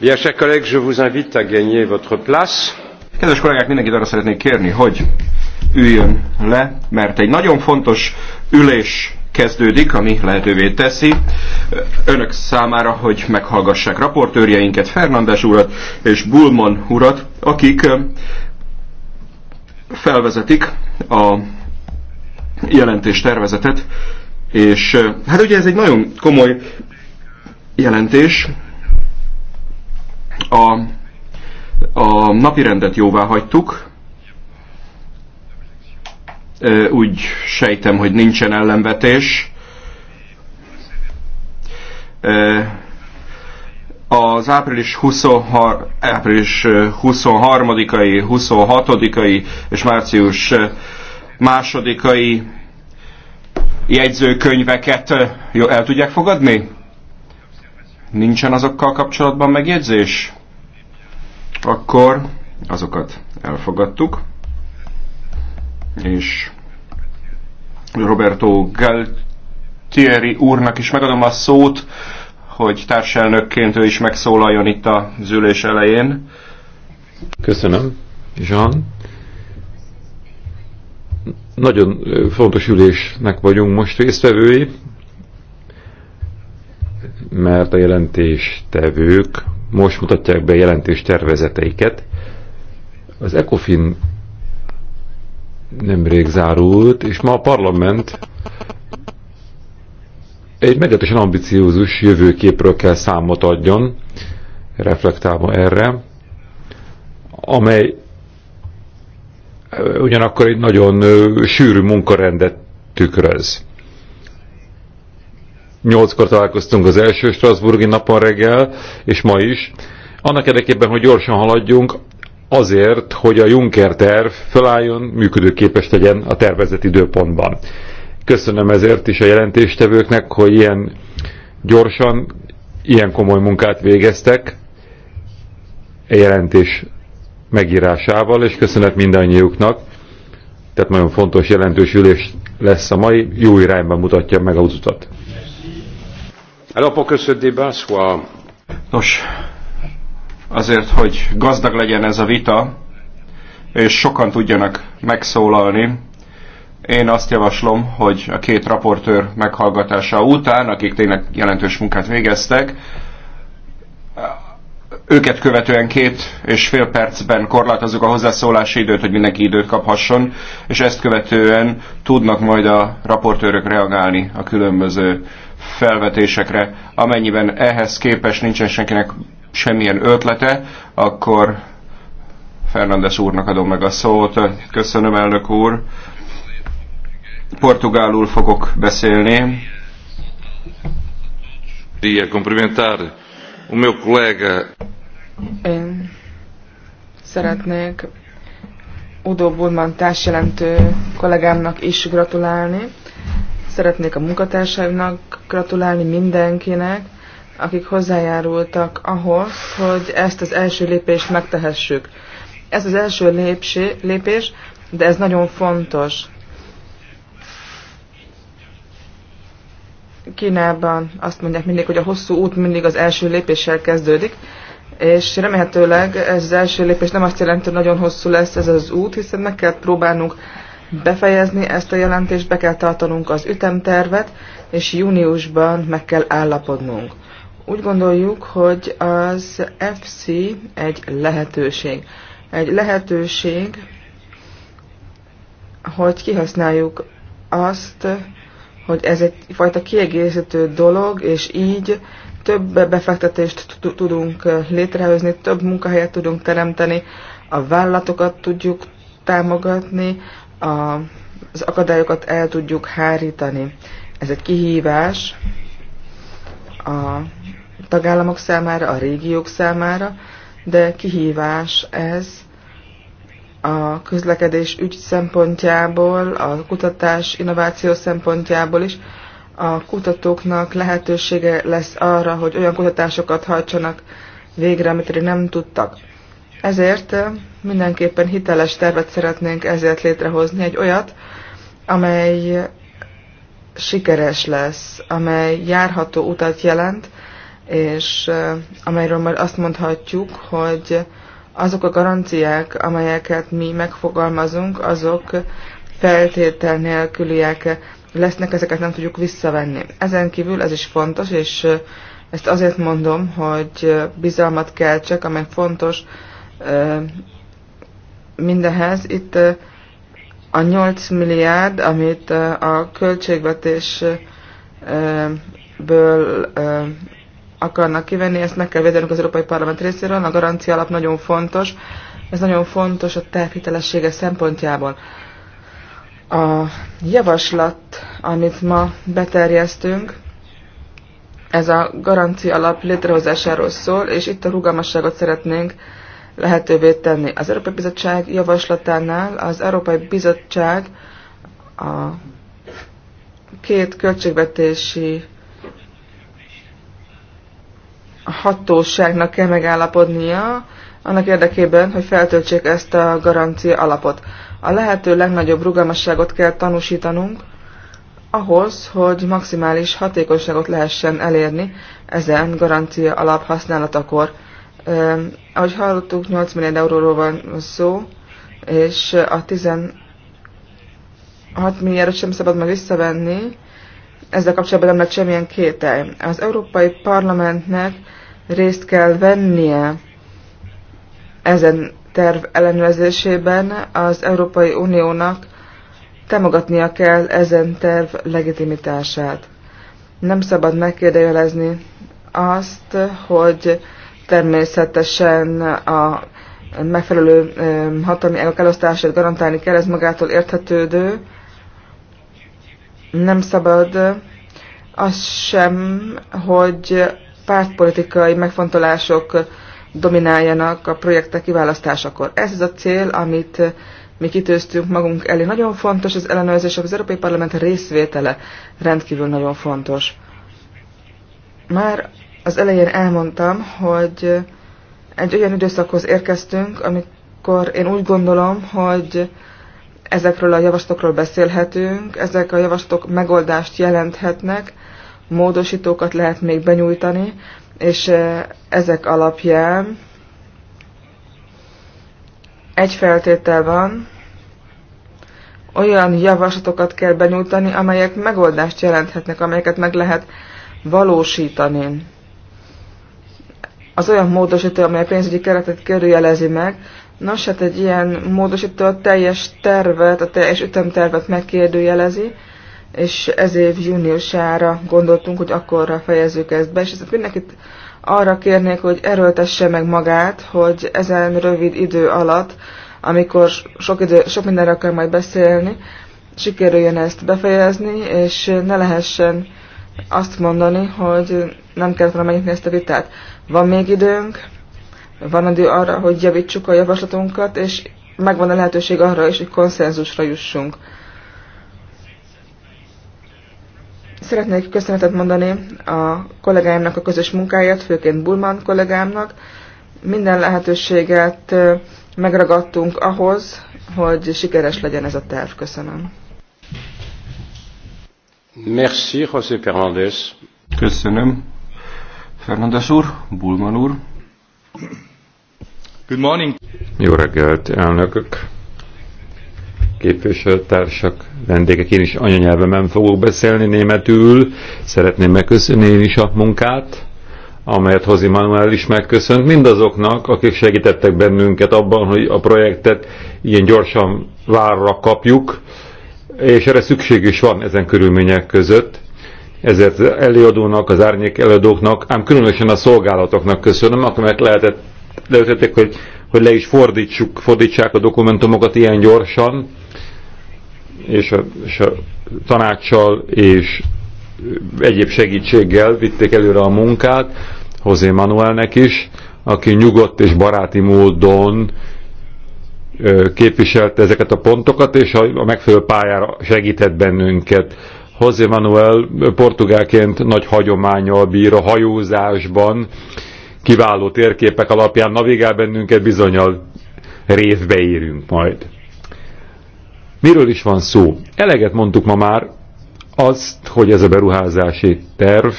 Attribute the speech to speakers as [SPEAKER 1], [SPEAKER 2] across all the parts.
[SPEAKER 1] Bien, chers collègues, je vous invite à gagner votre place.
[SPEAKER 2] Kedves kollégák, mindenkit arra szeretnék kérni, hogy üljön le, mert egy nagyon fontos ülés kezdődik, ami lehetővé teszi eh, önök számára, hogy meghallgassák raportőrjeinket, Fernandes urat és Bulman urat, akik eh, felvezetik a jelentés tervezetet, és hát ugye ez egy nagyon komoly jelentés. A, a napirendet jóvá hagytuk, úgy sejtem, hogy nincsen ellenvetés. Az április, 23, április 23-ai, 26-ai és március másodikai jegyzőkönyveket jó, el tudják fogadni? Nincsen azokkal kapcsolatban megjegyzés? Akkor azokat elfogadtuk. És Roberto Galtieri úrnak is megadom a szót, hogy társelnökként ő is megszólaljon itt a ülés elején.
[SPEAKER 1] Köszönöm, Jean nagyon fontos ülésnek vagyunk most résztvevői, mert a jelentéstevők most mutatják be a jelentés tervezeteiket. Az ECOFIN nemrég zárult, és ma a parlament egy meglehetősen ambiciózus jövőképről kell számot adjon, reflektálva erre, amely ugyanakkor egy nagyon sűrű munkarendet tükröz. Nyolckor találkoztunk az első Strasburgi napon reggel, és ma is. Annak érdekében, hogy gyorsan haladjunk, azért, hogy a Juncker terv felálljon, működőképes legyen a tervezett időpontban. Köszönöm ezért is a jelentéstevőknek, hogy ilyen gyorsan, ilyen komoly munkát végeztek. A jelentés megírásával, és köszönet mindannyiuknak. Tehát nagyon fontos, jelentős ülés lesz a mai, jó irányban mutatja meg az utat.
[SPEAKER 2] Alors pour Nos, azért, hogy gazdag legyen ez a vita, és sokan tudjanak megszólalni, én azt javaslom, hogy a két raportőr meghallgatása után, akik tényleg jelentős munkát végeztek, őket követően két és fél percben korlátozzuk a hozzászólási időt, hogy mindenki időt kaphasson, és ezt követően tudnak majd a raportőrök reagálni a különböző felvetésekre. Amennyiben ehhez képes nincsen senkinek semmilyen ötlete, akkor Fernandes úrnak adom meg a szót. Köszönöm, elnök úr. Portugálul
[SPEAKER 1] fogok beszélni. Dia cumprimentar o meu colega
[SPEAKER 3] én szeretnék Udo Burman társjelentő kollégámnak is gratulálni. Szeretnék a munkatársaimnak gratulálni mindenkinek, akik hozzájárultak ahhoz, hogy ezt az első lépést megtehessük. Ez az első lépsi, lépés, de ez nagyon fontos. Kínában azt mondják mindig, hogy a hosszú út mindig az első lépéssel kezdődik, és remélhetőleg ez az első lépés nem azt jelenti, hogy nagyon hosszú lesz ez az út, hiszen meg kell próbálnunk befejezni ezt a jelentést, be kell tartanunk az ütemtervet, és júniusban meg kell állapodnunk. Úgy gondoljuk, hogy az FC egy lehetőség. Egy lehetőség, hogy kihasználjuk azt, hogy ez fajta kiegészítő dolog, és így több befektetést tudunk létrehozni, több munkahelyet tudunk teremteni, a vállalatokat tudjuk támogatni, a, az akadályokat el tudjuk hárítani. Ez egy kihívás a tagállamok számára, a régiók számára, de kihívás ez a közlekedés ügy szempontjából, a kutatás, innováció szempontjából is, a kutatóknak lehetősége lesz arra, hogy olyan kutatásokat hajtsanak végre, amit nem tudtak. Ezért mindenképpen hiteles tervet szeretnénk ezért létrehozni, egy olyat, amely sikeres lesz, amely járható utat jelent, és amelyről már azt mondhatjuk, hogy azok a garanciák, amelyeket mi megfogalmazunk, azok feltétel nélküliek lesznek, ezeket nem tudjuk visszavenni. Ezen kívül ez is fontos, és ezt azért mondom, hogy bizalmat keltsek, amely fontos mindenhez. Itt a 8 milliárd, amit a költségvetésből akarnak kivenni, ezt meg kell védenünk az Európai Parlament részéről, a garancia alap nagyon fontos, ez nagyon fontos a tervhitelessége szempontjából. A javaslat, amit ma beterjesztünk, ez a garancia alap létrehozásáról szól, és itt a rugalmasságot szeretnénk lehetővé tenni. Az Európai Bizottság javaslatánál az Európai Bizottság a két költségvetési hatóságnak kell megállapodnia, annak érdekében, hogy feltöltsék ezt a garancia alapot. A lehető legnagyobb rugalmasságot kell tanúsítanunk ahhoz, hogy maximális hatékonyságot lehessen elérni ezen garancia alap használatakor. Eh, ahogy hallottuk, 8 milliárd euróról van szó, és a 16 milliárdot sem szabad meg visszavenni, ezzel kapcsolatban nem lett semmilyen kételj. Az Európai Parlamentnek részt kell vennie ezen terv ellenőrzésében az Európai Uniónak támogatnia kell ezen terv legitimitását. Nem szabad megkérdőjelezni azt, hogy természetesen a megfelelő hatalmi ágak elosztását garantálni kell, ez magától érthetődő. Nem szabad az sem, hogy pártpolitikai megfontolások domináljanak a projektek kiválasztásakor. Ez az a cél, amit eh, mi kitőztünk magunk elé. Nagyon fontos az ellenőrzés, az Európai Parlament részvétele rendkívül nagyon fontos. Már az elején elmondtam, hogy eh, egy olyan időszakhoz érkeztünk, amikor én úgy gondolom, hogy ezekről a javaslatokról beszélhetünk, ezek a javaslatok megoldást jelenthetnek, módosítókat lehet még benyújtani, és eh, ezek alapján egy feltétel van, olyan javaslatokat kell benyújtani, amelyek megoldást jelenthetnek, amelyeket meg lehet valósítani. Az olyan módosító, amely a pénzügyi keretet körüljelezi meg, nos hát egy ilyen módosító a teljes tervet, a teljes ütemtervet megkérdőjelezi, és ez év júniusára gondoltunk, hogy akkorra fejezzük ezt be, és ezt mindenkit arra kérnék, hogy erőltesse meg magát, hogy ezen rövid idő alatt, amikor sok, idő, sok mindenről kell majd beszélni, sikerüljön ezt befejezni, és ne lehessen azt mondani, hogy nem kell volna megnyitni ezt a vitát. Van még időnk, van idő arra, hogy javítsuk a javaslatunkat, és megvan a lehetőség arra is, hogy konszenzusra jussunk. Szeretnék köszönetet mondani a kollégáimnak a közös munkáját, főként Bulman kollégámnak. Minden lehetőséget megragadtunk ahhoz, hogy sikeres legyen ez a terv. Köszönöm.
[SPEAKER 2] Merci, José Fernández. Köszönöm. Fernández úr, Bulman úr. Good morning.
[SPEAKER 1] Jó reggelt, elnökök képviselőtársak, vendégek, én is anyanyelvemen fogok beszélni németül. Szeretném megköszönni én is a munkát, amelyet Hozi Manuel is megköszönt, mindazoknak, akik segítettek bennünket abban, hogy a projektet ilyen gyorsan várra kapjuk, és erre szükség is van ezen körülmények között. Ezért az előadónak, az árnyék előadóknak, ám különösen a szolgálatoknak köszönöm, akiket lehetett, lehetettek, hogy, hogy le is fordítsuk, fordítsák a dokumentumokat ilyen gyorsan, és a, és a tanácssal és egyéb segítséggel vitték előre a munkát, José Manuelnek is, aki nyugodt és baráti módon képviselte ezeket a pontokat, és a megfelelő pályára segített bennünket. José Manuel portugálként nagy hagyományal bír a hajózásban, kiváló térképek alapján navigál bennünket, bizonyal révbe írünk majd. Miről is van szó? Eleget mondtuk ma már azt, hogy ez a beruházási terv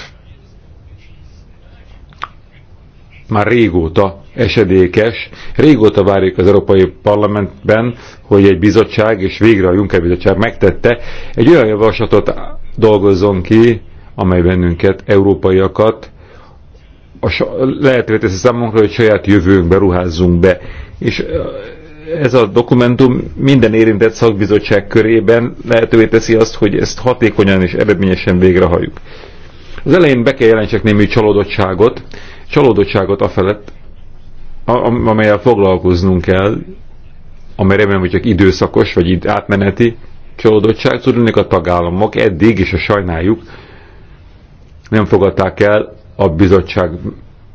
[SPEAKER 1] már régóta esedékes. Régóta várjuk az Európai Parlamentben, hogy egy bizottság, és végre a Juncker bizottság megtette, egy olyan javaslatot dolgozzon ki, amely bennünket, európaiakat, a lehetővé teszi számunkra, hogy saját jövőnkbe ruházzunk be. És ez a dokumentum minden érintett szakbizottság körében lehetővé teszi azt, hogy ezt hatékonyan és eredményesen végrehajjuk. Az elején be kell jelentsek némi csalódottságot, csalódottságot afelett, amelyel foglalkoznunk kell, amely remélem, hogy csak időszakos, vagy átmeneti csalódottság, tudnék a tagállamok eddig, is a sajnáljuk, nem fogadták el a bizottság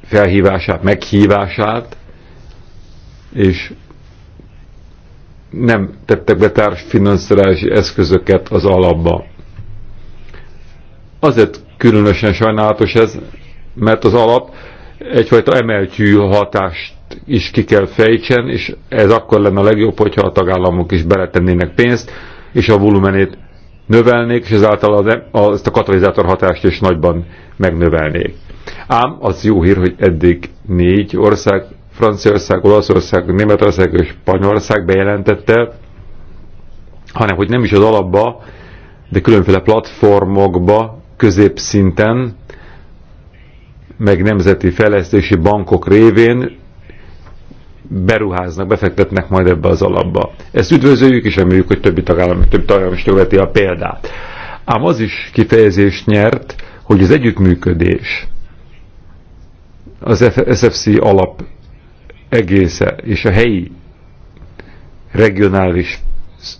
[SPEAKER 1] felhívását, meghívását, és nem tettek be társfinanszírozási eszközöket az alapba. Azért különösen sajnálatos ez, mert az alap egyfajta emeltyű hatást is ki kell fejtsen, és ez akkor lenne a legjobb, hogyha a tagállamok is beletennének pénzt, és a volumenét növelnék, és ezáltal az, ezt a katalizátor hatást is nagyban megnövelnék. Ám az jó hír, hogy eddig négy ország Franciaország, Olaszország, Németország és Spanyolország bejelentette, hanem hogy nem is az alapba, de különféle platformokba, középszinten, meg nemzeti fejlesztési bankok révén beruháznak, befektetnek majd ebbe az alapba. Ezt üdvözöljük, és reméljük, hogy többi tagállam, több tagállam is követi a példát. Ám az is kifejezést nyert, hogy az együttműködés az SFC alap egésze és a helyi regionális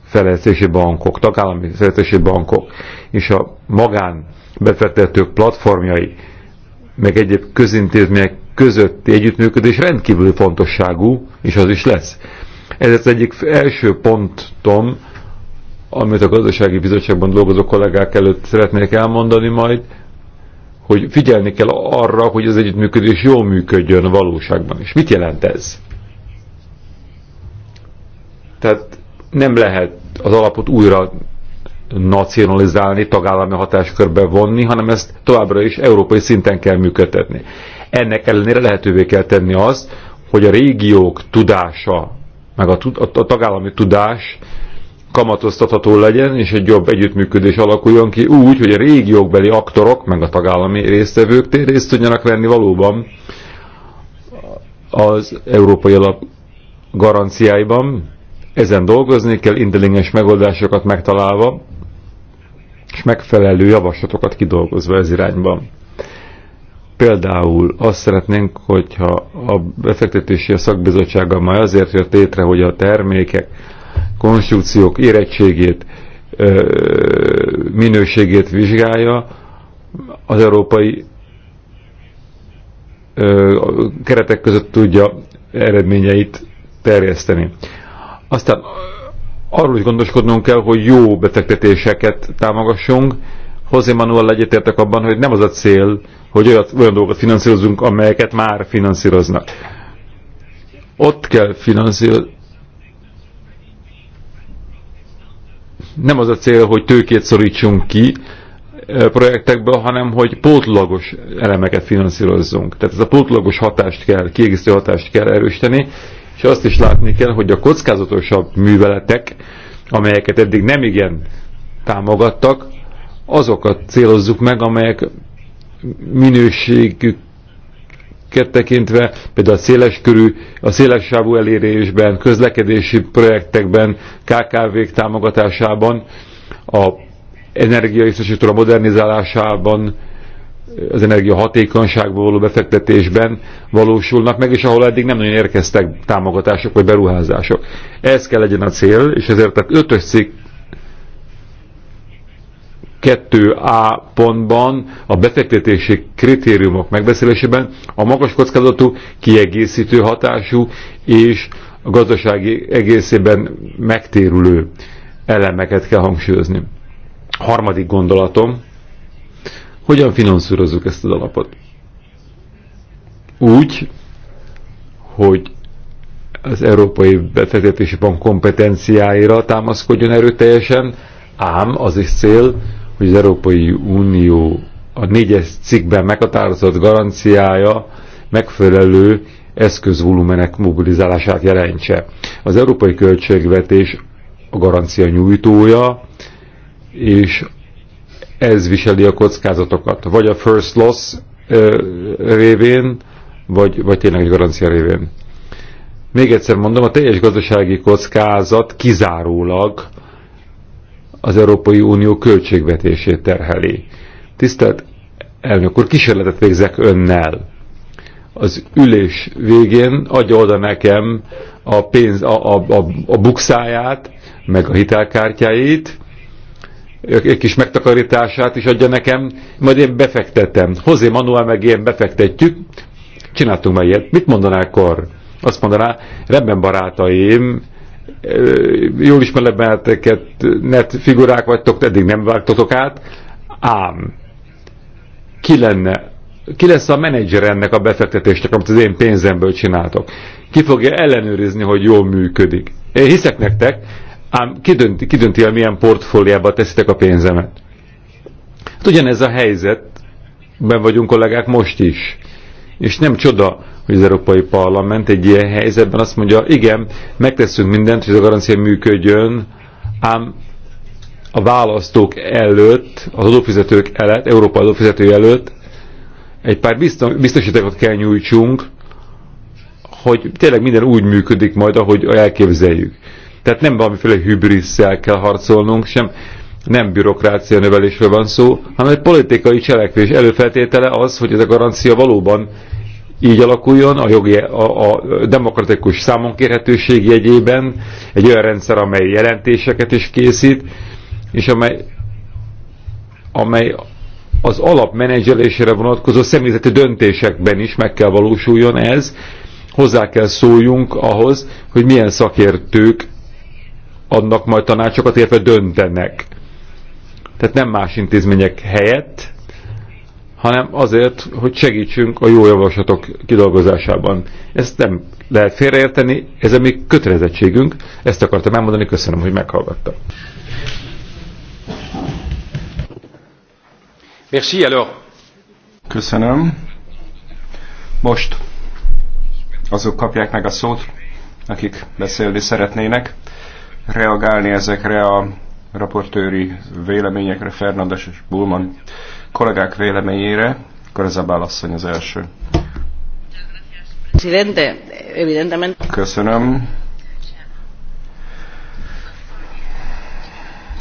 [SPEAKER 1] fejlesztési bankok, tagállami fejlesztési bankok és a magán befektetők platformjai, meg egyéb közintézmények közötti együttműködés rendkívül fontosságú, és az is lesz. Ez az egyik első pontom, amit a gazdasági bizottságban dolgozó kollégák előtt szeretnék elmondani majd, hogy figyelni kell arra, hogy az együttműködés jól működjön valóságban is. Mit jelent ez? Tehát nem lehet az alapot újra nacionalizálni, tagállami hatáskörbe vonni, hanem ezt továbbra is európai szinten kell működtetni. Ennek ellenére lehetővé kell tenni azt, hogy a régiók tudása, meg a, a, a tagállami tudás kamatoztatható legyen, és egy jobb együttműködés alakuljon ki úgy, hogy a régiókbeli aktorok, meg a tagállami résztvevők részt tudjanak venni valóban az európai alap garanciáiban. Ezen dolgozni kell, intelligens megoldásokat megtalálva, és megfelelő javaslatokat kidolgozva ez irányban. Például azt szeretnénk, hogyha a befektetési a szakbizottsággal majd azért jött létre, hogy a termékek konstrukciók érettségét, minőségét vizsgálja, az európai keretek között tudja eredményeit terjeszteni. Aztán arról is gondoskodnunk kell, hogy jó befektetéseket támogassunk. José Manuel egyetértek abban, hogy nem az a cél, hogy olyat, olyan dolgokat finanszírozunk, amelyeket már finanszíroznak. Ott kell finanszírozni, nem az a cél, hogy tőkét szorítsunk ki projektekből, hanem hogy pótlagos elemeket finanszírozzunk. Tehát ez a pótlagos hatást kell, kiegészítő hatást kell erősíteni, és azt is látni kell, hogy a kockázatosabb műveletek, amelyeket eddig nem igen támogattak, azokat célozzuk meg, amelyek minőségük projekteket tekintve, például a széles körű, a széles sávú elérésben, közlekedési projektekben, KKV-k támogatásában, a a modernizálásában, az energiahatékonyságba való befektetésben valósulnak meg, és ahol eddig nem nagyon érkeztek támogatások vagy beruházások. Ez kell legyen a cél, és ezért a ötös cikk 2A pontban a befektetési kritériumok megbeszélésében a magas kockázatú, kiegészítő hatású és a gazdasági egészében megtérülő elemeket kell hangsúlyozni. Harmadik gondolatom, hogyan finanszírozzuk ezt az alapot? Úgy, hogy az Európai Befektetési Bank kompetenciáira támaszkodjon erőteljesen, ám az is cél, hogy az Európai Unió a négyes cikkben meghatározott garanciája megfelelő eszközvolumenek mobilizálását jelentse. Az európai költségvetés a garancia nyújtója, és ez viseli a kockázatokat. Vagy a first loss révén, vagy, vagy tényleg egy garancia révén. Még egyszer mondom, a teljes gazdasági kockázat kizárólag az Európai Unió költségvetését terheli. Tisztelt elnök úr, kísérletet végzek önnel. Az ülés végén adja oda nekem a pénz, a, a, a, a bukszáját, meg a hitelkártyáit, egy kis megtakarítását is adja nekem, majd én befektetem. Hozé Manuel meg én befektetjük, csináltunk már ilyet. Mit mondaná akkor? Azt mondaná, rendben barátaim, jól ismerlek benneteket, net figurák vagytok, eddig nem vágtatok át, ám ki lenne, ki lesz a menedzser ennek a befektetésnek, amit az én pénzemből csináltok? Ki fogja ellenőrizni, hogy jól működik? Én hiszek nektek, ám ki dönti, ki dönti el, milyen portfóliába teszitek a pénzemet? Hát ugyanez a helyzet, ben vagyunk kollégák most is. És nem csoda, hogy az Európai Parlament egy ilyen helyzetben azt mondja, igen, megteszünk mindent, hogy a garancia működjön, ám a választók előtt, az adófizetők előtt, Európa adófizetői előtt egy pár biztosítékot kell nyújtsunk, hogy tényleg minden úgy működik majd, ahogy elképzeljük. Tehát nem valamiféle hübrisszel kell harcolnunk, sem nem bürokrácia növelésről van szó, hanem egy politikai cselekvés előfeltétele az, hogy ez a garancia valóban így alakuljon a, jogi, a, a demokratikus számonkérhetőség jegyében egy olyan rendszer, amely jelentéseket is készít, és amely, amely az alapmenedzselésére vonatkozó személyzeti döntésekben is meg kell valósuljon ez, hozzá kell szóljunk ahhoz, hogy milyen szakértők adnak majd tanácsokat, illetve döntenek. Tehát nem más intézmények helyett, hanem azért, hogy segítsünk a jó javaslatok kidolgozásában. Ezt nem lehet félreérteni, ez a mi kötelezettségünk. Ezt akartam elmondani, köszönöm, hogy meghallgatta. Merci, alors.
[SPEAKER 2] Köszönöm. Most azok kapják meg a szót, akik beszélni szeretnének, reagálni ezekre a raportőri véleményekre, Fernandes és Bulman kollégák véleményére. Körzabál asszony az első. Köszönöm.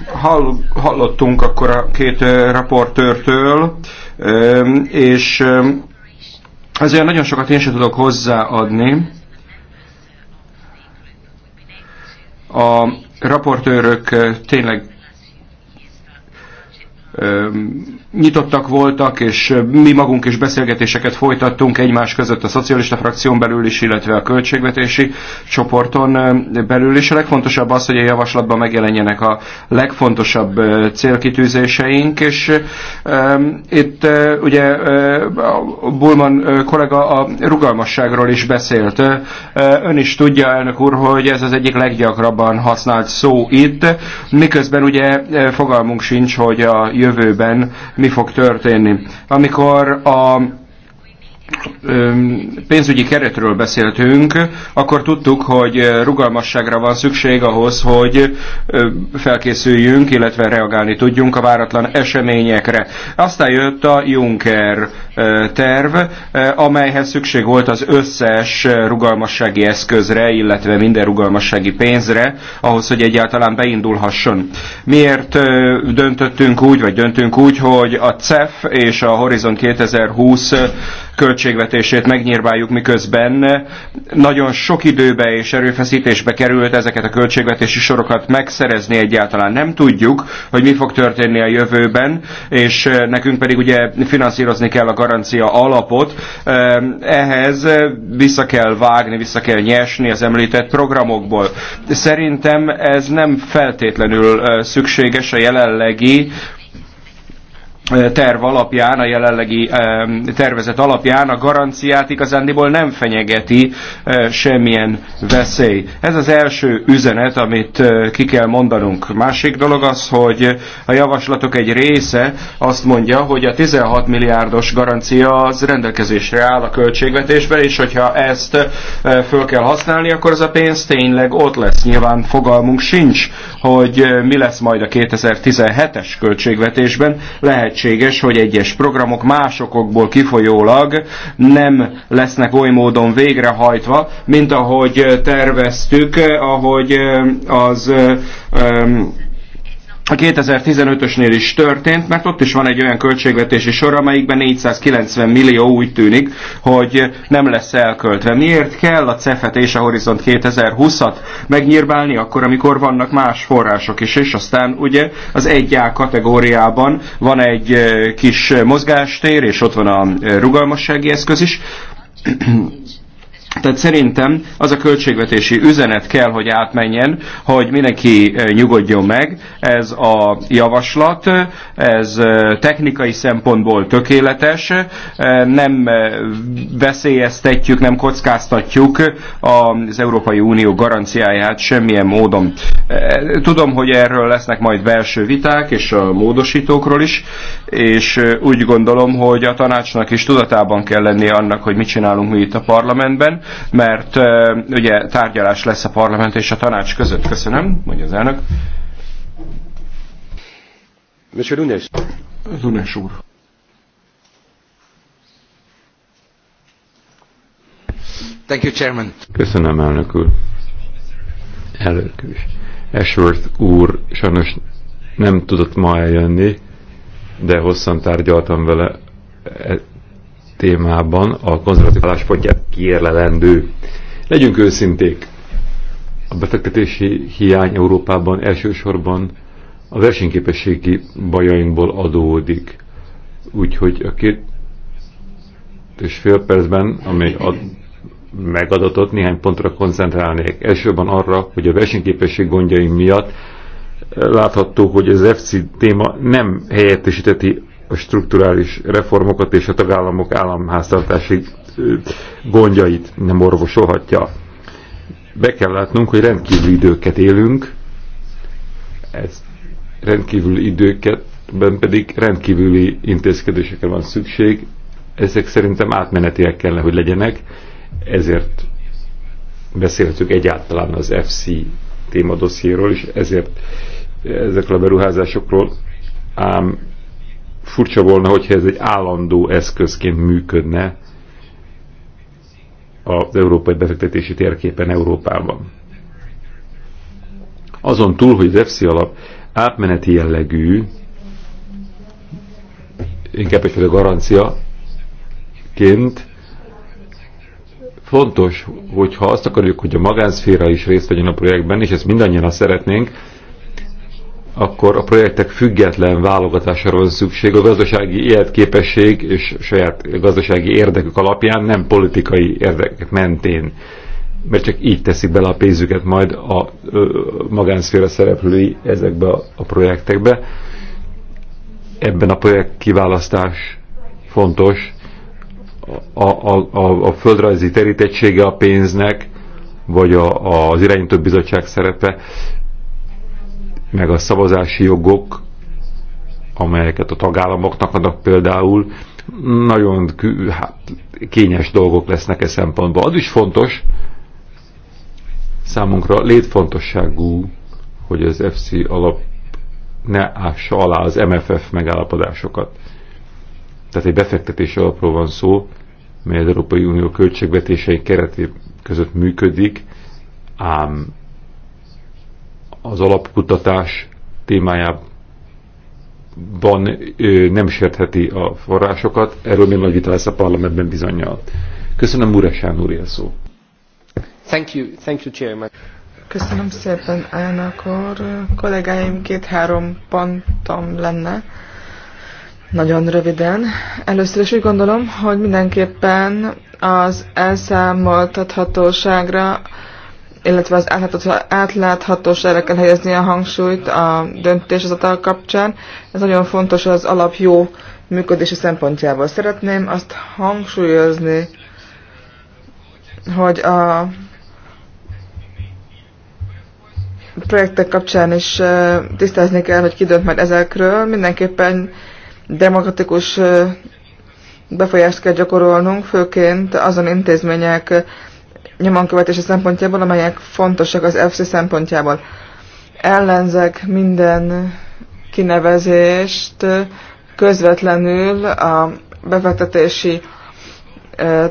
[SPEAKER 2] Hall, hallottunk akkor a két raportőrtől, és ezért nagyon sokat én sem tudok hozzáadni. A raportőrök tényleg nyitottak voltak, és mi magunk is beszélgetéseket folytattunk egymás között a szocialista frakción belül is, illetve a költségvetési csoporton belül is. A legfontosabb az, hogy a javaslatban megjelenjenek a legfontosabb célkitűzéseink, és um, itt uh, ugye e, Bulman kollega a rugalmasságról is beszélt. Uh, ön is tudja, elnök úr, hogy ez az egyik leggyakrabban használt szó itt, miközben ugye fogalmunk sincs, hogy a jövőben mi fog történni. Amikor a pénzügyi keretről beszéltünk, akkor tudtuk, hogy rugalmasságra van szükség ahhoz, hogy felkészüljünk, illetve reagálni tudjunk a váratlan eseményekre. Aztán jött a Juncker terv, amelyhez szükség volt az összes rugalmassági eszközre, illetve minden rugalmassági pénzre, ahhoz, hogy egyáltalán beindulhasson. Miért döntöttünk úgy, vagy döntünk úgy, hogy a CEF és a Horizon 2020 költségvetését megnyírbáljuk, miközben nagyon sok időbe és erőfeszítésbe került ezeket a költségvetési sorokat megszerezni egyáltalán. Nem tudjuk, hogy mi fog történni a jövőben, és eh, nekünk pedig ugye finanszírozni kell a garancia alapot. Eh, ehhez eh, vissza kell vágni, vissza kell nyesni az említett programokból. Szerintem ez nem feltétlenül szükséges a jelenlegi terv alapján, a jelenlegi tervezet alapján a garanciát igazándiból nem fenyegeti semmilyen veszély. Ez az első üzenet, amit ki kell mondanunk. Másik dolog az, hogy a javaslatok egy része azt mondja, hogy a 16 milliárdos garancia az rendelkezésre áll a költségvetésben, és hogyha ezt föl kell használni, akkor az a pénz tényleg ott lesz. Nyilván fogalmunk sincs, hogy mi lesz majd a 2017-es költségvetésben. Lehet lehetséges, hogy egyes programok másokokból kifolyólag nem lesznek oly módon végrehajtva, mint ahogy terveztük, ahogy az um, a 2015-ösnél is történt, mert ott is van egy olyan költségvetési sor, amelyikben 490 millió úgy tűnik, hogy nem lesz elköltve. Miért kell a CEFET és a Horizont 2020-at megnyírbálni akkor, amikor vannak más források is, és aztán ugye az 1A kategóriában van egy eh, kis mozgástér, és ott van a eh, rugalmassági eszköz is tehát szerintem az a költségvetési üzenet kell, hogy átmenjen, hogy mindenki eh, nyugodjon meg. Ez a javaslat, ez eh, technikai szempontból tökéletes, eh, nem veszélyeztetjük, nem kockáztatjuk az Európai Unió garanciáját semmilyen módon. Tudom, hogy erről lesznek majd belső viták, és a módosítókról is, és úgy gondolom, hogy a tanácsnak is tudatában kell lenni annak, hogy mit csinálunk mi itt a parlamentben, mert ugye tárgyalás lesz a parlament és a tanács között. Köszönöm, mondja az elnök. Monsieur Dunes. Dunes úr.
[SPEAKER 1] Thank you, Chairman. Köszönöm, elnök úr. Elnök úr. Ashworth úr sajnos nem tudott ma eljönni, de hosszan tárgyaltam vele e témában a konzervatív álláspontja kiérlelendő. Legyünk őszinték, a befektetési hiány Európában elsősorban a versenyképességi bajainkból adódik. Úgyhogy a két és fél percben, amely ad, megadatott, néhány pontra koncentrálnék. elsőben arra, hogy a versenyképesség gondjaim miatt látható, hogy az FC téma nem helyettesíteti a strukturális reformokat és a tagállamok államháztartási gondjait nem orvosolhatja. Be kell látnunk, hogy rendkívül időket élünk, ez rendkívül időketben pedig rendkívüli intézkedésekre van szükség, ezek szerintem átmenetiek kellene, hogy legyenek, ezért beszélhetünk egyáltalán az FC témadossziéről, és ezért ezekről a beruházásokról, ám furcsa volna, hogyha ez egy állandó eszközként működne az európai befektetési térképen Európában. Azon túl, hogy az EFSI alap átmeneti jellegű, inkább egyféle garanciaként, fontos, hogyha azt akarjuk, hogy a magánszféra is részt vegyen a projektben, és ezt mindannyian azt szeretnénk, akkor a projektek független válogatására van szükség. A gazdasági életképesség és saját gazdasági érdekük alapján, nem politikai érdekek mentén. Mert csak így teszik bele a pénzüket majd a magánszféra szereplői ezekbe a projektekbe. Ebben a projekt kiválasztás fontos. A, a, a, a földrajzi terítettsége a pénznek, vagy a, az irányító bizottság szerepe meg a szavazási jogok, amelyeket a tagállamoknak adnak például, nagyon hát, kényes dolgok lesznek e szempontból. Az is fontos, számunkra létfontosságú, hogy az FC alap ne ássa alá az MFF megállapodásokat. Tehát egy befektetési alapról van szó, mely az Európai Unió költségvetései kereté között működik, ám az alapkutatás témájában nem sértheti a forrásokat. Erről még nagy vita lesz a parlamentben bizonyal. Köszönöm, Muresán úr, a szó.
[SPEAKER 2] Thank you, thank you, Chairman.
[SPEAKER 3] Köszönöm szépen, elnök úr. Kollégáim két-három pontom lenne. Nagyon röviden. Először is úgy gondolom, hogy mindenképpen az elszámoltathatóságra illetve az átláthatóságra kell helyezni a hangsúlyt a döntés az atal kapcsán. Ez nagyon fontos az alap jó működési szempontjából. Szeretném azt hangsúlyozni, hogy a projektek kapcsán is tisztázni kell, hogy ki dönt majd ezekről. Mindenképpen demokratikus befolyást kell gyakorolnunk, főként azon intézmények nyomonkövetése szempontjából, amelyek fontosak az FC szempontjából. Ellenzek minden kinevezést közvetlenül a befektetési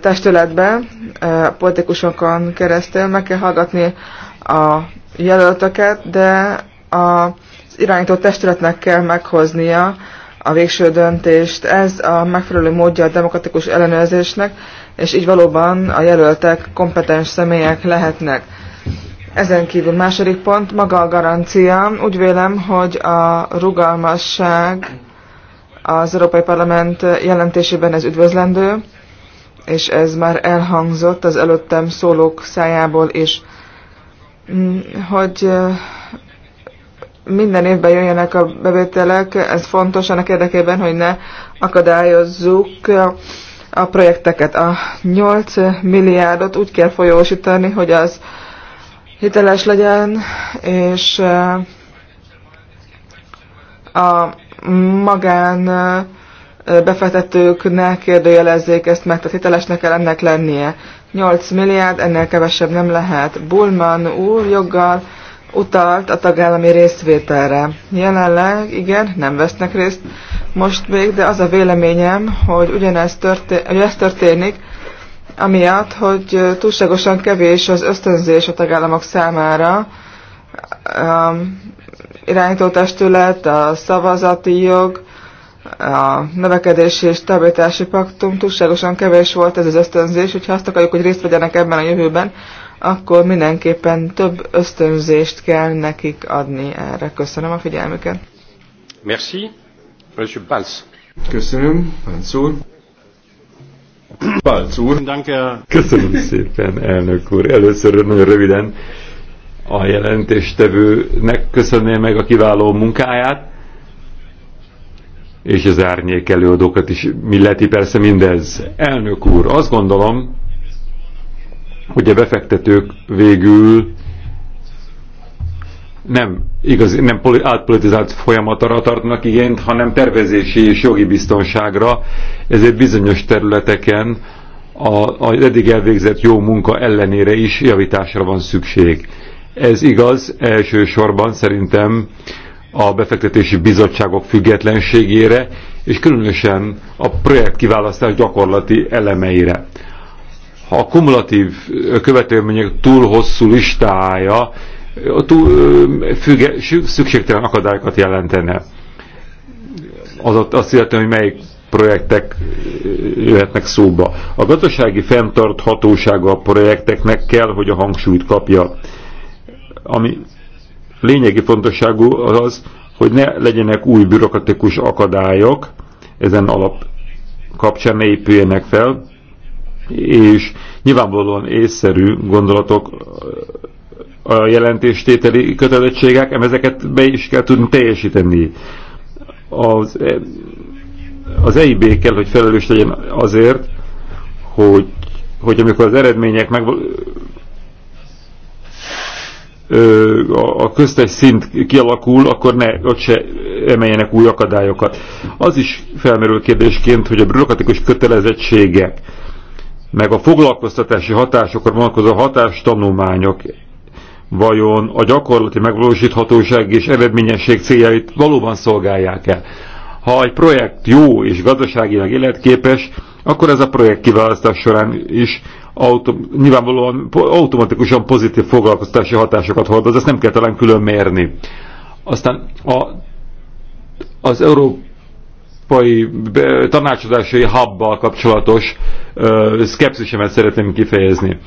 [SPEAKER 3] testületbe, politikusokon keresztül meg kell hallgatni a jelölteket, de az irányító testületnek kell meghoznia a végső döntést. Ez a megfelelő módja a demokratikus ellenőrzésnek, és így valóban a jelöltek kompetens személyek lehetnek. Ezen kívül második pont, maga a garancia. Úgy vélem, hogy a rugalmasság az Európai Parlament jelentésében ez üdvözlendő, és ez már elhangzott az előttem szólók szájából is, mm, hogy minden évben jöjjenek a bevételek, ez fontos annak érdekében, hogy ne akadályozzuk a projekteket. A 8 milliárdot úgy kell folyósítani, hogy az hiteles legyen, és eh, a magán eh, befektetőknek kérdőjelezzék ezt meg, tehát hitelesnek kell ennek lennie. 8 milliárd, ennél kevesebb nem lehet. Bullman úr joggal utalt a tagállami részvételre. Jelenleg igen, nem vesznek részt most még, de az a véleményem, hogy ugyanez történik, hogy ez történik, amiatt, hogy túlságosan kevés az ösztönzés a tagállamok számára, um, irányító testület, a szavazati jog, a növekedési és stabilitási paktum, túlságosan kevés volt ez az ösztönzés, hogyha azt akarjuk, hogy részt vegyenek ebben a jövőben, akkor mindenképpen több ösztönzést kell nekik adni erre. Köszönöm a figyelmüket.
[SPEAKER 1] Merci.
[SPEAKER 2] Köszönöm, Bánc úr. Bánc úr.
[SPEAKER 1] Köszönöm szépen, elnök úr. Először nagyon röviden a jelentéstevőnek köszönném meg a kiváló munkáját, és az árnyék előadókat is milleti persze mindez. Elnök úr, azt gondolom, hogy a befektetők végül nem, igaz, nem átpolitizált folyamatra tartnak igényt, hanem tervezési és jogi biztonságra, ezért bizonyos területeken a, a eddig elvégzett jó munka ellenére is javításra van szükség. Ez igaz elsősorban szerintem a befektetési bizottságok függetlenségére, és különösen a projektkiválasztás gyakorlati elemeire. Ha a kumulatív követelmények túl hosszú listája túl, füge, szükségtelen akadályokat jelentene. Az azt jelenti, hogy melyik projektek jöhetnek szóba. A gazdasági fenntarthatósága a projekteknek kell, hogy a hangsúlyt kapja. Ami lényegi fontosságú az, az hogy ne legyenek új bürokratikus akadályok, ezen alap kapcsán ne épüljenek fel, és nyilvánvalóan észszerű gondolatok a jelentéstételi kötelezettségek, ám ezeket be is kell tudni teljesíteni. Az, e, az EIB kell, hogy felelős legyen azért, hogy, hogy amikor az eredmények meg a köztes szint kialakul, akkor ne, ott se emeljenek új akadályokat. Az is felmerül kérdésként, hogy a bürokratikus kötelezettségek, meg a foglalkoztatási hatásokra vonatkozó hatástanulmányok vajon a gyakorlati megvalósíthatóság és eredményesség céljait valóban szolgálják el. Ha egy projekt jó és gazdaságilag életképes, akkor ez a projekt kiválasztás során is autom, nyilvánvalóan automatikusan pozitív foglalkoztási hatásokat hordoz, ezt nem kell talán külön mérni. Aztán a, az európai tanácsadási hubbal kapcsolatos ö, szkepszisemet szeretném kifejezni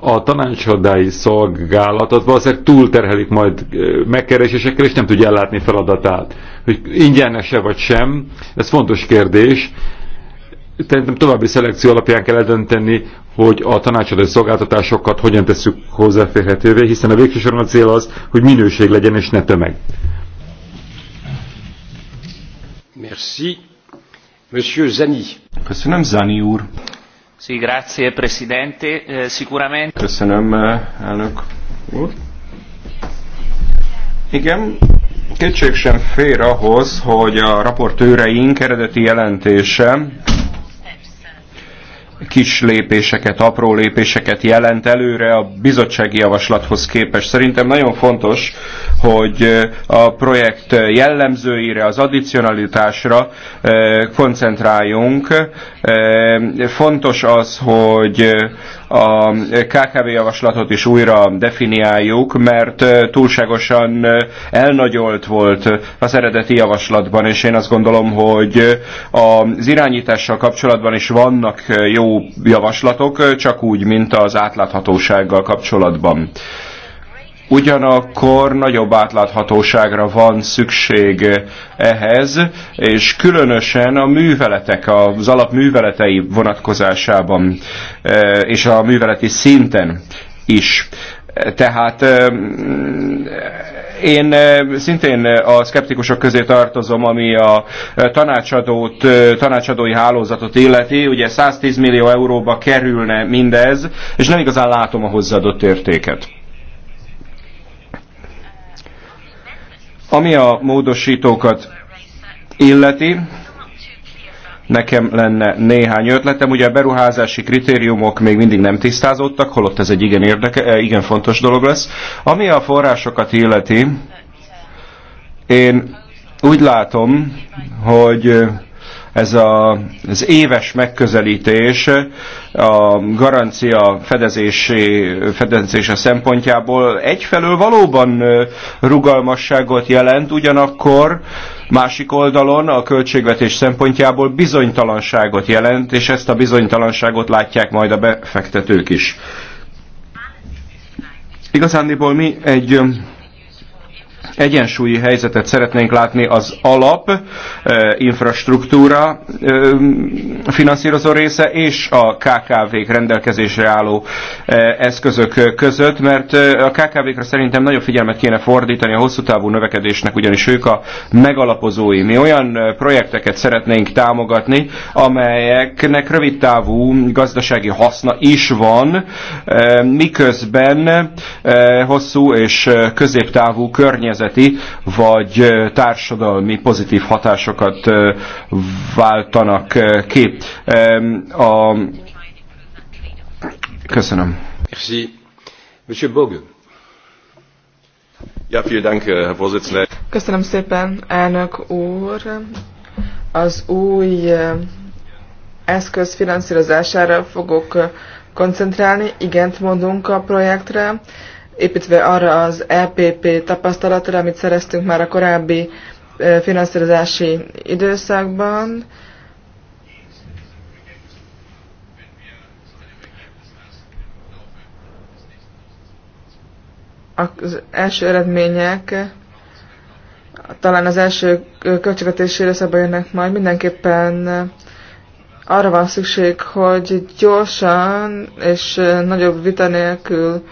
[SPEAKER 1] a tanácsadái szolgálatot valószínűleg túlterhelik majd megkeresésekkel, és nem tudja ellátni feladatát. Hogy ingyenes-e vagy sem, ez fontos kérdés. Szerintem további szelekció alapján kell eldönteni, hogy a tanácsadói szolgáltatásokat hogyan tesszük hozzáférhetővé, hiszen a végső soron a cél az, hogy minőség legyen és ne tömeg. Merci.
[SPEAKER 2] Monsieur Zani.
[SPEAKER 1] Köszönöm, Zani úr.
[SPEAKER 2] Eh, Köszönöm, eh, elnök úr. Igen, kétség sem fér ahhoz, hogy a raportőreink eredeti jelentése kis lépéseket, apró lépéseket jelent előre a bizottsági javaslathoz képest. Szerintem nagyon fontos, hogy a projekt jellemzőire, az addicionalitásra koncentráljunk. Fontos az, hogy a KKV javaslatot is újra definiáljuk, mert túlságosan elnagyolt volt az eredeti javaslatban, és én azt gondolom, hogy az irányítással kapcsolatban is vannak jó javaslatok, csak úgy, mint az átláthatósággal kapcsolatban. Ugyanakkor nagyobb átláthatóságra van szükség ehhez, és különösen a műveletek, az alapműveletei vonatkozásában, e, és a műveleti szinten is. Tehát e, én e, szintén a szkeptikusok közé tartozom, ami a tanácsadót, tanácsadói hálózatot illeti. Ugye 110 millió euróba kerülne mindez, és nem igazán látom a hozzáadott értéket. Ami a módosítókat illeti, nekem lenne néhány ötletem. Ugye a beruházási kritériumok még mindig nem tisztázódtak, holott ez egy igen, érdeke, eh, igen fontos dolog lesz. Ami a forrásokat illeti, én úgy látom, hogy eh, ez a, az éves megközelítés a garancia fedezési, fedezése szempontjából egyfelől valóban rugalmasságot jelent, ugyanakkor másik oldalon a költségvetés szempontjából bizonytalanságot jelent, és ezt a bizonytalanságot látják majd a befektetők is. Igazándiból mi egy egyensúlyi helyzetet szeretnénk látni az alap, eh, infrastruktúra eh, finanszírozó része és a KKV-k rendelkezésre álló eh, eszközök között, mert a KKV-kra szerintem nagyobb figyelmet kéne fordítani a hosszú távú növekedésnek, ugyanis ők a megalapozói. Mi olyan projekteket szeretnénk támogatni, amelyeknek rövid távú gazdasági haszna is van, miközben hosszú és középtávú környezet környezeti vagy társadalmi pozitív hatásokat váltanak ki. A... Köszönöm.
[SPEAKER 1] Merci. Monsieur
[SPEAKER 2] Ja, vielen Dank, Herr Vorsitzender.
[SPEAKER 3] Köszönöm szépen, elnök úr. Az új eszköz finanszírozására fogok koncentrálni. Igent mondunk a projektre, építve arra az LPP e tapasztalatra, amit szereztünk már a korábbi finanszírozási időszakban. Az első eredmények talán az első költségvetési időszakban jönnek majd. Mindenképpen arra van szükség, hogy gyorsan és nagyobb vita nélkül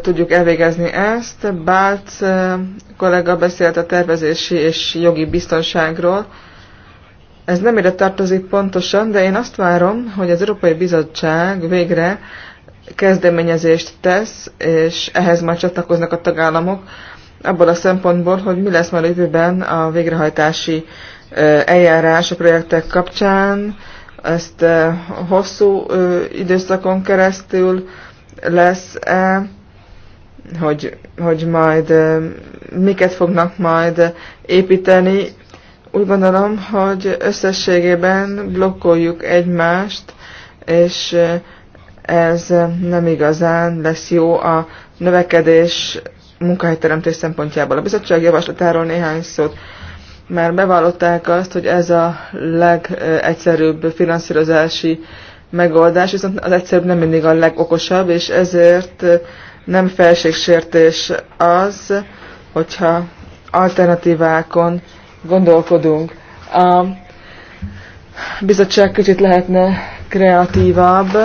[SPEAKER 3] tudjuk elvégezni ezt. Bált eh, kollega beszélt a tervezési és jogi biztonságról. Ez nem ide tartozik pontosan, de én azt várom, hogy az Európai Bizottság végre kezdeményezést tesz, és ehhez már csatlakoznak a tagállamok, abból a szempontból, hogy mi lesz majd a jövőben a végrehajtási eh, eljárás a projektek kapcsán. Ezt eh, hosszú időszakon keresztül lesz -e hogy, hogy majd miket fognak majd építeni. Úgy gondolom, hogy összességében blokkoljuk egymást, és ez nem igazán lesz jó a növekedés munkahelyteremtés szempontjából. A bizottság javaslatáról néhány szót már bevallották azt, hogy ez a legegyszerűbb finanszírozási megoldás, viszont az egyszerűbb nem mindig a legokosabb, és ezért nem felségsértés az, hogyha alternatívákon gondolkodunk. A bizottság kicsit lehetne kreatívabb,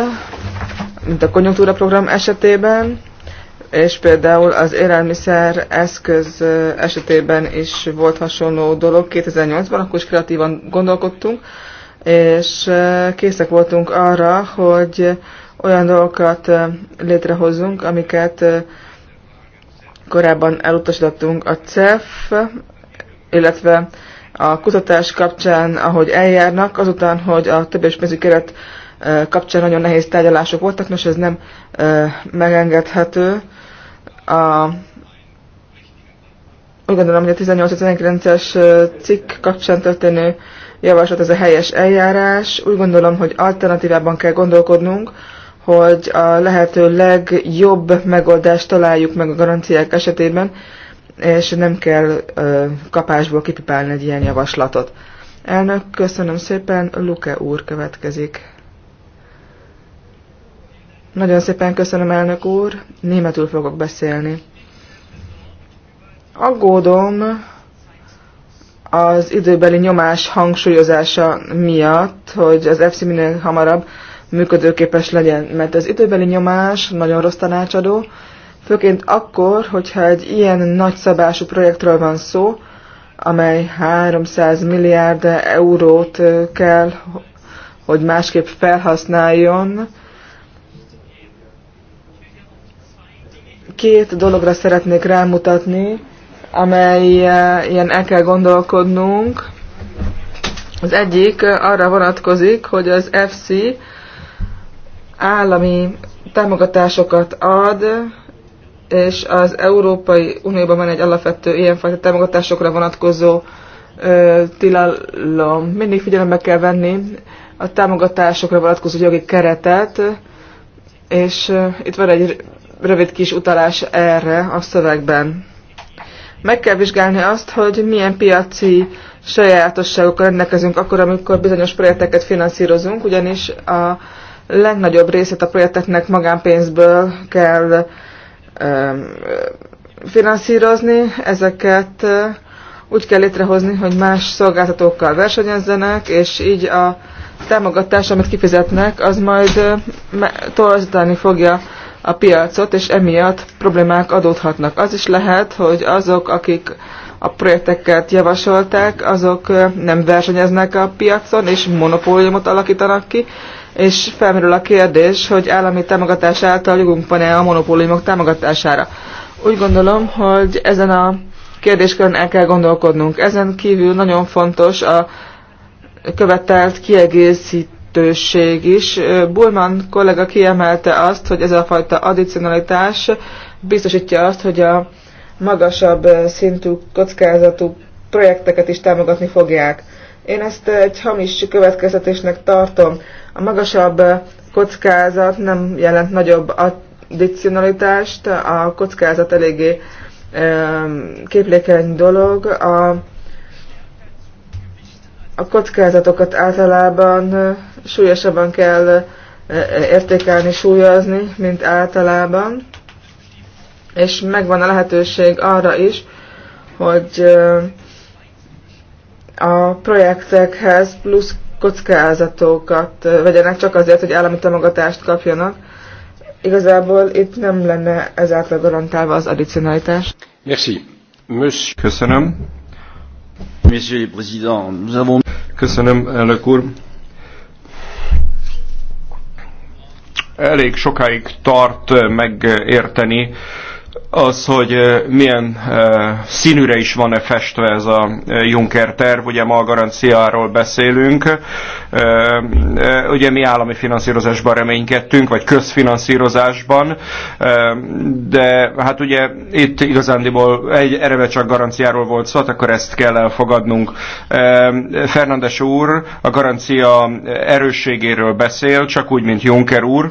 [SPEAKER 3] mint a konjunktúra program esetében, és például az élelmiszer eszköz esetében is volt hasonló dolog 2008-ban, akkor is kreatívan gondolkodtunk, és készek voltunk arra, hogy olyan dolgokat létrehozunk, amiket korábban elutasítottunk a CEF, illetve a kutatás kapcsán, ahogy eljárnak, azután, hogy a többes pénzügyi keret kapcsán nagyon nehéz tárgyalások voltak, nos ez nem megengedhető. A, úgy gondolom, hogy a 18-19-es cikk kapcsán történő javaslat ez a helyes eljárás. Úgy gondolom, hogy alternatívában kell gondolkodnunk, hogy a lehető legjobb megoldást találjuk meg a garanciák esetében, és nem kell ö, kapásból kipipálni egy ilyen javaslatot. Elnök, köszönöm szépen, Luke úr következik. Nagyon szépen köszönöm, elnök úr, németül fogok beszélni. Aggódom az időbeli nyomás hangsúlyozása miatt, hogy az FC minél hamarabb működőképes legyen, mert az időbeli nyomás nagyon rossz tanácsadó, főként akkor, hogyha egy ilyen nagy szabású projektről van szó, amely 300 milliárd eurót kell, hogy másképp felhasználjon. Két dologra szeretnék rámutatni, amely ilyen el kell gondolkodnunk. Az egyik arra vonatkozik, hogy az FC állami támogatásokat ad, és az Európai Unióban van egy alapvető ilyenfajta támogatásokra vonatkozó ö, tilalom. Mindig figyelembe kell venni a támogatásokra vonatkozó jogi keretet, és ö, itt van egy rövid kis utalás erre a szövegben. Meg kell vizsgálni azt, hogy milyen piaci sajátosságokkal rendelkezünk akkor, amikor bizonyos projekteket finanszírozunk, ugyanis a legnagyobb részét a projekteknek magánpénzből kell finanszírozni, ezeket úgy kell létrehozni, hogy más szolgáltatókkal versenyezzenek, és így a támogatás, amit kifizetnek, az majd torzítani fogja a piacot, és emiatt problémák adódhatnak. Az is lehet, hogy azok, akik a projekteket javasolták, azok nem versenyeznek a piacon, és monopóliumot alakítanak ki, és felmerül a kérdés, hogy állami támogatás által jogunk van-e a monopóliumok támogatására. Úgy gondolom, hogy ezen a kérdéskörön el kell gondolkodnunk. Ezen kívül nagyon fontos a követelt kiegészítőség is. Bulman kollega kiemelte azt, hogy ez a fajta addicionalitás biztosítja azt, hogy a magasabb szintű kockázatú projekteket is támogatni fogják. Én ezt egy hamis következtetésnek tartom. A magasabb kockázat nem jelent nagyobb addicionalitást, a kockázat eléggé képlékeny dolog. A, a kockázatokat általában súlyosabban kell értékelni, súlyozni, mint általában. És megvan a lehetőség arra is, hogy a projektekhez plusz kockázatokat vegyenek csak azért, hogy állami támogatást kapjanak. Igazából itt nem lenne ezáltal garantálva az adicionalitás.
[SPEAKER 2] Merci. Monsieur. Köszönöm. Monsieur le Président, nous avons... Köszönöm, elnök úr. Elég sokáig tart megérteni, az, hogy milyen színűre is van-e festve ez a Juncker terv, ugye ma a garanciáról beszélünk, ugye mi állami finanszírozásban reménykedtünk, vagy közfinanszírozásban, de hát ugye itt igazándiból egy ereve csak garanciáról volt szó, hát akkor ezt kell elfogadnunk. Fernandes úr a garancia erősségéről beszél, csak úgy, mint Juncker úr.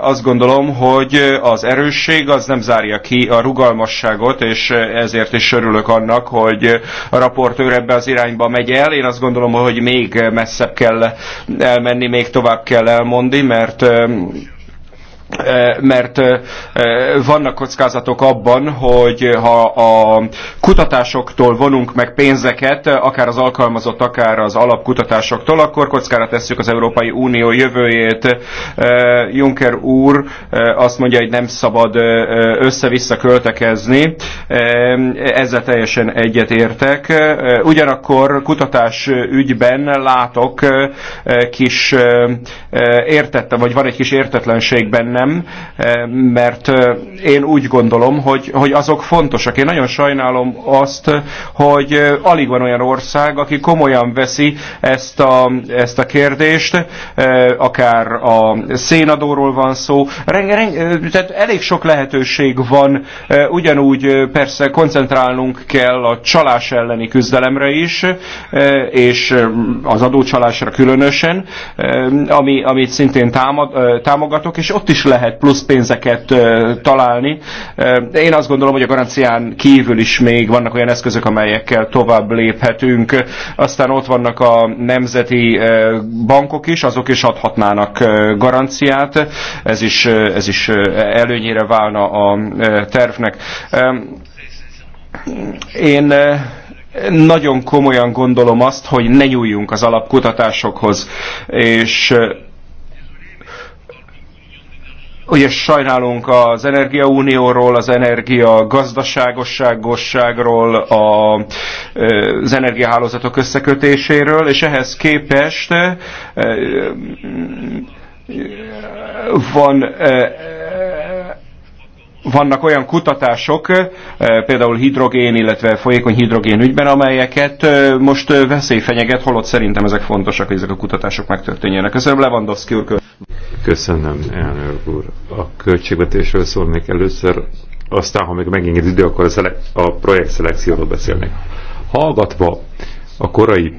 [SPEAKER 2] Azt gondolom, hogy az erősség az nem zárja ki a rugalmasságot, és ezért is örülök annak, hogy a raportőr ebbe az irányba megy el. Én azt gondolom, hogy még messzebb kell elmenni, még tovább kell elmondni, mert Eh, mert eh, vannak kockázatok abban, hogy ha a kutatásoktól vonunk meg pénzeket, akár az alkalmazott, akár az alapkutatásoktól, akkor kockára tesszük az Európai Unió jövőjét. Eh, Juncker úr azt mondja, hogy nem szabad össze-vissza költekezni. Ezzel teljesen egyetértek. Ugyanakkor kutatás ügyben látok kis értettem, vagy van egy kis értetlenség benne, nem, eh, mert eh, én úgy gondolom, hogy, hogy azok fontosak. Én nagyon sajnálom azt, hogy eh, alig van olyan ország, aki komolyan veszi ezt a, ezt a kérdést, akár a szénadóról van szó. Renge, renge, tehát elég sok lehetőség van, ugyanúgy persze koncentrálnunk kell a csalás elleni küzdelemre is, és az adócsalásra különösen, ami, amit szintén támad, támogatok, és ott is lehet plusz pénzeket találni. Én azt gondolom, hogy a garancián kívül is még vannak olyan eszközök, amelyekkel tovább léphetünk. Aztán ott vannak a nemzeti bankok is, azok is adhatnának garanciát. Ez is, ez is előnyére válna a tervnek. Én nagyon komolyan gondolom azt, hogy ne nyúljunk az alapkutatásokhoz, és Ugye sajnálunk az energiaunióról, az energia gazdaságosságosságról, a, az energiahálózatok összekötéséről, és ehhez képest eh, eh, van eh, vannak olyan kutatások, eh, például hidrogén, illetve folyékony hidrogén ügyben, amelyeket eh, most eh, veszély fenyeget, holott szerintem ezek fontosak,
[SPEAKER 1] hogy ezek a kutatások megtörténjenek. Köszönöm, Lewandowski úr. Köszönöm, elnök úr. A költségvetésről szólnék először, aztán, ha még megint idő, akkor a, szele- a projekt szelekcióról beszélnék. Hallgatva a korai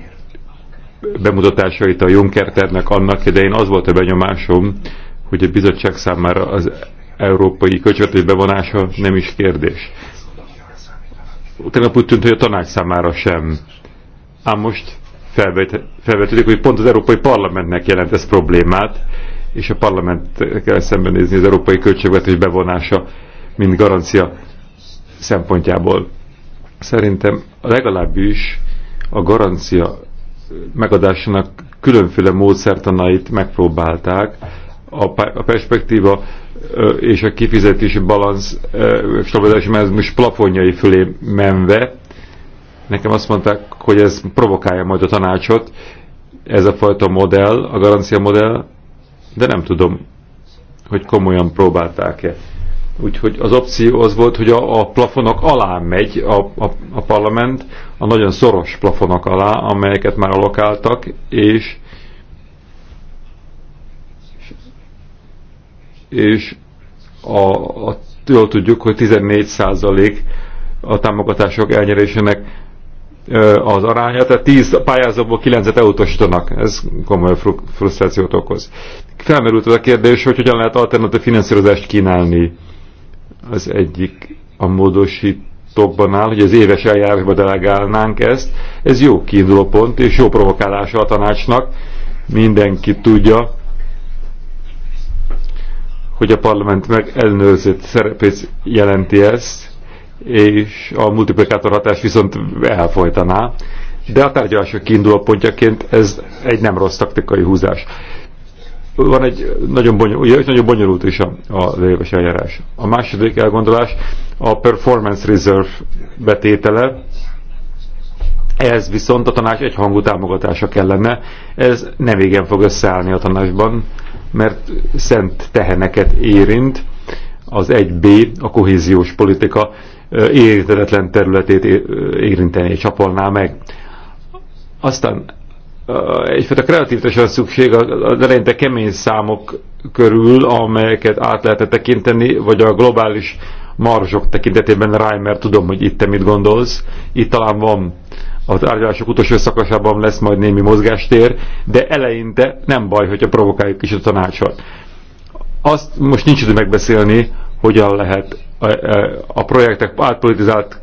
[SPEAKER 1] bemutatásait a Juncker annak idején az volt a benyomásom, hogy a bizottság számára az európai költségvetés bevonása nem is kérdés. Tegnap úgy tűnt, hogy a tanács számára sem. Ám most felvet, felvetődik, hogy pont az Európai Parlamentnek jelent ez problémát, és a parlament kell szembenézni az európai költségvetés bevonása, mint garancia szempontjából. Szerintem legalábbis a garancia megadásának különféle módszertanait megpróbálták, a perspektíva és a kifizetési balansz stabilizási mechanizmus plafonjai fölé menve, nekem azt mondták, hogy ez provokálja majd a tanácsot, ez a fajta modell, a garancia modell, de nem tudom, hogy komolyan próbálták-e. Úgyhogy az opció az volt, hogy a, a plafonok alá megy a, a, a parlament, a nagyon szoros plafonok alá, amelyeket már alokáltak, és és a, a, jól tudjuk, hogy 14% a támogatások elnyerésének az aránya, tehát 10 pályázóból 9-et elutasítanak. Ez komoly frusztrációt okoz. Felmerült az a kérdés, hogy hogyan lehet alternatív finanszírozást kínálni. Az egyik a módosítókban áll, hogy az éves eljárásba delegálnánk ezt. Ez jó kiinduló pont és jó provokálása a tanácsnak. Mindenki tudja, hogy a parlament meg elnőrzött szerepét jelenti ezt, és a multiplikátor hatás viszont elfolytaná. De a tárgyalások kiinduló pontjaként ez egy nem rossz taktikai húzás. Van egy nagyon bonyolult, nagyon bonyolult is a, a éves eljárás. A második elgondolás a performance reserve betétele, ez viszont a tanács egyhangú támogatása kellene, ez nem igen fog összeállni a tanácsban, mert szent teheneket érint, az 1B, a kohéziós politika érintetlen területét érinteni, csapolná meg. Aztán egyfajta kreativitásra szükség az eleinte kemény számok körül, amelyeket át lehet tekinteni, vagy a globális marzsok tekintetében, Reimer, tudom, hogy itt te mit gondolsz, itt talán van a tárgyalások utolsó szakaszában lesz majd némi mozgástér, de eleinte nem baj, hogyha provokáljuk is a tanácsot. Azt most nincs idő megbeszélni, hogyan lehet a, a projektek átpolitizált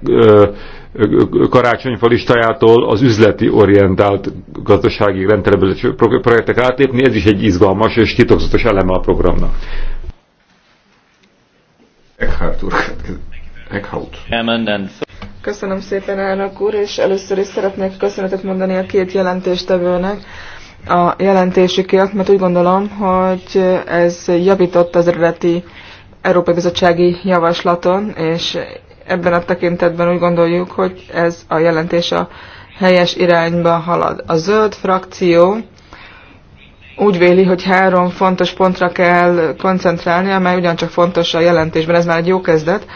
[SPEAKER 1] karácsonyfa listájától az üzleti orientált gazdasági rendtervező projektek átlépni, ez is egy izgalmas és titokzatos eleme a programnak. Eckhart úr. Eckhart.
[SPEAKER 3] Köszönöm szépen, elnök úr, és először is szeretnék köszönetet mondani a két jelentéstevőnek a jelentésükért, mert úgy gondolom, hogy ez javított az eredeti Európai Bizottsági javaslaton, és ebben a tekintetben úgy gondoljuk, hogy ez a jelentés a helyes irányba halad. A zöld frakció úgy véli, hogy három fontos pontra kell koncentrálni, amely ugyancsak fontos a jelentésben, ez már egy jó kezdet,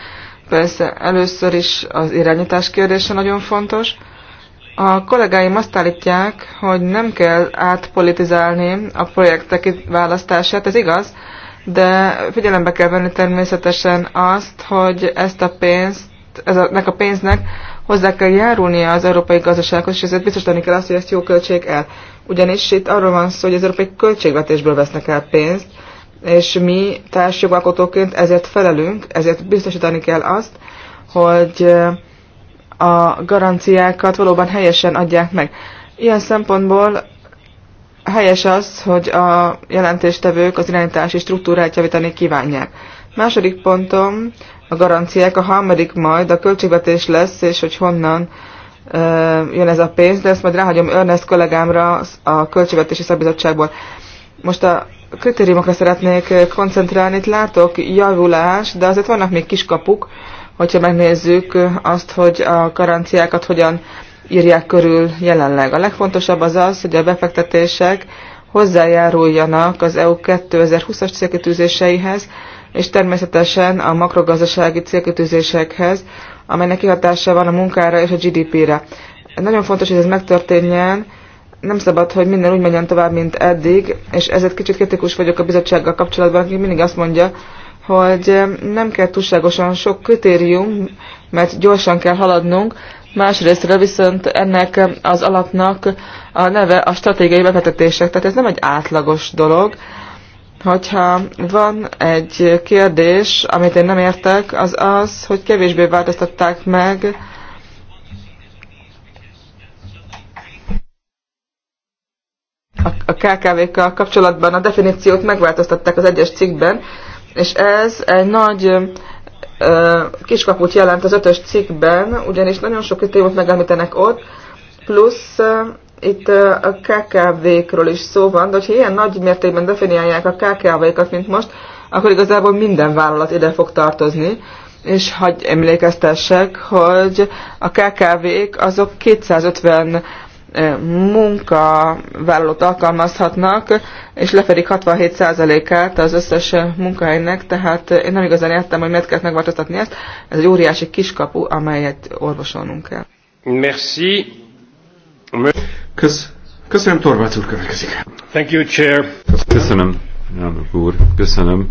[SPEAKER 3] Persze először is az irányítás kérdése nagyon fontos. A kollégáim azt állítják, hogy nem kell átpolitizálni a projektek választását, ez igaz, de figyelembe kell venni természetesen azt, hogy ezt a pénzt, eznek a pénznek hozzá kell járulnia az európai gazdasághoz, és ezért biztosítani kell azt, hogy ezt jó költség el. Ugyanis itt arról van szó, hogy az európai költségvetésből vesznek el pénzt, és mi társjogalkotóként ezért felelünk, ezért biztosítani kell azt, hogy eh, a garanciákat valóban helyesen adják meg. Ilyen szempontból helyes az, hogy a jelentéstevők az irányítási struktúrát javítani kívánják. Második pontom a garanciák, a harmadik majd a költségvetés lesz, és hogy honnan ö, eh, jön ez a pénz, de ezt majd ráhagyom Ernest kollégámra a költségvetési szabizottságból. Most a kritériumokra szeretnék eh, koncentrálni. Itt látok javulás, de azért vannak még kiskapuk, hogyha megnézzük eh, azt, hogy a garanciákat hogyan írják körül jelenleg. A legfontosabb az az, hogy a befektetések hozzájáruljanak az EU 2020-as célkitűzéseihez, és természetesen a makrogazdasági célkitűzésekhez, amelynek kihatása van a munkára és a GDP-re. Nagyon fontos, hogy ez megtörténjen, nem szabad, hogy minden úgy menjen tovább, mint eddig, és ezért kicsit kritikus vagyok a bizottsággal kapcsolatban, aki mindig azt mondja, hogy nem kell túlságosan sok kritérium, mert gyorsan kell haladnunk, másrésztről viszont ennek az alapnak a neve a stratégiai befektetések, tehát ez nem egy átlagos dolog, hogyha van egy kérdés, amit én nem értek, az az, hogy kevésbé változtatták meg a KKV-kkal kapcsolatban a definíciót megváltoztatták az egyes cikkben, és ez egy nagy kiskaput jelent az ötös cikkben, ugyanis nagyon sok kritériumot megemlítenek ott, plusz itt a KKV-kről is szó van, de hogyha ilyen nagy mértékben definiálják a KKV-kat, mint most, akkor igazából minden vállalat ide fog tartozni, és hagy emlékeztessek, hogy a KKV-k azok 250 munkavállalót alkalmazhatnak, és lefedik 67%-át az összes munkahelynek, tehát én nem igazán értem, hogy miért kellett megváltoztatni ezt. Ez egy óriási kiskapu, amelyet orvosolnunk kell.
[SPEAKER 2] Merci. Kösz, köszönöm, Torvács úr következik.
[SPEAKER 1] Thank you, Chair. Köszönöm, elnök úr, köszönöm.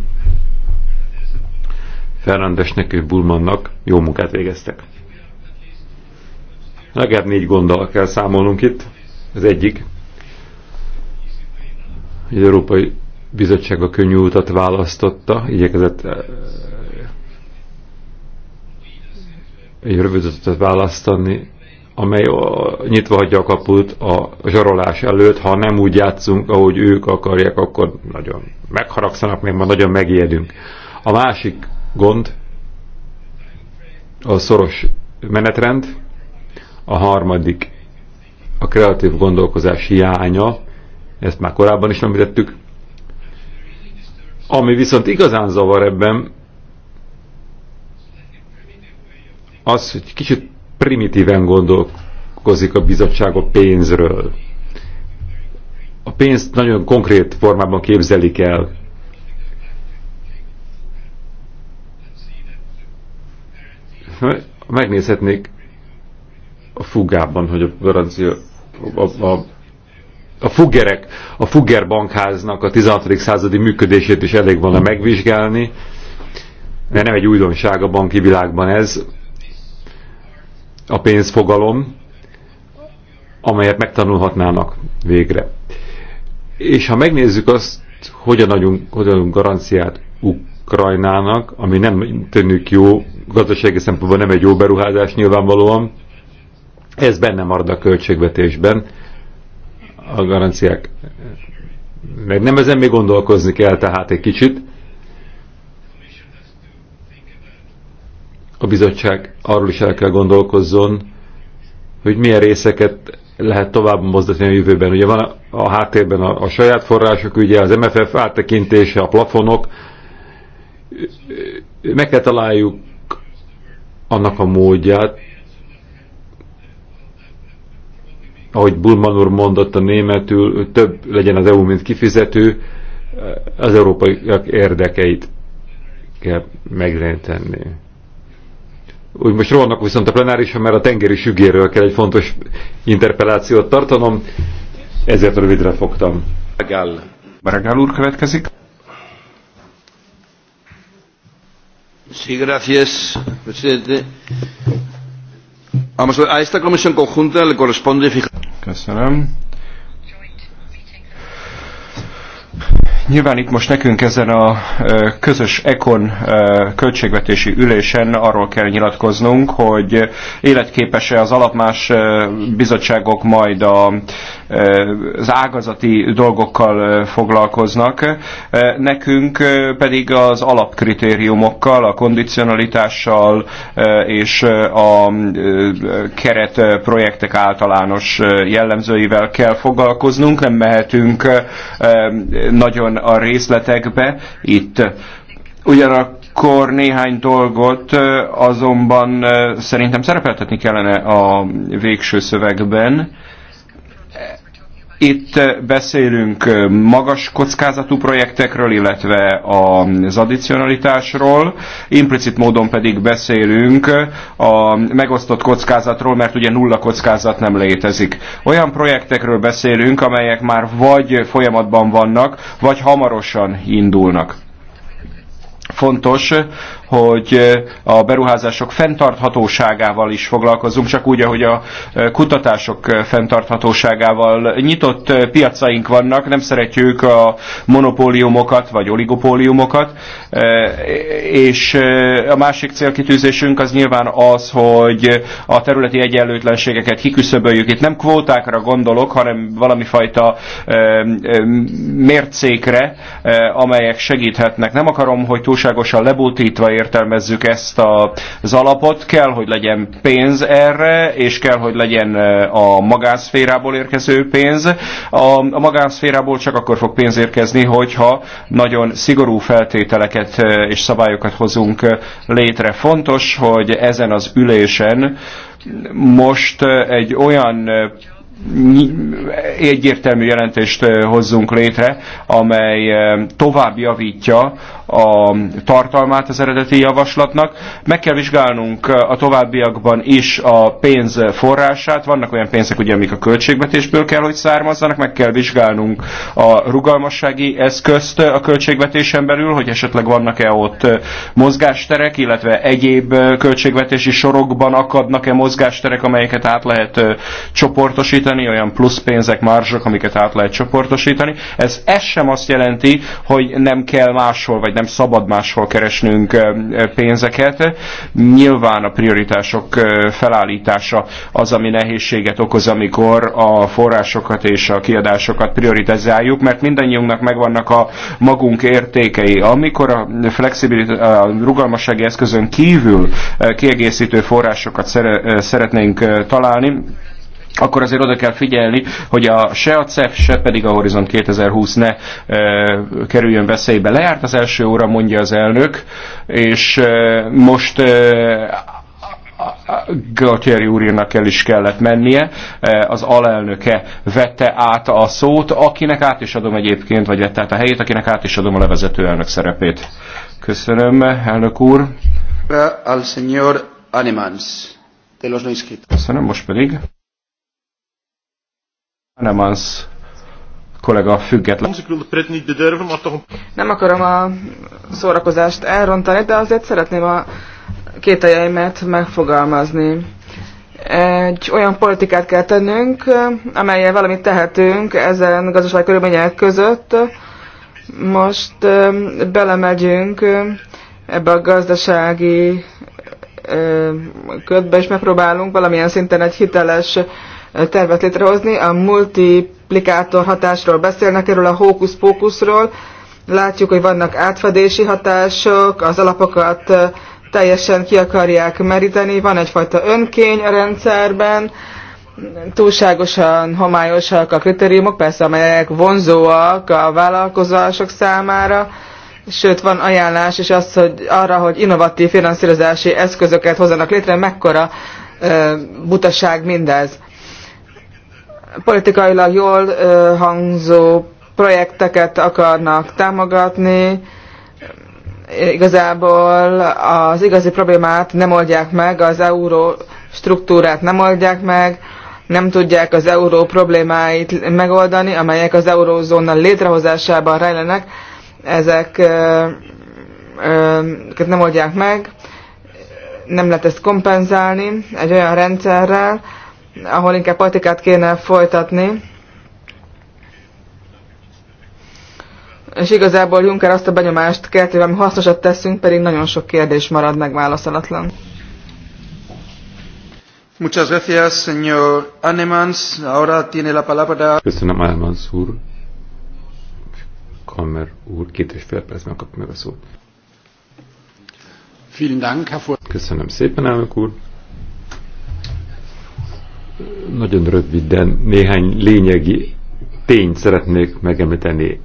[SPEAKER 1] Ferrandesnek és Bulmannak jó munkát végeztek. Legalább négy gonddal kell számolnunk itt. Az egyik, hogy az Európai Bizottság a könnyű utat választotta, igyekezett eh, egy rövid utat választani, amely nyitva hagyja a kaput a zsarolás előtt, ha nem úgy játszunk, ahogy ők akarják, akkor nagyon megharagszanak, még ma nagyon megijedünk. A másik gond a szoros menetrend, a harmadik a kreatív gondolkozás hiánya, ezt már korábban is említettük. Ami viszont igazán zavar ebben, az, hogy kicsit primitíven gondolkozik a bizottság a pénzről. A pénzt nagyon konkrét formában képzelik el. Megnézhetnék a fugában, hogy a garancia a, a, a fuggerek, a Fugger bankháznak a 16. századi működését is elég volna megvizsgálni, mert nem egy újdonság a banki világban ez, a pénzfogalom, amelyet megtanulhatnának végre. És ha megnézzük azt, hogyan adunk, hogyan adunk garanciát Ukrajnának, ami nem tűnik jó, gazdasági szempontból nem egy jó beruházás nyilvánvalóan, ez benne marad a költségvetésben, a garanciák. Meg nem ezen még gondolkozni kell tehát egy kicsit. A bizottság arról is el kell gondolkozzon, hogy milyen részeket lehet tovább mozdatni a jövőben. Ugye van a, a háttérben a, a saját források, ugye az MFF áttekintése, a plafonok. Meg kell találjuk annak a módját, ahogy Bulman úr mondott a németül, több legyen az EU, mint kifizető, az európaiak érdekeit kell megrendteni. Úgy most rohannak viszont a plenárison, mert a tengeri sügéről kell egy fontos interpelációt tartanom, ezért rövidre fogtam. Baragál. Baragál úr következik.
[SPEAKER 4] Sí, gracias, presidente. Vamos, a esta comisión conjunta le corresponde fijar...
[SPEAKER 2] Köszönöm. Nyilván itt most nekünk ezen a közös ECON költségvetési ülésen arról kell nyilatkoznunk, hogy életképes-e az alapmás bizottságok majd a az ágazati dolgokkal foglalkoznak, nekünk pedig az alapkritériumokkal, a kondicionalitással és a keretprojektek általános jellemzőivel kell foglalkoznunk, nem mehetünk nagyon a részletekbe itt. Ugyanakkor akkor néhány dolgot azonban szerintem szerepeltetni kellene a végső szövegben. Itt eh, beszélünk eh, magas kockázatú projektekről, illetve az addicionalitásról, implicit módon pedig beszélünk eh, a megosztott kockázatról, mert ugye nulla kockázat nem létezik. Olyan projektekről beszélünk, amelyek már vagy folyamatban vannak, vagy hamarosan indulnak fontos hogy a beruházások fenntarthatóságával is foglalkozunk, csak úgy, ahogy a kutatások fenntarthatóságával. Nyitott piacaink vannak, nem szeretjük a monopóliumokat vagy oligopóliumokat, és a másik célkitűzésünk az nyilván az, hogy a területi egyenlőtlenségeket kiküszöböljük. Itt nem kvótákra gondolok, hanem valami fajta mércékre, amelyek segíthetnek. Nem akarom, hogy túlságosan lebutítva értelmezzük ezt az alapot. Kell, hogy legyen pénz erre, és kell, hogy legyen a magánszférából érkező pénz. A, a magánszférából csak akkor fog pénz érkezni, hogyha nagyon szigorú feltételeket és szabályokat hozunk létre. Fontos, hogy ezen az ülésen most egy olyan egyértelmű jelentést hozzunk létre, amely tovább javítja a tartalmát az eredeti javaslatnak. Meg kell vizsgálnunk eh, a továbbiakban is a pénz forrását. Vannak olyan pénzek, ugye, amik a költségvetésből kell, hogy származzanak. Meg kell vizsgálnunk a rugalmassági eszközt eh, a költségvetésen belül, hogy esetleg vannak-e ott eh, mozgásterek, illetve egyéb költségvetési sorokban akadnak-e mozgásterek, amelyeket át lehet csoportosítani, olyan plusz pénzek, marzsok, amiket át lehet csoportosítani. Ez, ez sem azt jelenti, hogy nem kell máshol, vagy nem szabad máshol keresnünk pénzeket. Nyilván a prioritások felállítása az, ami nehézséget okoz, amikor a forrásokat és a kiadásokat prioritizáljuk, mert mindannyiunknak megvannak a magunk értékei. Amikor a, a rugalmassági eszközön kívül kiegészítő forrásokat szere, szeretnénk találni, akkor azért oda kell figyelni, hogy a, se a CEF, se pedig a Horizon 2020 ne e, kerüljön veszélybe. Lejárt az első óra, mondja az elnök, és e, most e, Galtieri úrnak el is kellett mennie, az alelnöke vette át a szót, akinek át is adom egyébként, vagy vette át a helyét, akinek át is adom a levezető elnök szerepét. Köszönöm, elnök úr.
[SPEAKER 4] Al señor Animans, de los
[SPEAKER 2] Köszönöm, most pedig hanem az kollega független.
[SPEAKER 3] Nem akarom a szórakozást elrontani, de azért szeretném a kételjeimet megfogalmazni. Egy olyan politikát kell tennünk, amelyel valamit tehetünk ezen gazdasági körülmények között. Most um, belemegyünk um, ebbe a gazdasági um, ködbe, és megpróbálunk valamilyen szinten egy hiteles tervet létrehozni. A multiplikátor hatásról beszélnek, erről a hókusz-pókuszról. Látjuk, hogy vannak átfedési hatások, az alapokat teljesen ki akarják meríteni, van egyfajta önkény a rendszerben, túlságosan homályosak a kritériumok, persze amelyek vonzóak a vállalkozások számára, sőt van ajánlás is az, hogy arra, hogy innovatív finanszírozási eszközöket hozzanak létre, mekkora e, butaság mindez politikailag jól hangzó projekteket akarnak támogatni, igazából az igazi problémát nem oldják meg, az euró struktúrát nem oldják meg, nem tudják az euró problémáit megoldani, amelyek az eurózóna létrehozásában rejlenek, ezeket nem oldják meg, nem lehet ezt kompenzálni egy olyan rendszerrel, ahol inkább politikát kéne folytatni. És igazából Juncker azt a benyomást kelt, hogy hasznosat teszünk, pedig nagyon sok kérdés marad megválaszolatlan.
[SPEAKER 4] Muchas gracias, señor Anemans. Ahora tiene la palabra...
[SPEAKER 1] Köszönöm, Anemans úr. Kammer úr, két és fél percben kapja meg a szót. Köszönöm szépen, elnök úr. Nagyon röviden néhány lényegi tényt szeretnék megemlíteni.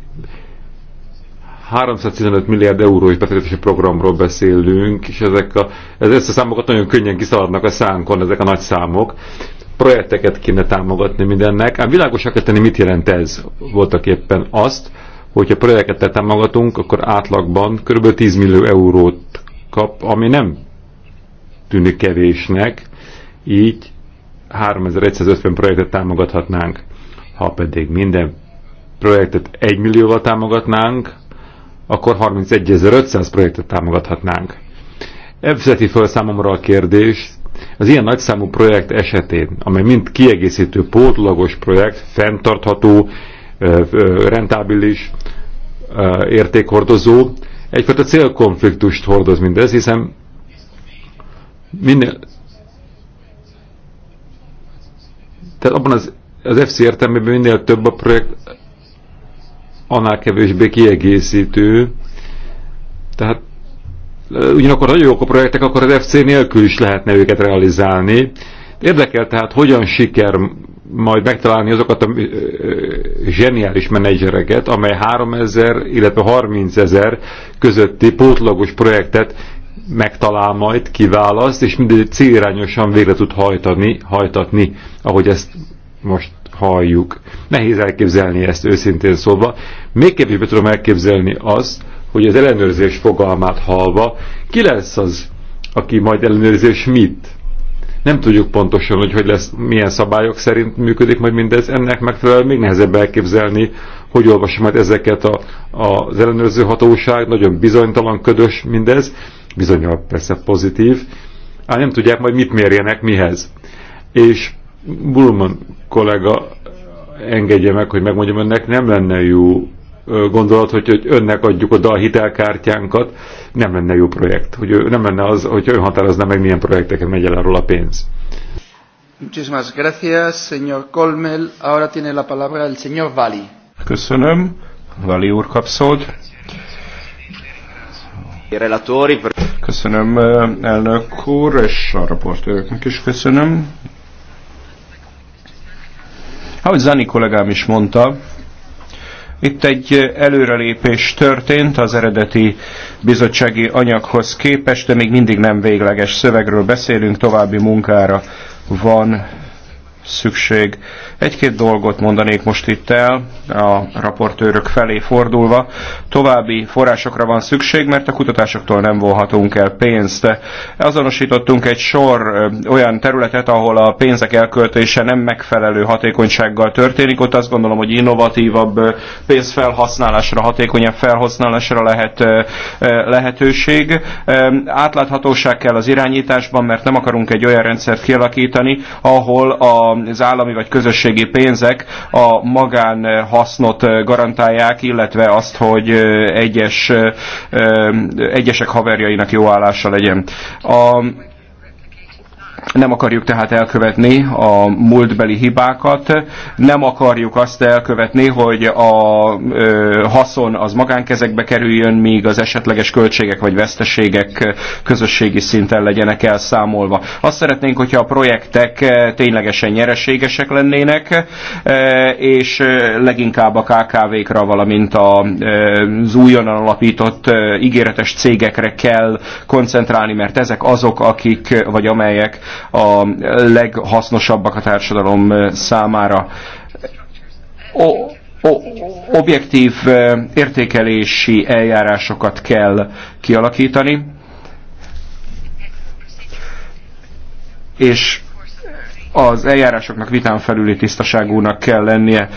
[SPEAKER 1] 315 milliárd eurós befektetési programról beszélünk, és ezek a, ez, ezt a számokat nagyon könnyen kiszaladnak a szánkon, ezek a nagy számok. Projekteket kéne támogatni mindennek. Ám világosak tenni, mit jelent ez voltak éppen azt, hogyha projekteket támogatunk, akkor átlagban kb. 10 millió eurót kap, ami nem tűnik kevésnek, így 3150 projektet támogathatnánk, ha pedig minden projektet 1 millióval támogatnánk, akkor 31500 projektet támogathatnánk. Ebbszeti föl számomra a kérdés, az ilyen nagyszámú projekt esetén, amely mind kiegészítő, pótlagos projekt, fenntartható, rentábilis, értékhordozó, egyfajta célkonfliktust hordoz mindez, hiszen minden tehát abban az, az FC értelmében minél több a projekt, annál kevésbé kiegészítő. Tehát ugyanakkor nagyon jók a projektek, akkor az FC nélkül is lehetne őket realizálni. Érdekel tehát, hogyan siker majd megtalálni azokat a zseniális menedzsereket, amely 3000, illetve 30 ezer közötti pótlagos projektet megtalál majd, kiválaszt, és mindegy célirányosan végre tud hajtani, hajtatni, ahogy ezt most halljuk. Nehéz elképzelni ezt őszintén szólva. Még kevésbé tudom elképzelni azt, hogy az ellenőrzés fogalmát hallva, ki lesz az, aki majd ellenőrzés mit? Nem tudjuk pontosan, hogy, hogy lesz, milyen szabályok szerint működik majd mindez, ennek megfelelően még nehezebb elképzelni, hogy olvasom majd ezeket a, a, az ellenőrző hatóság, nagyon bizonytalan, ködös mindez, bizonyal persze pozitív, hát nem tudják majd mit mérjenek mihez. És Bulman kollega engedje meg, hogy megmondjam önnek, nem lenne jó gondolat, hogy, hogy önnek adjuk oda a hitelkártyánkat, nem lenne jó projekt. Hogy nem lenne az, hogy ön határozna meg, milyen projekteken megy el arról a pénz.
[SPEAKER 4] Muchísimas gracias, señor Colmel. Ahora tiene la palabra el señor Vali.
[SPEAKER 1] Köszönöm.
[SPEAKER 2] Vali úr kap szót. Köszönöm eh, elnök úr, és a raportőröknek is köszönöm. Ahogy Zani kollégám is mondta, itt egy előrelépés történt az eredeti bizottsági anyaghoz képest, de még mindig nem végleges szövegről beszélünk, további munkára van szükség. Egy-két dolgot mondanék most itt el, a raportőrök felé fordulva. További forrásokra van szükség, mert a kutatásoktól nem volhatunk el pénzt. Azonosítottunk egy sor olyan területet, ahol a pénzek elköltése nem megfelelő hatékonysággal történik. Ott azt gondolom, hogy innovatívabb pénzfelhasználásra, hatékonyabb felhasználásra lehet lehetőség. Átláthatóság kell az irányításban, mert nem akarunk egy olyan rendszert kialakítani, ahol a az állami vagy közösségi pénzek a magánhasznot garantálják, illetve azt, hogy egyes, egyesek haverjainak jó állása legyen. A, nem akarjuk tehát elkövetni a múltbeli hibákat, nem akarjuk azt elkövetni, hogy a ö, haszon az magánkezekbe kerüljön, míg az esetleges költségek vagy veszteségek közösségi szinten legyenek elszámolva. Azt szeretnénk, hogyha a projektek ténylegesen nyereségesek lennének, és leginkább a KKV-kra, valamint az újonnan alapított ígéretes cégekre kell koncentrálni, mert ezek azok, akik vagy amelyek a leghasznosabbak a társadalom eh, számára.
[SPEAKER 4] O, o,
[SPEAKER 2] objektív eh, értékelési eljárásokat kell kialakítani, és az eljárásoknak vitán felüli tisztaságúnak kell lennie.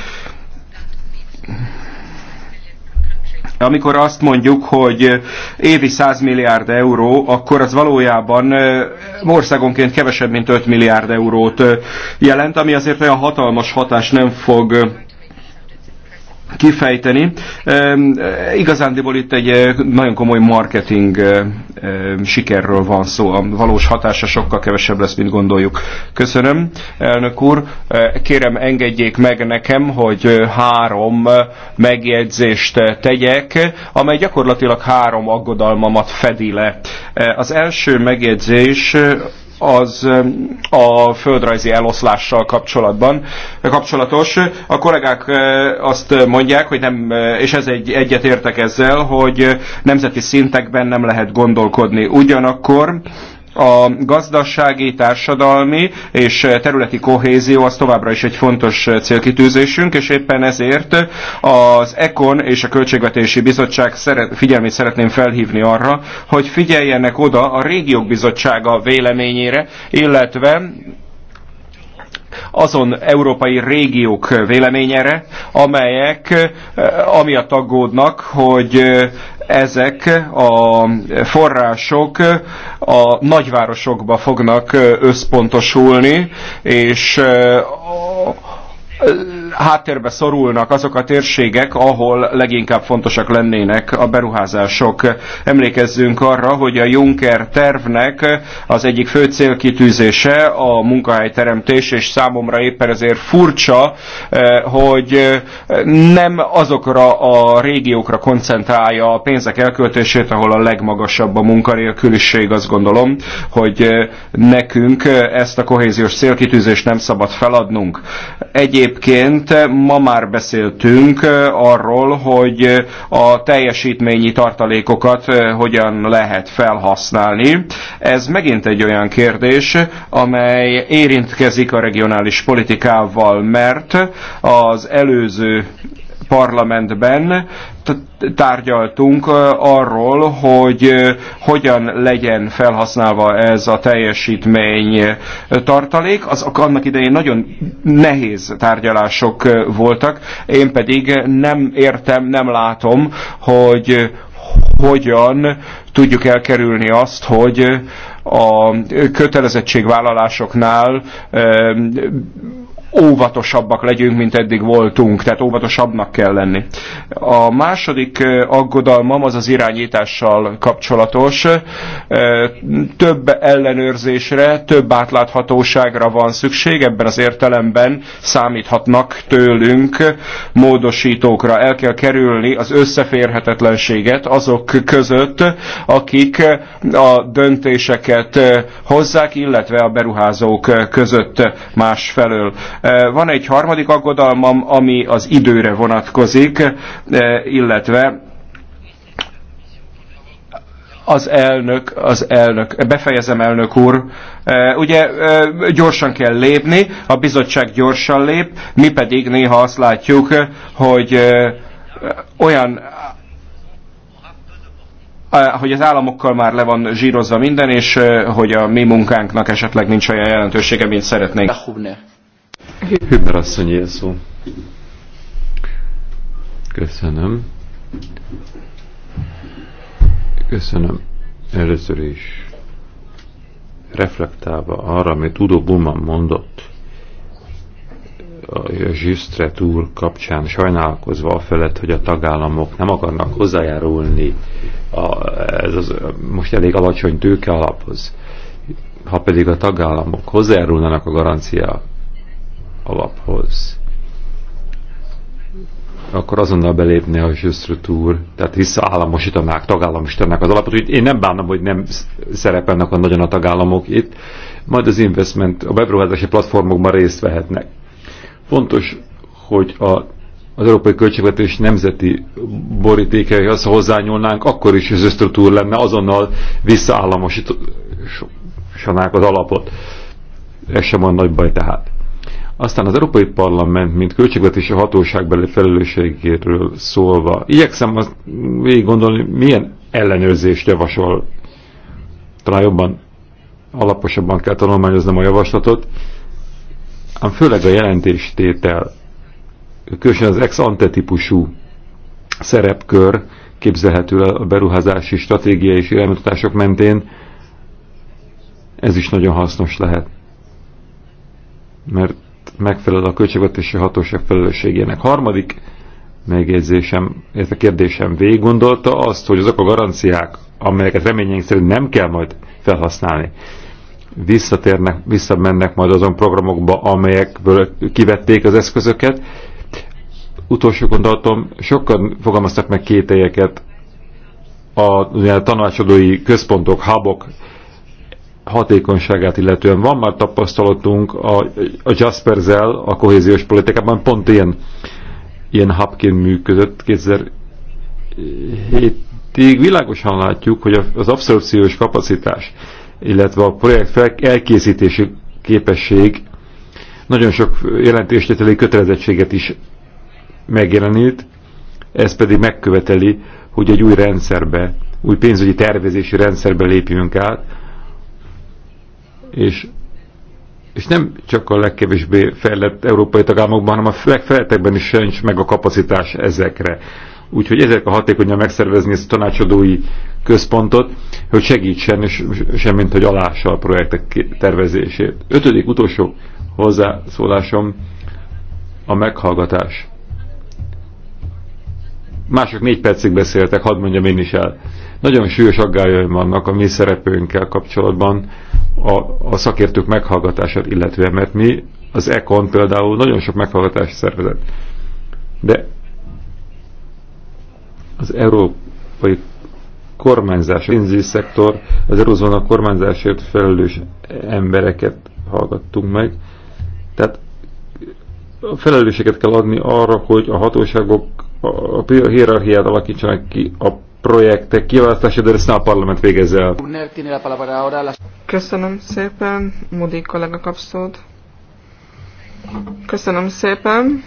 [SPEAKER 2] Amikor azt mondjuk, hogy évi 100 milliárd euró, akkor az valójában országonként kevesebb, mint 5 milliárd eurót jelent, ami azért olyan hatalmas hatást nem fog kifejteni. Eh, igazándiból itt egy eh, nagyon komoly marketing eh, sikerről van szó. A valós hatása sokkal kevesebb lesz, mint gondoljuk. Köszönöm, elnök úr. Kérem, engedjék meg nekem, hogy három megjegyzést tegyek, amely gyakorlatilag három aggodalmamat fedi le. Az első megjegyzés az um, a földrajzi eloszlással kapcsolatban eh, kapcsolatos. A kollégák eh, azt mondják, hogy nem, eh, és ez egy, egyet értek ezzel, hogy nemzeti szintekben nem lehet gondolkodni. Ugyanakkor a gazdasági, társadalmi és területi kohézió az továbbra is egy fontos célkitűzésünk, és éppen ezért az ECON és a Költségvetési Bizottság szeret, figyelmét szeretném felhívni arra, hogy figyeljenek oda a régiók bizottsága véleményére, illetve azon európai régiók véleményére, amelyek eh, amiatt aggódnak, hogy eh, ezek a források eh, a nagyvárosokba fognak összpontosulni, és háttérbe szorulnak azok a térségek, ahol leginkább fontosak lennének a beruházások. Emlékezzünk arra, hogy a Juncker tervnek az egyik fő célkitűzése a munkahelyteremtés, és számomra éppen ezért furcsa, hogy nem azokra a régiókra koncentrálja a pénzek elköltését, ahol a legmagasabb a munkanélküliség, azt gondolom, hogy nekünk ezt a kohéziós célkitűzést nem szabad feladnunk. Egyéb Egyébként ma már beszéltünk arról, hogy a teljesítményi tartalékokat hogyan lehet felhasználni. Ez megint egy olyan kérdés, amely érintkezik a regionális politikával, mert az előző parlamentben tárgyaltunk arról, hogy hogyan legyen felhasználva ez a teljesítmény tartalék. Az annak idején nagyon nehéz tárgyalások voltak, én pedig nem értem, nem látom, hogy hogyan tudjuk elkerülni azt, hogy a kötelezettségvállalásoknál óvatosabbak legyünk, mint eddig voltunk, tehát óvatosabbnak kell lenni. A második aggodalmam az az irányítással kapcsolatos. Több ellenőrzésre, több átláthatóságra van szükség, ebben az értelemben számíthatnak tőlünk módosítókra. El kell kerülni az összeférhetetlenséget azok között, akik a döntéseket hozzák, illetve a beruházók között másfelől Eh, van egy harmadik aggodalmam, ami az időre vonatkozik, eh, illetve az elnök, az elnök, befejezem elnök úr, eh, ugye gyorsan kell lépni, a bizottság gyorsan lép, mi pedig néha azt látjuk, hogy olyan hogy az államokkal már le van zsírozva minden, és hogy a mi munkánknak esetleg nincs olyan jelentősége, mint szeretnénk.
[SPEAKER 1] Hüber asszony szó. Köszönöm. Köszönöm. Először is reflektálva arra, amit Udo Buman mondott a Zsüstre túr kapcsán, sajnálkozva a felett, hogy a tagállamok nem akarnak hozzájárulni a, ez az, most elég alacsony tőke alaphoz. Ha pedig a tagállamok hozzájárulnának a garancia alaphoz. Akkor azonnal belépne a zsöszrutúr, tehát visszaállamosítanák, tagállamisítanák az alapot. Úgyhogy én nem bánom, hogy nem szerepelnek a nagyon a tagállamok itt, majd az investment, a beruházási platformokban részt vehetnek. Fontos, hogy a az európai költségvetés nemzeti azt hozzányúlnánk, akkor is az ösztrotúr lenne, azonnal visszaállamosítanák az alapot. Ez sem van nagy baj tehát. Aztán az Európai Parlament, mint költségvetési hatóságbeli felelősségéről szólva, igyekszem azt végig gondolni, milyen ellenőrzést javasol. Talán jobban, alaposabban kell tanulmányoznom a javaslatot, ám főleg a jelentéstétel, különösen az ex-ante típusú szerepkör képzelhető a beruházási stratégia és iránymutatások mentén, ez is nagyon hasznos lehet. Mert megfelel a költségvetési hatóság felelősségének. Harmadik megjegyzésem, ez a kérdésem végig gondolta azt, hogy azok a garanciák, amelyeket reményeink szerint nem kell majd felhasználni, visszatérnek, visszamennek majd azon programokba, amelyekből kivették az eszközöket. Utolsó gondolatom, sokan fogalmaztak meg kételyeket a, a tanácsadói központok, hubok -ok hatékonyságát illetően van már tapasztalatunk a, a Jasper Zell a kohéziós politikában pont ilyen, ilyen hubként működött 2007-ig. Világosan látjuk, hogy az abszorpciós kapacitás, illetve a projekt elkészítési képesség nagyon sok jelentéstételi kötelezettséget is megjelenít, ez pedig megköveteli, hogy egy új rendszerbe, új pénzügyi tervezési rendszerbe lépjünk át, és, és nem csak a legkevésbé fejlett európai tagállamokban, hanem a legfejlettekben is sincs meg a kapacitás ezekre. Úgyhogy ezek a hatékonyan megszervezni ezt a tanácsadói központot, hogy segítsen, és semmint, hogy alássa a projektek tervezését. Ötödik utolsó hozzászólásom a meghallgatás. Mások négy percig beszéltek, hadd mondjam én is el. Nagyon súlyos aggályaim vannak a mi szerepőnkkel kapcsolatban a, a szakértők meghallgatását illetve, mert mi az ECON például nagyon sok meghallgatást szervezett. De az európai kormányzás, pénzügyi szektor, az a kormányzásért felelős embereket hallgattunk meg. Tehát a felelősséget kell adni arra, hogy a hatóságok a hierarchiát alakítsanak ki a projektek kiválasztása, de ezt a parlament végezze el.
[SPEAKER 3] Köszönöm szépen, Mudi kollega kapszód. Köszönöm szépen.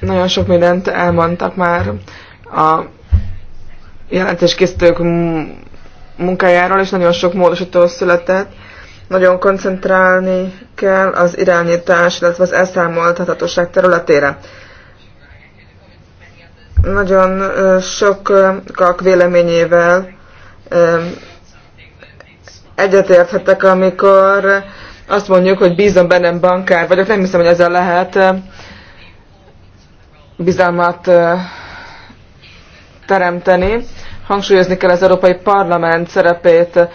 [SPEAKER 3] Nagyon sok mindent elmondtak már a jelentéskészítők munkájáról, és nagyon sok módosító született. Nagyon koncentrálni kell az irányítás, illetve az elszámoltathatóság területére nagyon sokak véleményével egyetérthetek, amikor azt mondjuk, hogy bízom bennem bankár vagyok. Nem hiszem, hogy ezzel lehet bizalmat teremteni. Hangsúlyozni kell az Európai Parlament szerepét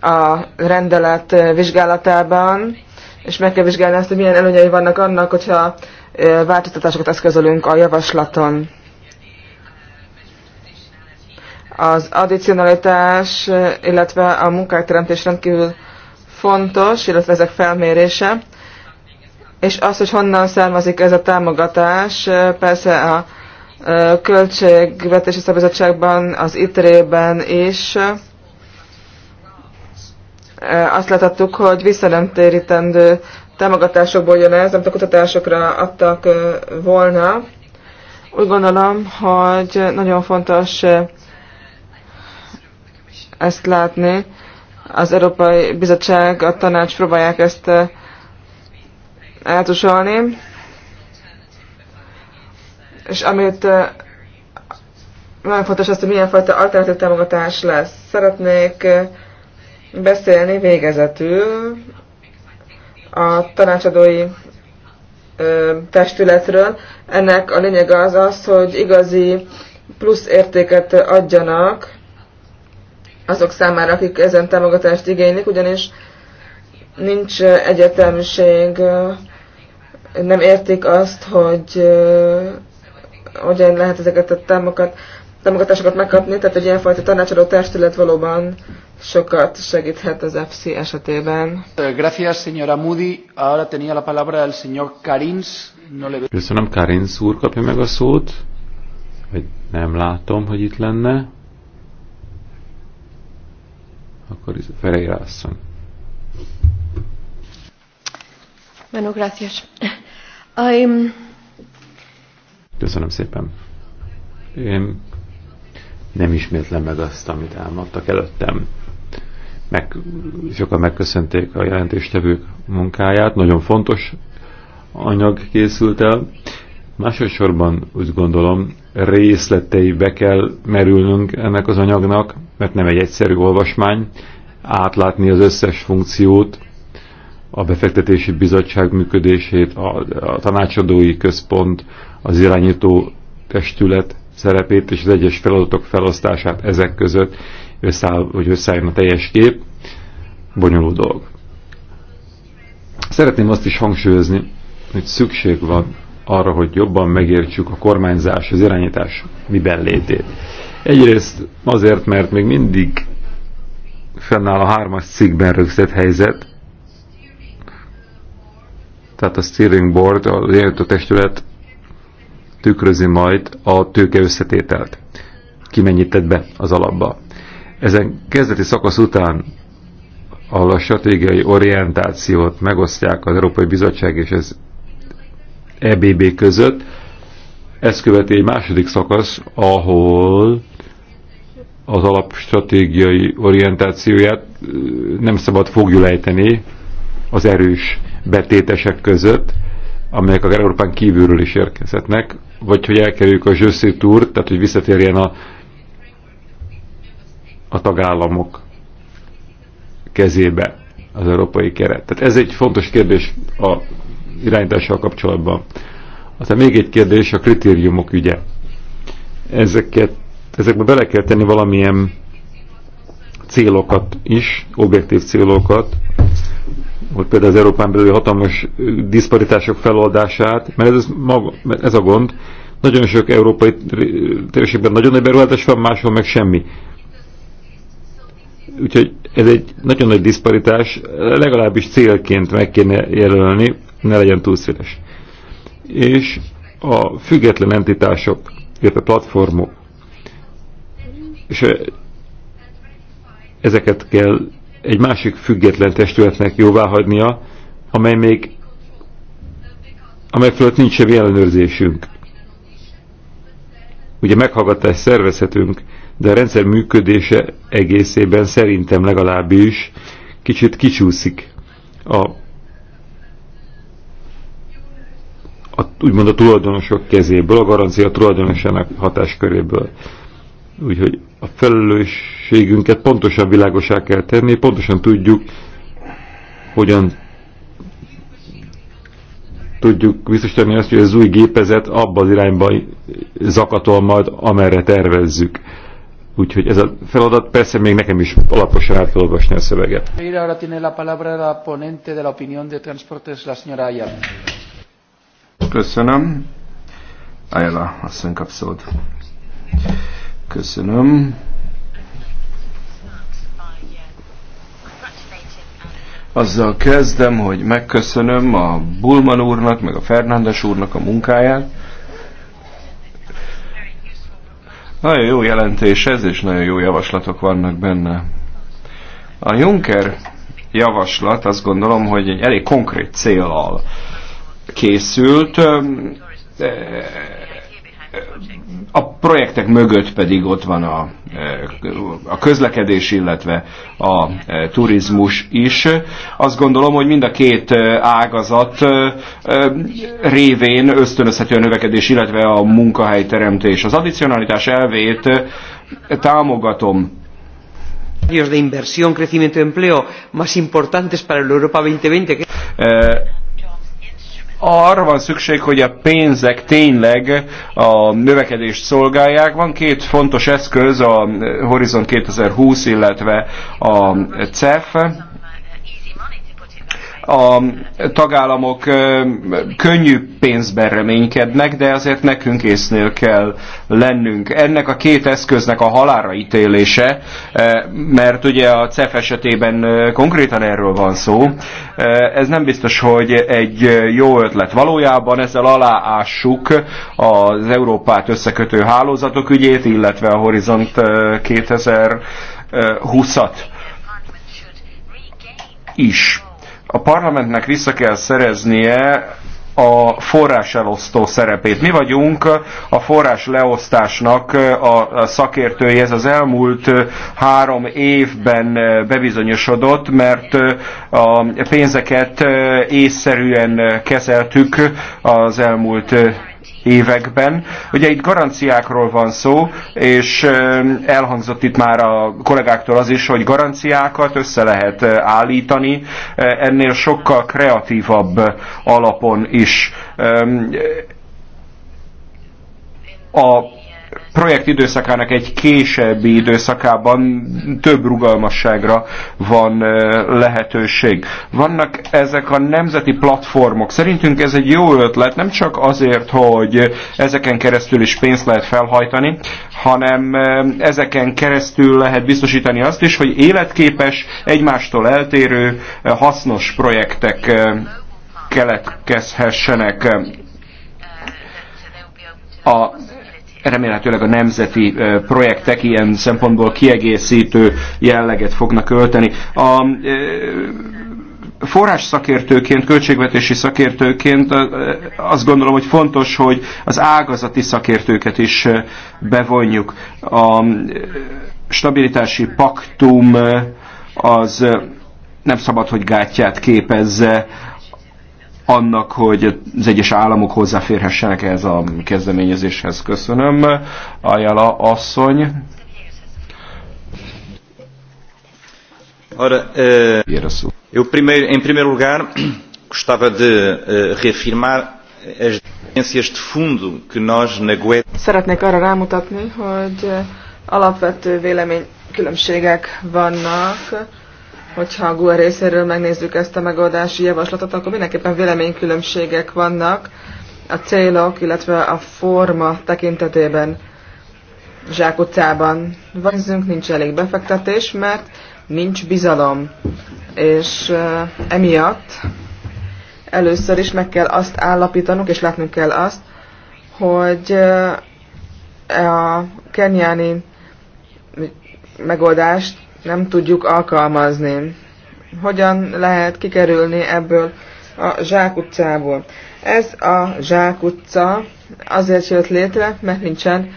[SPEAKER 3] a rendelet vizsgálatában, és meg kell vizsgálni azt, hogy milyen előnyei vannak annak, hogyha változtatásokat eszközölünk a javaslaton. Az addicionalitás, illetve a munkáteremtés rendkívül fontos, illetve ezek felmérése. És az, hogy honnan származik ez a támogatás, persze a költségvetési szabadságban, az ITRE-ben is azt láthattuk, hogy visszanemtérítendő támogatásokból jön ez, amit a kutatásokra adtak volna. Úgy gondolom, hogy nagyon fontos ezt látni. Az Európai Bizottság, a tanács próbálják ezt eltusolni. És amit nagyon fontos az, hogy milyen fajta alternatív támogatás lesz. Szeretnék beszélni végezetül a tanácsadói testületről. Ennek a lényege az az, hogy igazi plusz értéket adjanak azok számára, akik ezen támogatást igénylik, ugyanis nincs egyetemiség, nem értik azt, hogy hogyan lehet ezeket a támogat, támogatásokat megkapni, tehát egy ilyenfajta tanácsadó testület valóban sokat segíthet az FC esetében. Eh, gracias, señora Moody. Ahora tenía la palabra el señor Karins. No le...
[SPEAKER 1] Köszönöm, Karins úr kapja meg a szót. nem látom, hogy itt lenne. Akkor Ferreira asszony.
[SPEAKER 4] Bueno, gracias. I'm...
[SPEAKER 1] Köszönöm szépen. Én nem ismétlem meg azt, amit álmodtak előttem. Meg, sokan megköszönték a jelentéstevők munkáját, nagyon fontos anyag készült el. Másodszorban úgy gondolom, részleteibe kell merülnünk ennek az anyagnak, mert nem egy egyszerű olvasmány, átlátni az összes funkciót, a befektetési bizottság működését, a, a tanácsadói központ, az irányító testület szerepét és az egyes feladatok felosztását ezek között, összeáll, hogy összeálljon a teljes kép, bonyolult dolog. Szeretném azt is hangsúlyozni, hogy szükség van arra, hogy jobban megértsük a kormányzás, az irányítás miben létét. Egyrészt azért, mert még mindig fennáll a hármas cikkben rögzített helyzet, tehát a steering board, az irányító testület tükrözi majd a tőke összetételt. Ki mennyit tett be az alapba. Ezen kezdeti szakasz után, ahol a stratégiai orientációt megosztják az Európai Bizottság és az EBB között. Ezt követi egy második szakasz, ahol az alapstratégiai orientációját nem szabad fogjulejteni az erős betétesek között, amelyek a Európán kívülről is érkezhetnek, vagy hogy elkerüljük a Zsőszi túrt, tehát hogy visszatérjen a, a tagállamok kezébe az európai keret. Tehát ez egy fontos kérdés a irányítással kapcsolatban. Aztán még egy kérdés, a kritériumok ügye. Ezeket, ezekbe bele kell tenni valamilyen célokat is, objektív célokat, hogy például az Európán belüli hatalmas diszparitások feloldását, mert ez, maga, mert ez a gond, nagyon sok európai térségben nagyon nagy beruházás van, máshol meg semmi. Úgyhogy ez egy nagyon nagy diszparitás, legalábbis célként meg kéne jelölni, ne legyen túl széles. És a független entitások, illetve platformok, és ezeket kell egy másik független testületnek jóváhagynia, amely még amely fölött nincs semmi ellenőrzésünk. Ugye meghallgatást szervezhetünk, de a rendszer működése egészében szerintem legalábbis kicsit kicsúszik a, a úgymond a tulajdonosok kezéből, a garancia tulajdonosának hatásköréből. Úgyhogy a felelősségünket pontosan világosá kell tenni, pontosan tudjuk, hogyan tudjuk biztosítani azt, hogy az új gépezet abba az irányba zakatol majd, amerre tervezzük. Úgyhogy ez a feladat persze még nekem is alaposan át kell olvasni a szöveget. Köszönöm.
[SPEAKER 2] Ayala, asszony kap szót. Köszönöm. Azzal kezdem, hogy megköszönöm a Bulman úrnak, meg a Fernándes úrnak a munkáját Nagyon jó jelentés ez, és nagyon jó javaslatok vannak benne. A Juncker javaslat azt gondolom, hogy egy elég konkrét célal készült. A projektek mögött pedig ott van a, e, a közlekedés, illetve a e, turizmus is. Azt gondolom, hogy mind a két e, ágazat révén ösztönözhető a növekedés, illetve a munkahelyteremtés. Az addicionalitás elvét támogatom de inversión, crecimiento empleo más importantes para el Europa 2020. Que... Eh, arra van szükség, hogy a pénzek tényleg a növekedést szolgálják. Van két fontos eszköz, a Horizon 2020, illetve a CEF a tagállamok könnyű pénzben reménykednek, de azért nekünk észnél kell lennünk. Ennek a két eszköznek a halára ítélése, mert ugye a CEF esetében konkrétan erről van szó, ez nem biztos, hogy egy jó ötlet. Valójában ezzel aláássuk az Európát összekötő hálózatok ügyét, illetve a Horizont 2020-at is a parlamentnek vissza kell szereznie a forráselosztó szerepét. Mi vagyunk a forrás leosztásnak a szakértői, ez az elmúlt három évben bebizonyosodott, mert a pénzeket észszerűen kezeltük az elmúlt években. Ugye itt garanciákról van szó, és elhangzott itt már a kollégáktól az is, hogy garanciákat össze lehet állítani, ennél sokkal kreatívabb alapon is. A projekt időszakának egy későbbi időszakában több rugalmasságra van lehetőség. Vannak ezek a nemzeti platformok. Szerintünk ez egy jó ötlet, nem csak azért, hogy ezeken keresztül is pénzt lehet felhajtani, hanem ezeken keresztül lehet biztosítani azt is, hogy életképes, egymástól eltérő, hasznos projektek keletkezhessenek. A remélhetőleg a nemzeti projektek ilyen szempontból kiegészítő jelleget fognak ölteni. A forrás szakértőként, költségvetési szakértőként azt gondolom, hogy fontos, hogy az ágazati szakértőket is bevonjuk. A stabilitási paktum az nem szabad, hogy gátját képezze annak, hogy az egyes államok hozzáférhessenek ehhez a kezdeményezéshez. Köszönöm. Ajala asszony.
[SPEAKER 1] Ora, uh, eu primeiro, em primeiro lugar gostava de uh, reafirmar as diferenças de fundo que nós na GUE...
[SPEAKER 3] Szeretnék arra rámutatni, hogy eh, alapvető véleménykülönbségek vannak hogyha a GUE részéről megnézzük ezt a megoldási javaslatot, akkor mindenképpen véleménykülönbségek vannak a célok, illetve a forma tekintetében zsákutcában vagyunk, nincs elég befektetés, mert nincs bizalom. És eh, emiatt először is meg kell azt állapítanunk, és látnunk kell azt, hogy eh, a kenyáni megoldást nem tudjuk alkalmazni. Hogyan lehet kikerülni ebből a zsákutcából? Ez a zsákutca azért jött létre, mert nincsen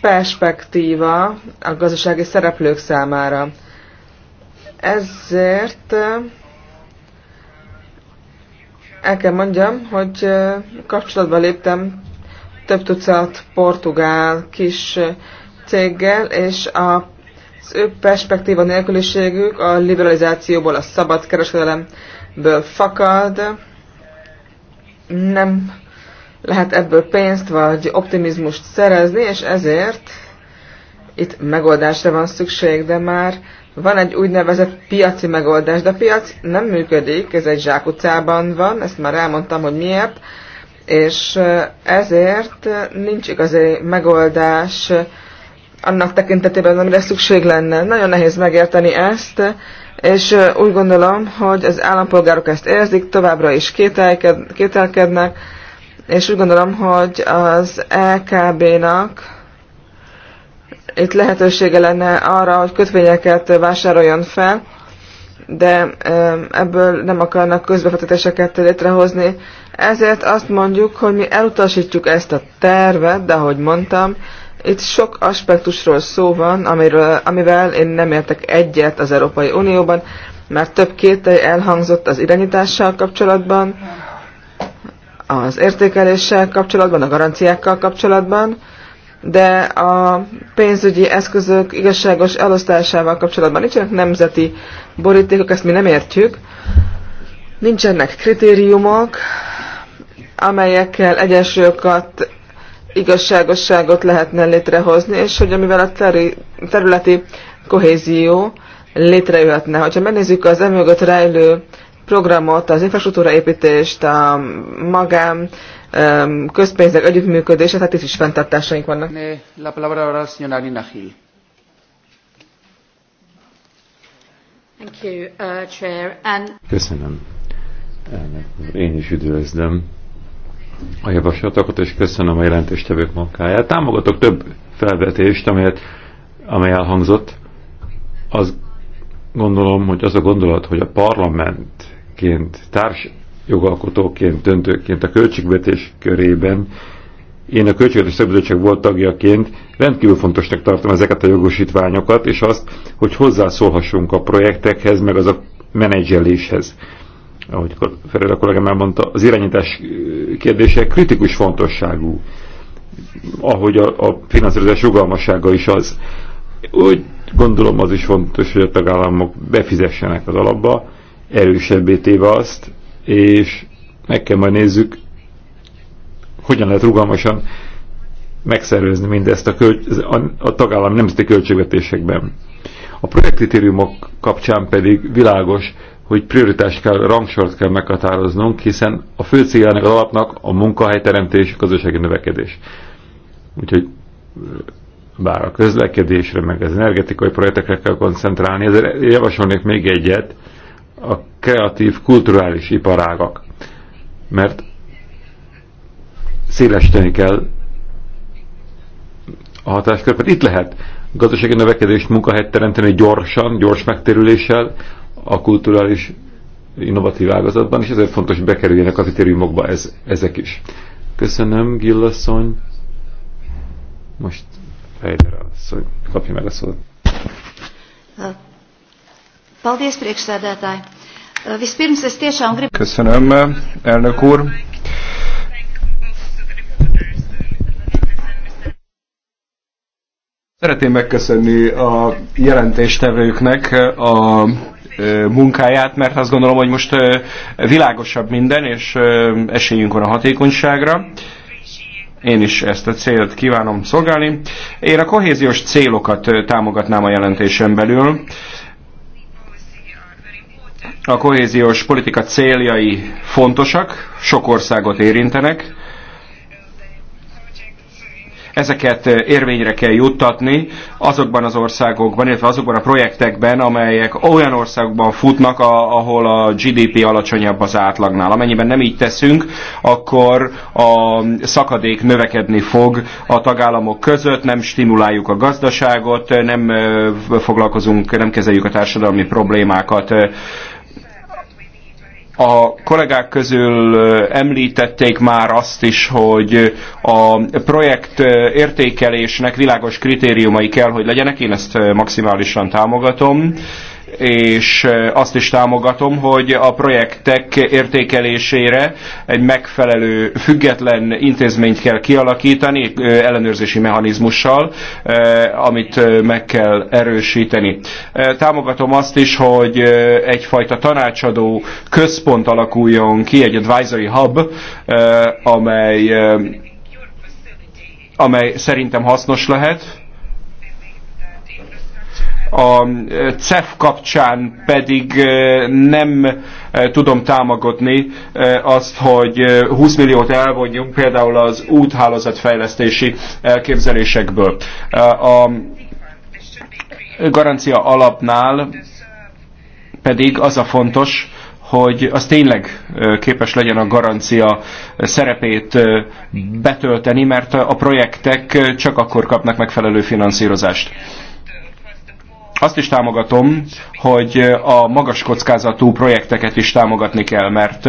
[SPEAKER 3] perspektíva a gazdasági szereplők számára. Ezért eh, el kell mondjam, hogy eh, kapcsolatba léptem több tucat portugál kis eh, céggel, és a az ő perspektíva nélküliségük a liberalizációból, a szabad kereskedelemből fakad. Nem lehet ebből pénzt vagy optimizmust szerezni, és ezért itt megoldásra van szükség, de már van egy úgynevezett piaci megoldás, de a piac nem működik, ez egy zsákutcában van, ezt már elmondtam, hogy miért, és ezért nincs igazi megoldás annak tekintetében, amire szükség lenne. Nagyon nehéz megérteni ezt, és úgy gondolom, hogy az állampolgárok ezt érzik, továbbra is kételkednek, és úgy gondolom, hogy az LKB-nak itt lehetősége lenne arra, hogy kötvényeket vásároljon fel, de ebből nem akarnak közbefektetéseket létrehozni. Ezért azt mondjuk, hogy mi elutasítjuk ezt a tervet, de ahogy mondtam, itt sok aspektusról szó van, amiről, amivel én nem értek egyet az Európai Unióban, mert több kételj elhangzott az irányítással kapcsolatban, az értékeléssel kapcsolatban, a garanciákkal kapcsolatban, de a pénzügyi eszközök igazságos elosztásával kapcsolatban nincsenek nemzeti borítékok, ezt mi nem értjük. Nincsenek kritériumok, amelyekkel egyensúlyokat igazságosságot lehetne létrehozni, és hogy amivel a területi kohézió létrejöhetne. Ha megnézzük az emögött rejlő programot, az infrastruktúraépítést, a magám, közpénzek együttműködését, hát itt is fenntartásaink vannak.
[SPEAKER 4] La palabra ahora señora Nina Gil. Thank you, uh, Chair. And...
[SPEAKER 1] Köszönöm. Én is üdvözlöm a javaslatokat, és köszönöm a jelentéstevők munkáját. Támogatok több felvetést, amelyet, amely elhangzott. Azt gondolom, hogy az a gondolat, hogy a parlamentként, társjogalkotóként, döntőként a költségvetés körében én a Költségvetés Szabadság volt tagjaként rendkívül fontosnak tartom ezeket a jogosítványokat, és azt, hogy hozzászólhassunk a projektekhez, meg az a menedzseléshez ahogy a kollégám elmondta, az irányítás kérdése kritikus fontosságú, ahogy a, a finanszírozás rugalmassága is az. Úgy gondolom az is fontos, hogy a tagállamok befizessenek az alapba, erősebbé téve azt, és meg kell majd nézzük, hogyan lehet rugalmasan megszervezni mindezt a, költ, a, a tagállam nemzeti költségvetésekben. A projektkritériumok kapcsán pedig világos, hogy prioritás kell, rangsort kell meghatároznunk, hiszen a fő céljának az alapnak a munkahelyteremtés, a közösségi növekedés. Úgyhogy bár a közlekedésre, meg az energetikai projektekre kell koncentrálni, ezért javasolnék még egyet, a kreatív, kulturális iparágak. Mert szélesíteni kell a hatáskörpet. itt lehet gazdasági növekedést, munkahelyet teremteni gyorsan, gyors megtérüléssel, a kulturális innovatív ágazatban, és ezért fontos, hogy bekerüljenek a kritériumokba ez, ezek is. Köszönöm, Gillasszony. Most Fejder asszony, kapja meg a szót.
[SPEAKER 2] Köszönöm, elnök úr. Szeretném megköszönni a jelentéstevőknek a munkáját, mert azt gondolom, hogy most világosabb minden, és esélyünk van a hatékonyságra. Én is ezt a célt kívánom szolgálni. Én a kohéziós célokat támogatnám a jelentésen belül. A kohéziós politika céljai fontosak, sok országot érintenek, Ezeket érvényre kell juttatni azokban az országokban, illetve azokban a projektekben, amelyek olyan országokban futnak, ahol a GDP alacsonyabb az átlagnál. Amennyiben nem így teszünk, akkor a szakadék növekedni fog a tagállamok között, nem stimuláljuk a gazdaságot, nem foglalkozunk, nem kezeljük a társadalmi problémákat. A kollégák közül említették már azt is, hogy a projekt értékelésnek világos kritériumai kell, hogy legyenek. Én ezt maximálisan támogatom és azt is támogatom, hogy a projektek értékelésére egy megfelelő független intézményt kell kialakítani, ellenőrzési mechanizmussal, amit meg kell erősíteni. Támogatom azt is, hogy egyfajta tanácsadó központ alakuljon ki, egy advisory hub, amely, amely szerintem hasznos lehet, a CEF kapcsán pedig nem tudom támogatni azt, hogy 20 milliót elvonjunk például az úthálózat fejlesztési elképzelésekből. A garancia alapnál pedig az a fontos, hogy az tényleg képes legyen a garancia szerepét betölteni, mert a projektek csak akkor kapnak megfelelő finanszírozást. Azt is támogatom, hogy a magas kockázatú projekteket is támogatni kell, mert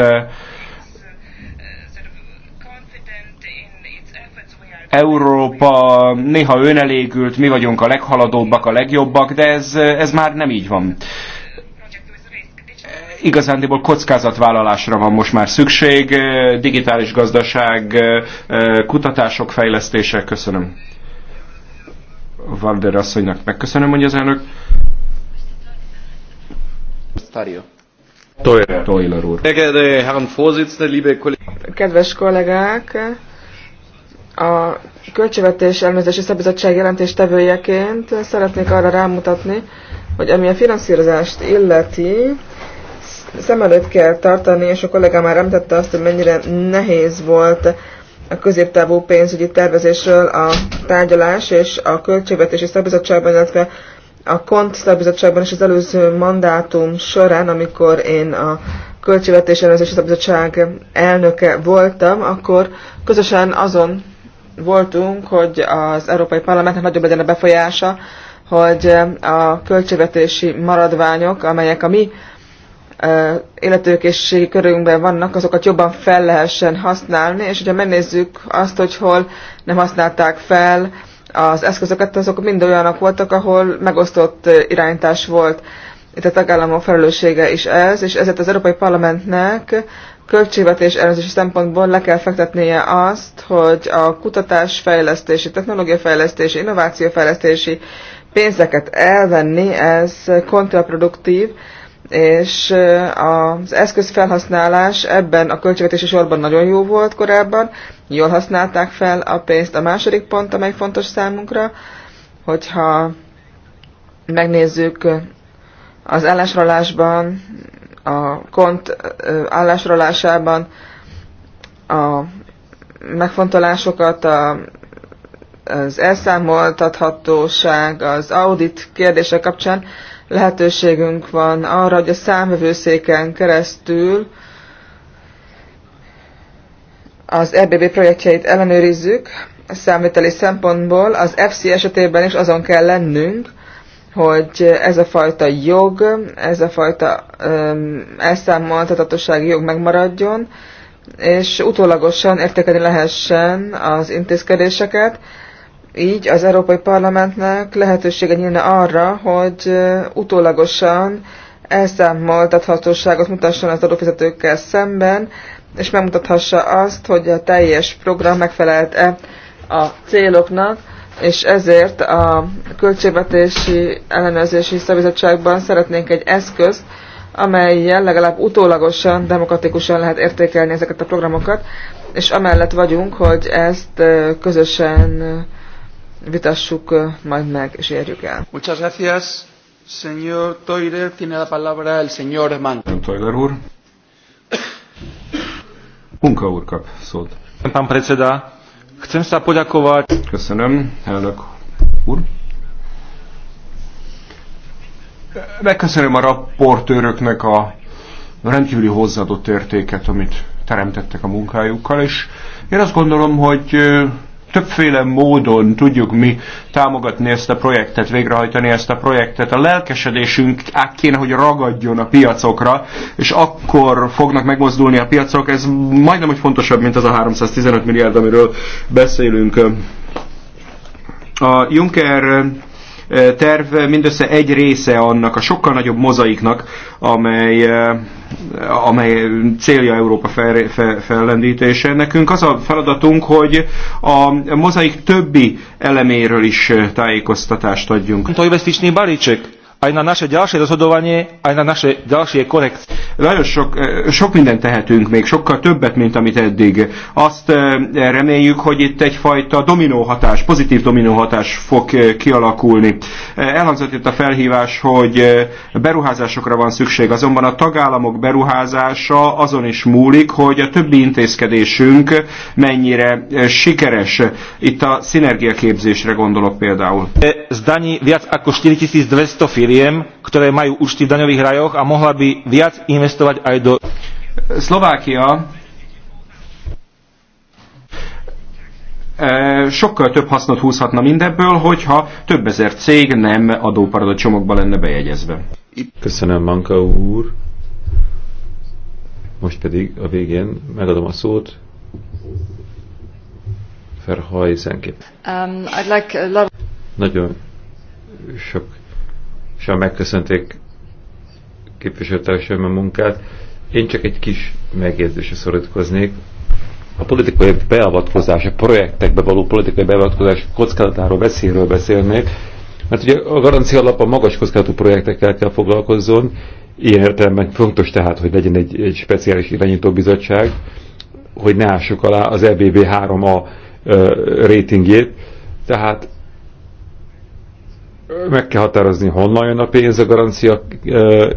[SPEAKER 2] Európa néha önelégült, mi vagyunk a leghaladóbbak, a legjobbak, de ez, ez már nem így van. Igazándiból kockázatvállalásra van most már szükség, digitális gazdaság, kutatások, fejlesztések. Köszönöm. Van der asszonynak megköszönöm, mondja az elnök. Toiler. úr.
[SPEAKER 3] Kedves kollégák, a Költségvetés Ellenőrzési Szabizottság tevőjeként szeretnék arra rámutatni, hogy ami a finanszírozást illeti, szem előtt kell tartani, és a kollégám már említette azt, hogy mennyire nehéz volt a középtávú pénzügyi tervezésről a tárgyalás és a költségvetési szabizottságban, illetve a KONT szabizottságban és az előző mandátum során, amikor én a költségvetési Ellenőrzési Szabizottság elnöke voltam, akkor közösen azon voltunk, hogy az Európai Parlamentnek nagyobb legyen a befolyása, hogy a költségvetési maradványok, amelyek a mi életőkészségi körünkben vannak, azokat jobban fel lehessen használni, és hogyha megnézzük azt, hogy hol nem használták fel az eszközöket, azok mind olyanok voltak, ahol megosztott irányítás volt. Itt a tagállamok felelőssége is ez, és ezért az Európai Parlamentnek költségvetés ellenőrzési szempontból le kell fektetnie azt, hogy a kutatásfejlesztési, technológiafejlesztési, innovációfejlesztési pénzeket elvenni, ez kontraproduktív, és az eszközfelhasználás ebben a költségvetési sorban nagyon jó volt korábban, jól használták fel a pénzt. A második pont, amely fontos számunkra, hogyha megnézzük az állásrolásban, a kont állásrolásában a megfontolásokat, a, az elszámoltathatóság, az audit kérdése kapcsán, lehetőségünk van arra, hogy a számvevőszéken keresztül az EBB projektjeit ellenőrizzük a számviteli szempontból. Az FC esetében is azon kell lennünk, hogy ez a fajta jog, ez a fajta um, elszámoltatatossági jog megmaradjon, és utólagosan értékelni lehessen az intézkedéseket, így az Európai Parlamentnek lehetősége nyílna arra, hogy utólagosan elszámoltathatóságot mutasson az adófizetőkkel szemben, és megmutathassa azt, hogy a teljes program megfelelt-e a céloknak, és ezért a Költségvetési Ellenőrzési Szabizottságban szeretnénk egy eszközt, amelyen legalább utólagosan, demokratikusan lehet értékelni ezeket a programokat, és amellett vagyunk, hogy ezt közösen vitassuk majd meg és érjük el.
[SPEAKER 4] Muchas gracias, señor Toire. Tiene la palabra el señor Mann.
[SPEAKER 1] Toiler úr. Munka úr kap szót. Pán predseda, chcem sa
[SPEAKER 2] poďakovať. Köszönöm, elnök úr. Megköszönöm a raportőröknek a rendkívüli hozzáadott értéket, amit teremtettek a munkájukkal, és én azt gondolom, hogy többféle módon tudjuk mi támogatni ezt a projektet, végrehajtani ezt a projektet. A lelkesedésünk át kéne, hogy ragadjon a piacokra, és akkor fognak megmozdulni a piacok. Ez majdnem, hogy fontosabb, mint az a 315 milliárd, amiről beszélünk. A Juncker terv mindössze egy része annak a sokkal nagyobb mozaiknak, amely, amely célja Európa fel, fel, fellendítése. Nekünk az a feladatunk, hogy a mozaik többi eleméről is tájékoztatást adjunk. To jest liczny aj na naše ďalšie rozhodovanie, aj na naše ďalšie korekcie. Nagyon sok, e, sok mindent tehetünk még, sokkal többet, mint amit eddig. Azt e, reméljük, hogy itt egyfajta dominóhatás, pozitív dominóhatás fog e, kialakulni. Elhangzott itt a felhívás, hogy beruházásokra van szükség, azonban a tagállamok beruházása azon is múlik, hogy a többi intézkedésünk mennyire sikeres. Itt a szinergiaképzésre gondolok például. Zdani viac ako 4200 firm firiem, ktoré majú účty v daňových rajoch a mohla by viac investovať aj do... Slovákia e, sokkal több hasznot húzhatna mindebből, hogyha több ezer cég nem adóparadicsomokba lenne
[SPEAKER 1] bejegyezve. Köszönöm, Manka úr. Most pedig a végén megadom a szót Ferhaj Zenkép.
[SPEAKER 3] Um, like lot...
[SPEAKER 1] Nagyon sok és megköszönték képviselőtársaim a munkát. Én csak egy kis megjegyzésre szorítkoznék. A politikai beavatkozás, a projektekbe való politikai beavatkozás kockázatáról, veszélyről beszélnék, mert ugye a garancia alap a magas kockázatú projektekkel kell foglalkozzon, ilyen értelemben fontos tehát, hogy legyen egy, egy speciális irányító bizottság, hogy ne ássuk alá az EBB 3A ö, ratingjét, tehát meg kell határozni, honnan jön a pénz a garancia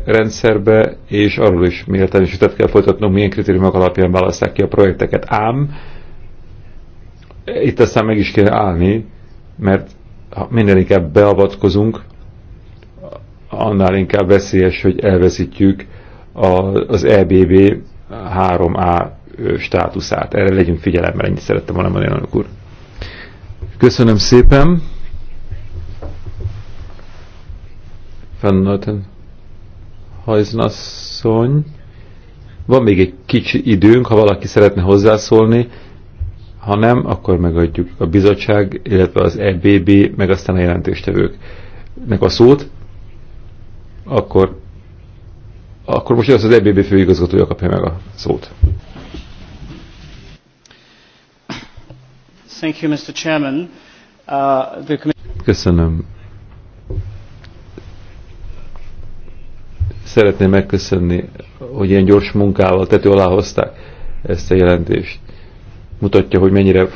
[SPEAKER 1] rendszerbe, és arról is méltányosítat kell folytatnunk, milyen kritériumok alapján választják ki a projekteket. Ám itt aztán meg is kell állni, mert ha minden inkább beavatkozunk, annál inkább veszélyes, hogy elveszítjük az EBB 3A státuszát. Erre legyünk figyelemmel, ennyit szerettem volna mondani, úr. Köszönöm szépen! Fennolten Hajznasszony. Van még egy kicsi időnk, ha valaki szeretne hozzászólni, ha nem, akkor megadjuk a bizottság, illetve az EBB, meg aztán a jelentéstevőknek a szót, akkor, akkor most az, az e EBB főigazgatója kapja meg a szót.
[SPEAKER 2] Thank you, Mr. Chairman. Uh, the...
[SPEAKER 1] Köszönöm, Szeretném megköszönni, hogy ilyen gyors munkával tető alá hozták ezt a jelentést. Mutatja, hogy mennyire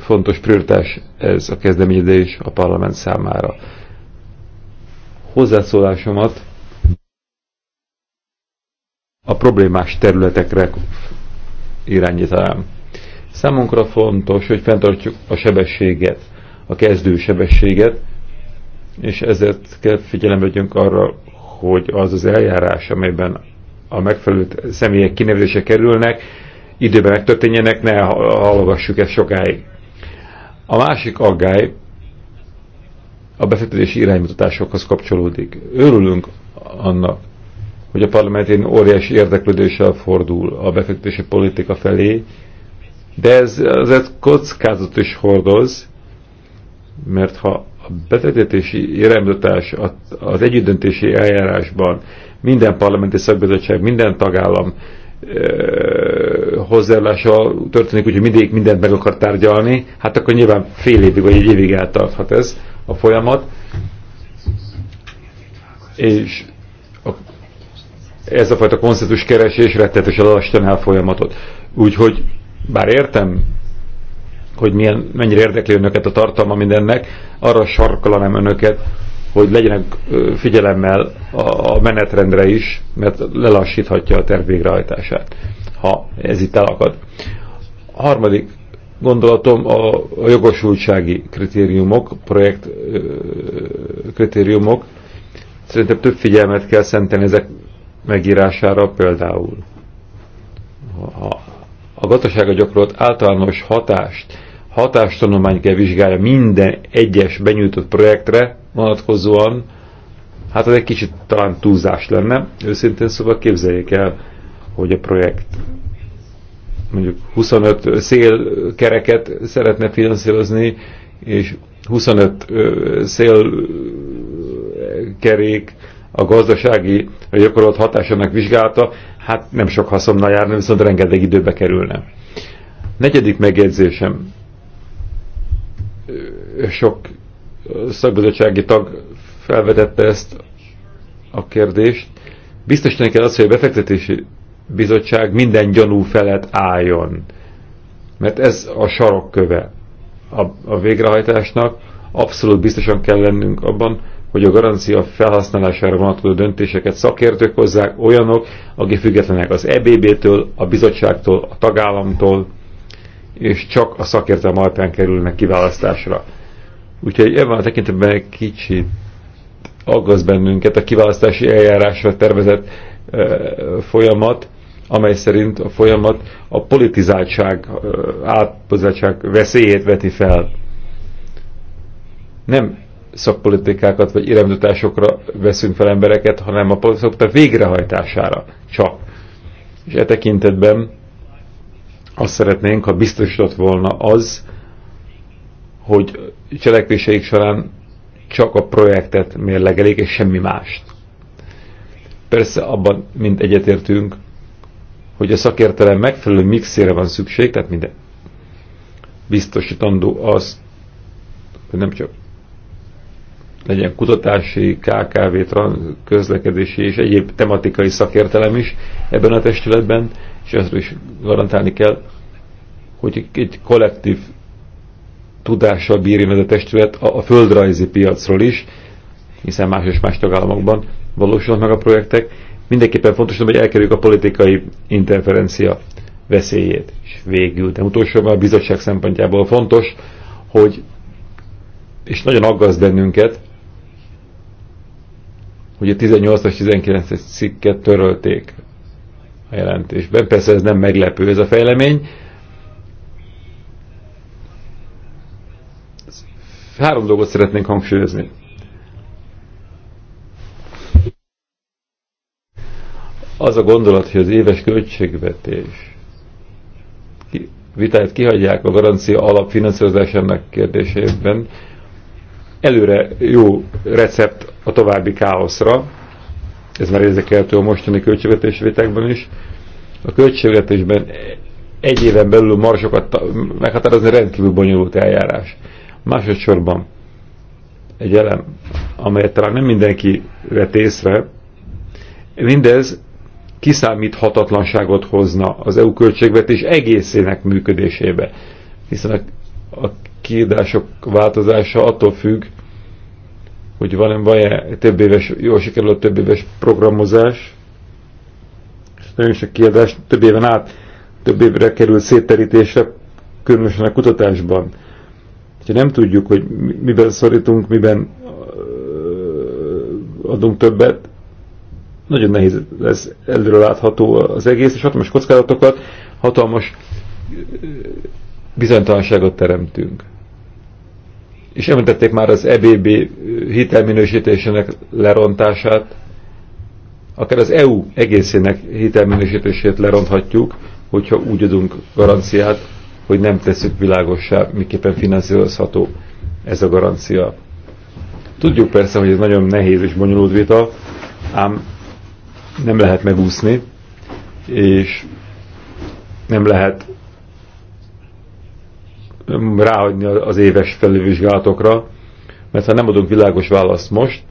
[SPEAKER 1] fontos prioritás ez a kezdeményezés a parlament számára. Hozzászólásomat a problémás területekre irányítanám. Számunkra fontos, hogy fenntartjuk a sebességet, a kezdő sebességet, és ezért kell figyelembe arra, hogy az az eljárás, amelyben a megfelelő személyek kinevezése kerülnek, időben megtörténjenek, ne halogassuk ezt sokáig. A másik aggály a befektetési iránymutatásokhoz kapcsolódik. Örülünk annak, hogy a parlamentén óriási érdeklődéssel fordul a befektetési politika felé, de ez azért kockázatot is hordoz, mert ha betetési iránymutatás az együttdöntési eljárásban minden parlamenti szakbizottság, minden tagállam hozzáállása történik, úgyhogy mindig mindent meg akar tárgyalni, hát akkor nyilván fél évig vagy egy évig eltarthat ez a folyamat. És a, ez a fajta konszenzus keresés rettetesen lassan el folyamatot. Úgyhogy bár értem, hogy milyen, mennyire érdekli önöket a tartalma mindennek, arra sarkalanám önöket, hogy legyenek figyelemmel a menetrendre is, mert lelassíthatja a terv végrehajtását, ha ez itt elakad. A harmadik gondolatom a jogosultsági kritériumok, projekt kritériumok. Szerintem több figyelmet kell szentelni ezek megírására például. Ha a gazdasága gyakorolt általános hatást, hatástanulmány kell vizsgálja minden egyes benyújtott projektre vonatkozóan, hát ez egy kicsit talán túlzás lenne. Őszintén szóval képzeljék el, hogy a projekt mondjuk 25 szélkereket szeretne finanszírozni, és 25 szélkerék a gazdasági gyakorlat hatásának vizsgálata, hát nem sok haszonnal járna, viszont rengeteg időbe kerülne. Negyedik megjegyzésem. Sok szakbizottsági tag felvetette ezt a kérdést. Biztosítani kell az hogy a befektetési bizottság minden gyanú felett álljon. Mert ez a sarokköve a, a végrehajtásnak. Abszolút biztosan kell lennünk abban, hogy a garancia felhasználására vonatkozó döntéseket szakértők hozzák, olyanok, akik függetlenek az EBB-től, a bizottságtól, a tagállamtól, és csak a szakértelem alapján kerülnek kiválasztásra. Úgyhogy ebben a tekintetben egy kicsit aggaszt bennünket a kiválasztási eljárásra tervezett folyamat, amely szerint a folyamat a politizáltság, átpozáltság veszélyét veti fel. Nem szakpolitikákat vagy iránymutatásokra veszünk fel embereket, hanem a politika végrehajtására csak. És e tekintetben azt szeretnénk, ha biztosított volna az, hogy cselekvéseik során csak a projektet mérlegelik, és semmi mást. Persze abban mind egyetértünk, hogy a szakértelem megfelelő mixére van szükség, tehát minden biztosítandó az, hogy nem csak legyen kutatási, KKV, közlekedési és egyéb tematikai szakértelem is ebben a testületben, és ezt is garantálni kell, hogy egy kollektív tudással bírjon ez a testület a, a földrajzi piacról is, hiszen más és más tagállamokban valósulnak meg a projektek. Mindenképpen fontos, hogy elkerüljük a politikai interferencia veszélyét. És végül, de utolsóban a bizottság szempontjából fontos, hogy és nagyon aggaszt bennünket, hogy a 18-as 19-es cikket törölték a jelentésben. Persze ez nem meglepő ez a fejlemény. Három dolgot szeretnénk hangsúlyozni. Az a gondolat, hogy az éves költségvetés vitáját kihagyják a garancia alapfinanszírozásának kérdésében, előre jó recept a további káoszra, ez már érzekelhető a mostani költségvetésvétekben vitákban is, a költségvetésben egy éven belül marsokat meghatározni rendkívül bonyolult eljárás. Másodszorban egy elem, amelyet talán nem mindenki vett észre, mindez kiszámíthatatlanságot hozna az EU költségvetés egészének működésébe. Hiszen a, a kiírások változása attól függ, hogy van-e van -e több éves, jól sikerült több éves programozás, és nagyon sok kiadás több éven át, több évre kerül szétterítésre, különösen a kutatásban. Ha nem tudjuk, hogy miben szorítunk, miben adunk többet, nagyon nehéz lesz előre látható az egész, és hatalmas kockázatokat, hatalmas bizonytalanságot teremtünk és említették már az EBB hitelminősítésének lerontását, akár az EU egészének hitelminősítését leronthatjuk, hogyha úgy adunk garanciát, hogy nem tesszük világossá, miképpen finanszírozható ez a garancia. Tudjuk persze, hogy ez nagyon nehéz és bonyolult vita, ám nem lehet megúszni, és nem lehet ráhagyni az éves felülvizsgálatokra, mert ha nem adunk világos választ most,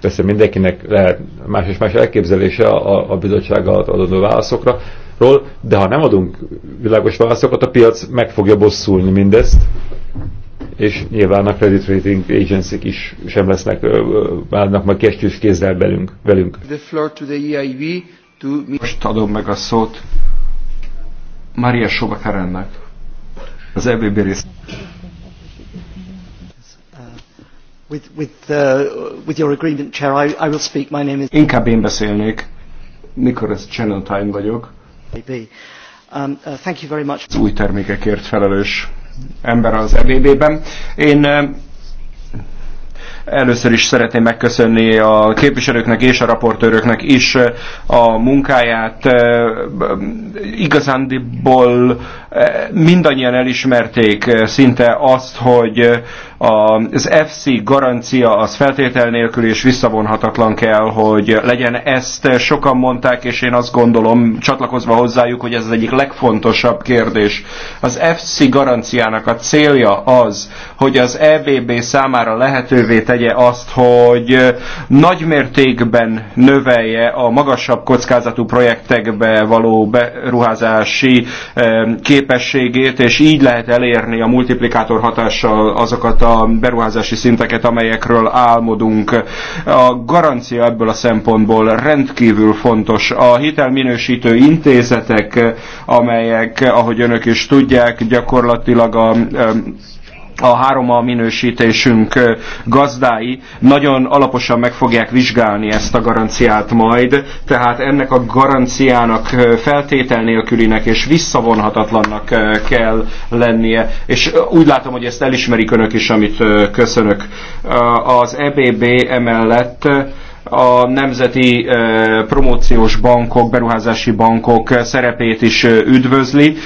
[SPEAKER 1] persze mindenkinek lehet más és más elképzelése a, a bizottság adandó válaszokra, ról, de ha nem adunk világos válaszokat, a piac meg fogja bosszulni mindezt, és nyilván a credit rating agencies is sem lesznek, válnak majd kestős kézzel belünk, velünk.
[SPEAKER 4] E most
[SPEAKER 2] adom meg a szót Maria Sobakarennek, az EBB rész.
[SPEAKER 4] Uh, with, with, uh,
[SPEAKER 3] with your agreement, Chair, I, I will speak. My name is... Inkább
[SPEAKER 2] én beszélnék. Channel Time vagyok.
[SPEAKER 3] Um, uh, thank you very much. Az
[SPEAKER 2] új termékekért felelős ember az EBB-ben. Én uh, Először is szeretném megköszönni a képviselőknek és a raportőröknek is eh, a munkáját. Eh, igazándiból eh, mindannyian elismerték szinte azt, hogy az FC garancia az feltétel nélkül és visszavonhatatlan kell, hogy legyen. Ezt sokan mondták, és én azt gondolom, csatlakozva hozzájuk, hogy ez az egyik legfontosabb kérdés. Az FC garanciának a célja az, hogy az EBB számára lehetővé tegye azt, hogy nagymértékben növelje a magasabb kockázatú projektekbe való beruházási eh, képességét, és így lehet elérni a multiplikátor hatással azokat a beruházási szinteket, amelyekről álmodunk. A garancia ebből a szempontból rendkívül fontos. A hitelminősítő intézetek, amelyek, ahogy önök is tudják, gyakorlatilag a a három a minősítésünk gazdái nagyon alaposan meg fogják vizsgálni ezt a garanciát majd, tehát ennek a garanciának feltétel nélkülinek és visszavonhatatlannak kell lennie, és úgy látom, hogy ezt elismerik önök is, amit köszönök. Az EBB emellett a nemzeti promóciós bankok, beruházási bankok szerepét is üdvözli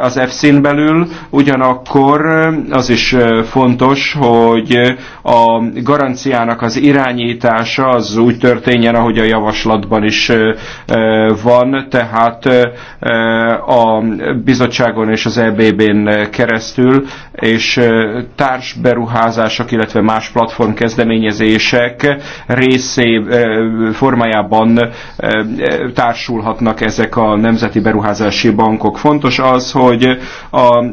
[SPEAKER 2] az EFSZ-n belül, ugyanakkor az is fontos, hogy a garanciának az irányítása az úgy történjen, ahogy a javaslatban is van, tehát a bizottságon és az EBB-n keresztül, és társberuházások, illetve más platform kezdeményezések Eh, formájában eh, társulhatnak ezek a nemzeti beruházási bankok. Fontos az, hogy a eh,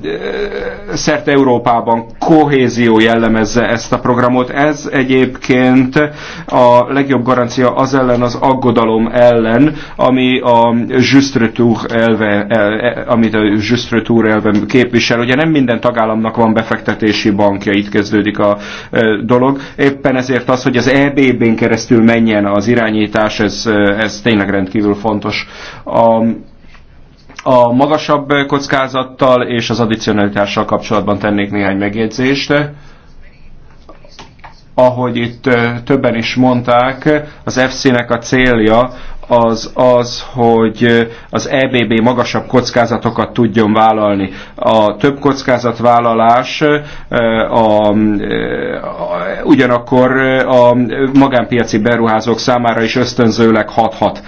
[SPEAKER 2] szerte Európában kohézió jellemezze ezt a programot. Ez egyébként a legjobb garancia az ellen, az aggodalom ellen, ami a Justretour elve, amit a Justretour elve képvisel. Ugye nem minden tagállamnak van befektetési bankja, itt kezdődik a dolog. Éppen ezért az, hogy az EBB-n keresztül menj menjen az irányítás, ez, ez tényleg rendkívül fontos. A, a magasabb kockázattal és az addicionalitással kapcsolatban tennék néhány megjegyzést. Ahogy itt többen is mondták, az FC-nek a célja az az, hogy az EBB magasabb kockázatokat tudjon vállalni. A több kockázatvállalás a, a, a, ugyanakkor a magánpiaci beruházók számára is ösztönzőleg hathat.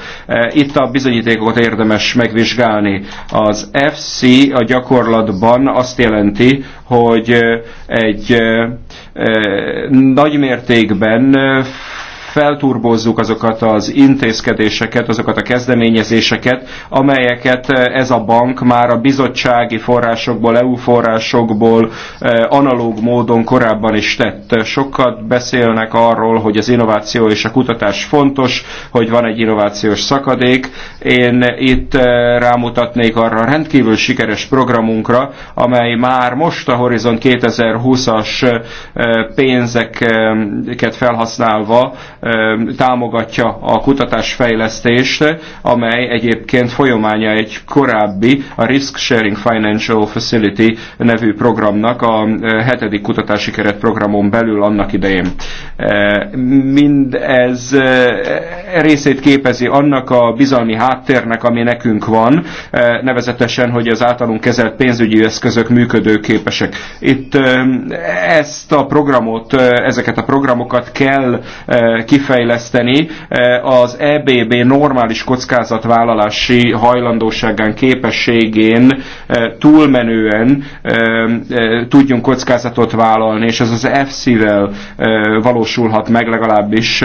[SPEAKER 2] Itt a bizonyítékokat érdemes megvizsgálni. Az FC a gyakorlatban azt jelenti, hogy egy nagymértékben felturbozzuk azokat az intézkedéseket, azokat a kezdeményezéseket, amelyeket eh, ez a bank már a bizottsági forrásokból, EU forrásokból eh, analóg módon korábban is tett. Sokat beszélnek arról, hogy az innováció és a kutatás fontos, hogy van egy innovációs szakadék. Én itt eh, rámutatnék arra a rendkívül sikeres programunkra, amely már most a Horizon 2020-as pénzeket felhasználva támogatja a kutatásfejlesztést, amely egyébként folyamánya egy korábbi, a Risk Sharing Financial Facility nevű programnak, a hetedik kutatási keretprogramon belül annak idején. Mindez részét képezi annak a bizalmi háttérnek, ami nekünk van, nevezetesen, hogy az általunk kezelt pénzügyi eszközök működőképesek. Itt ezt a programot, ezeket a programokat kell ki kifejleszteni eh, az EBB normális kockázatvállalási hajlandóságán, képességén eh, túlmenően eh, tudjunk kockázatot vállalni, és ez az EFSI-vel valósulhat meg legalábbis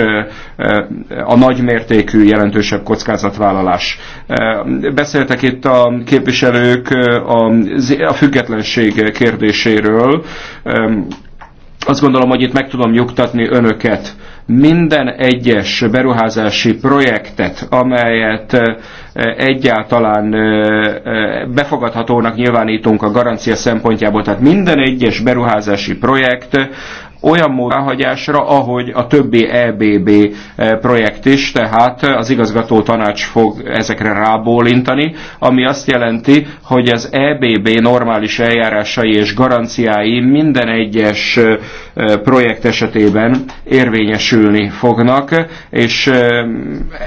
[SPEAKER 2] a nagymértékű jelentősebb kockázatvállalás. Beszéltek itt a képviselők a függetlenség kérdéséről. Azt gondolom, hogy itt meg tudom nyugtatni önöket minden egyes beruházási projektet, amelyet eh, egyáltalán eh, eh, befogadhatónak nyilvánítunk a garancia szempontjából, tehát minden egyes beruházási projekt, olyan módonhagyásra, ahogy a többi EBB eh, projekt is, tehát az igazgató tanács fog ezekre rábólintani, ami azt jelenti, hogy az EBB normális eljárásai és garanciái minden egyes eh, projekt esetében érvényesülni fognak, és eh,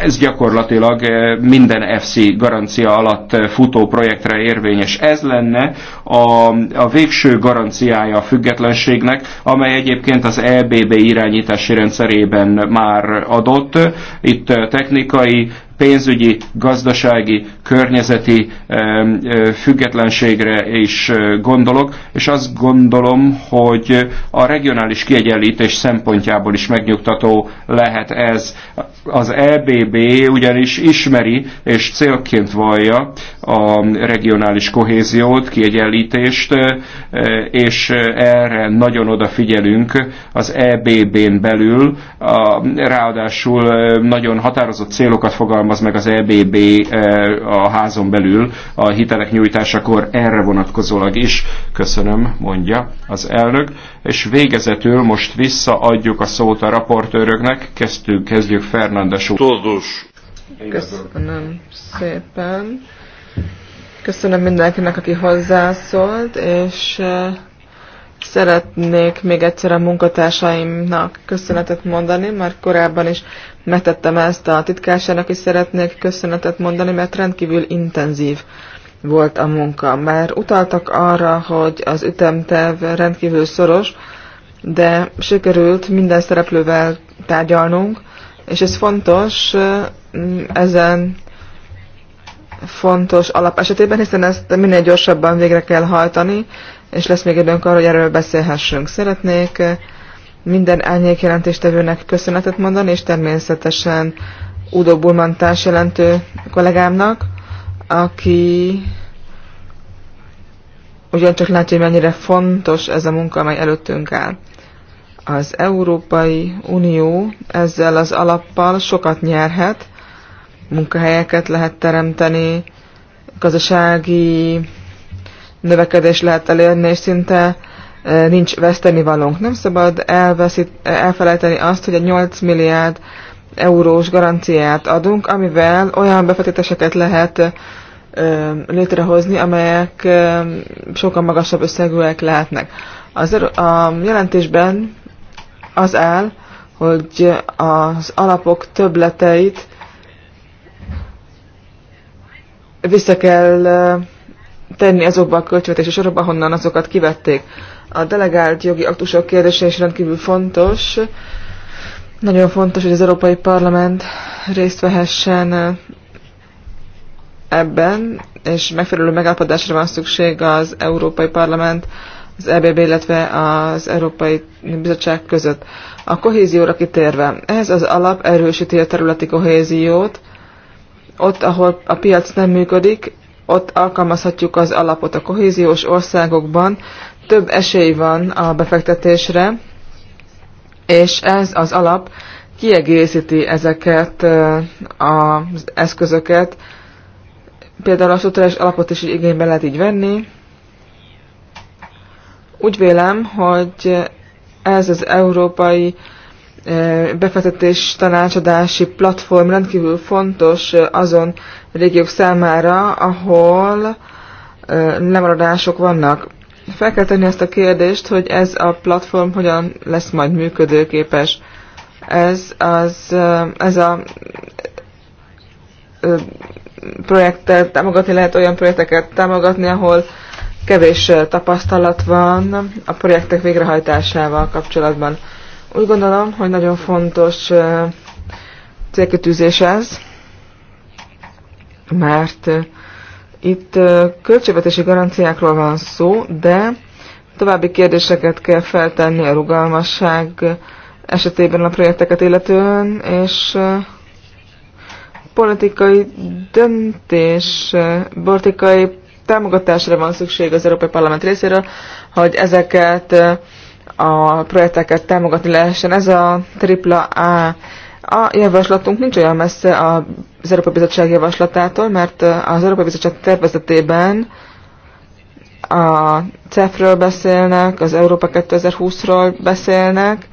[SPEAKER 2] ez gyakorlatilag minden FC garancia alatt futó projektre érvényes. Ez lenne a, a végső garanciája a függetlenségnek, amely egyébként egyébként az EBB irányítási rendszerében már adott. Itt eh, technikai, pénzügyi, gazdasági, környezeti eh, eh, függetlenségre is gondolok, és azt gondolom, hogy a regionális kiegyenlítés szempontjából is megnyugtató lehet ez. Az EBB ugyanis ismeri és célként vallja a regionális kohéziót, kiegyenlítést, e, és erre nagyon odafigyelünk az EBB-n belül. Ráadásul nagyon határozott célokat fogalmaz meg az EBB e, a házon belül a hitelek nyújtásakor erre vonatkozólag is. Köszönöm, mondja az elnök. És végezetül most visszaadjuk a szót a raportőröknek. Kezdjük, kezdjük Fernandes úr.
[SPEAKER 3] Köszönöm szépen. Köszönöm mindenkinek, aki hozzászólt, és szeretnék még egyszer a munkatársaimnak köszönetet mondani, mert korábban is megtettem ezt a titkásának, és szeretnék köszönetet mondani, mert rendkívül intenzív volt a munka. Már utaltak arra, hogy az ütemterv rendkívül szoros, de sikerült minden szereplővel tárgyalnunk, és ez fontos, ezen fontos alap esetében, hiszen ezt minél gyorsabban végre kell hajtani, és lesz még időnk arra, hogy erről beszélhessünk. Szeretnék minden jelentéstevőnek köszönetet mondani, és természetesen Udo Bulman jelentő kollégámnak, aki ugyancsak látja, hogy mennyire fontos ez a munka, amely előttünk áll. Az Európai Unió ezzel az alappal sokat nyerhet, munkahelyeket lehet teremteni, gazdasági növekedés lehet elérni, és szinte e, nincs vesztenivalónk. Nem szabad elveszít, e, elfelejteni azt, hogy a 8 milliárd eurós garanciát adunk, amivel olyan befektetéseket lehet e, létrehozni, amelyek sokkal magasabb összegűek lehetnek. Az, a jelentésben az áll, hogy az alapok többleteit vissza kell tenni azokba a költségvetési sorokba, honnan azokat kivették. A delegált jogi aktusok kérdése is rendkívül fontos. Nagyon fontos, hogy az Európai Parlament részt vehessen ebben, és megfelelő megállapodásra van szükség az Európai Parlament, az EBB, illetve az Európai Bizottság között. A kohézióra kitérve, ez az alap erősíti a területi kohéziót, ott, ahol a piac nem működik, ott alkalmazhatjuk az alapot a kohéziós országokban, több esély van a befektetésre, és ez az alap kiegészíti ezeket az eszközöket. Például a struktúrás alapot is így igénybe lehet így venni. Úgy vélem, hogy ez az európai befektetés tanácsadási platform rendkívül fontos azon régiók számára, ahol lemaradások vannak. Fel kell tenni ezt a kérdést, hogy ez a platform hogyan lesz majd működőképes. Ez, az, ez a projektet támogatni lehet olyan projekteket támogatni, ahol kevés tapasztalat van a projektek végrehajtásával kapcsolatban. Úgy gondolom, hogy nagyon fontos célkötűzés ez, mert itt költségvetési garanciákról van szó, de további kérdéseket kell feltenni a rugalmasság esetében a projekteket illetően, és politikai döntés, politikai támogatásra van szükség az Európai Parlament részéről, hogy ezeket a projekteket támogatni lehessen. Ez a tripla A. A javaslatunk nincs olyan messze az Európai Bizottság javaslatától, mert az Európai Bizottság tervezetében a CEF-ről beszélnek, az Európa 2020-ról beszélnek.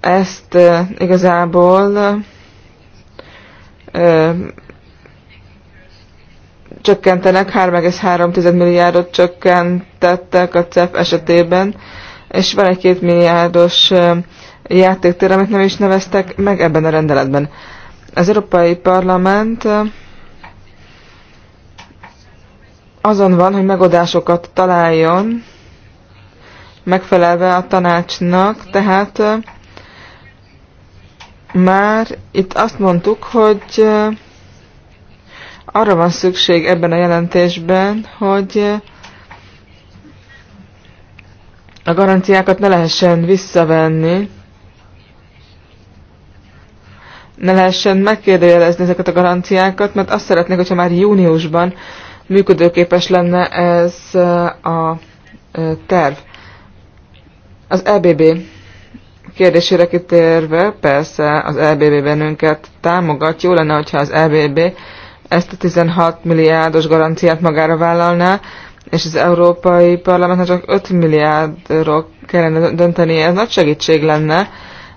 [SPEAKER 3] Ezt igazából ö, csökkentenek, 3,3 milliárdot csökkentettek a CEF esetében, és van egy két milliárdos játéktér, amit nem is neveztek meg ebben a rendeletben. Az Európai Parlament azon van, hogy megoldásokat találjon, megfelelve a tanácsnak, tehát már itt azt mondtuk, hogy arra van szükség ebben a jelentésben, hogy a garanciákat ne lehessen visszavenni, ne lehessen megkérdőjelezni ezeket a garanciákat, mert azt szeretnék, hogyha már júniusban működőképes lenne ez eh, a eh, terv. Az EBB kérdésére kitérve, persze az EBB bennünket támogat, jó lenne, hogyha az EBB ezt a 16 milliárdos garanciát magára vállalná, és az Európai Parlamentnek csak 5 milliárdról kellene dönteni, ez nagy segítség lenne,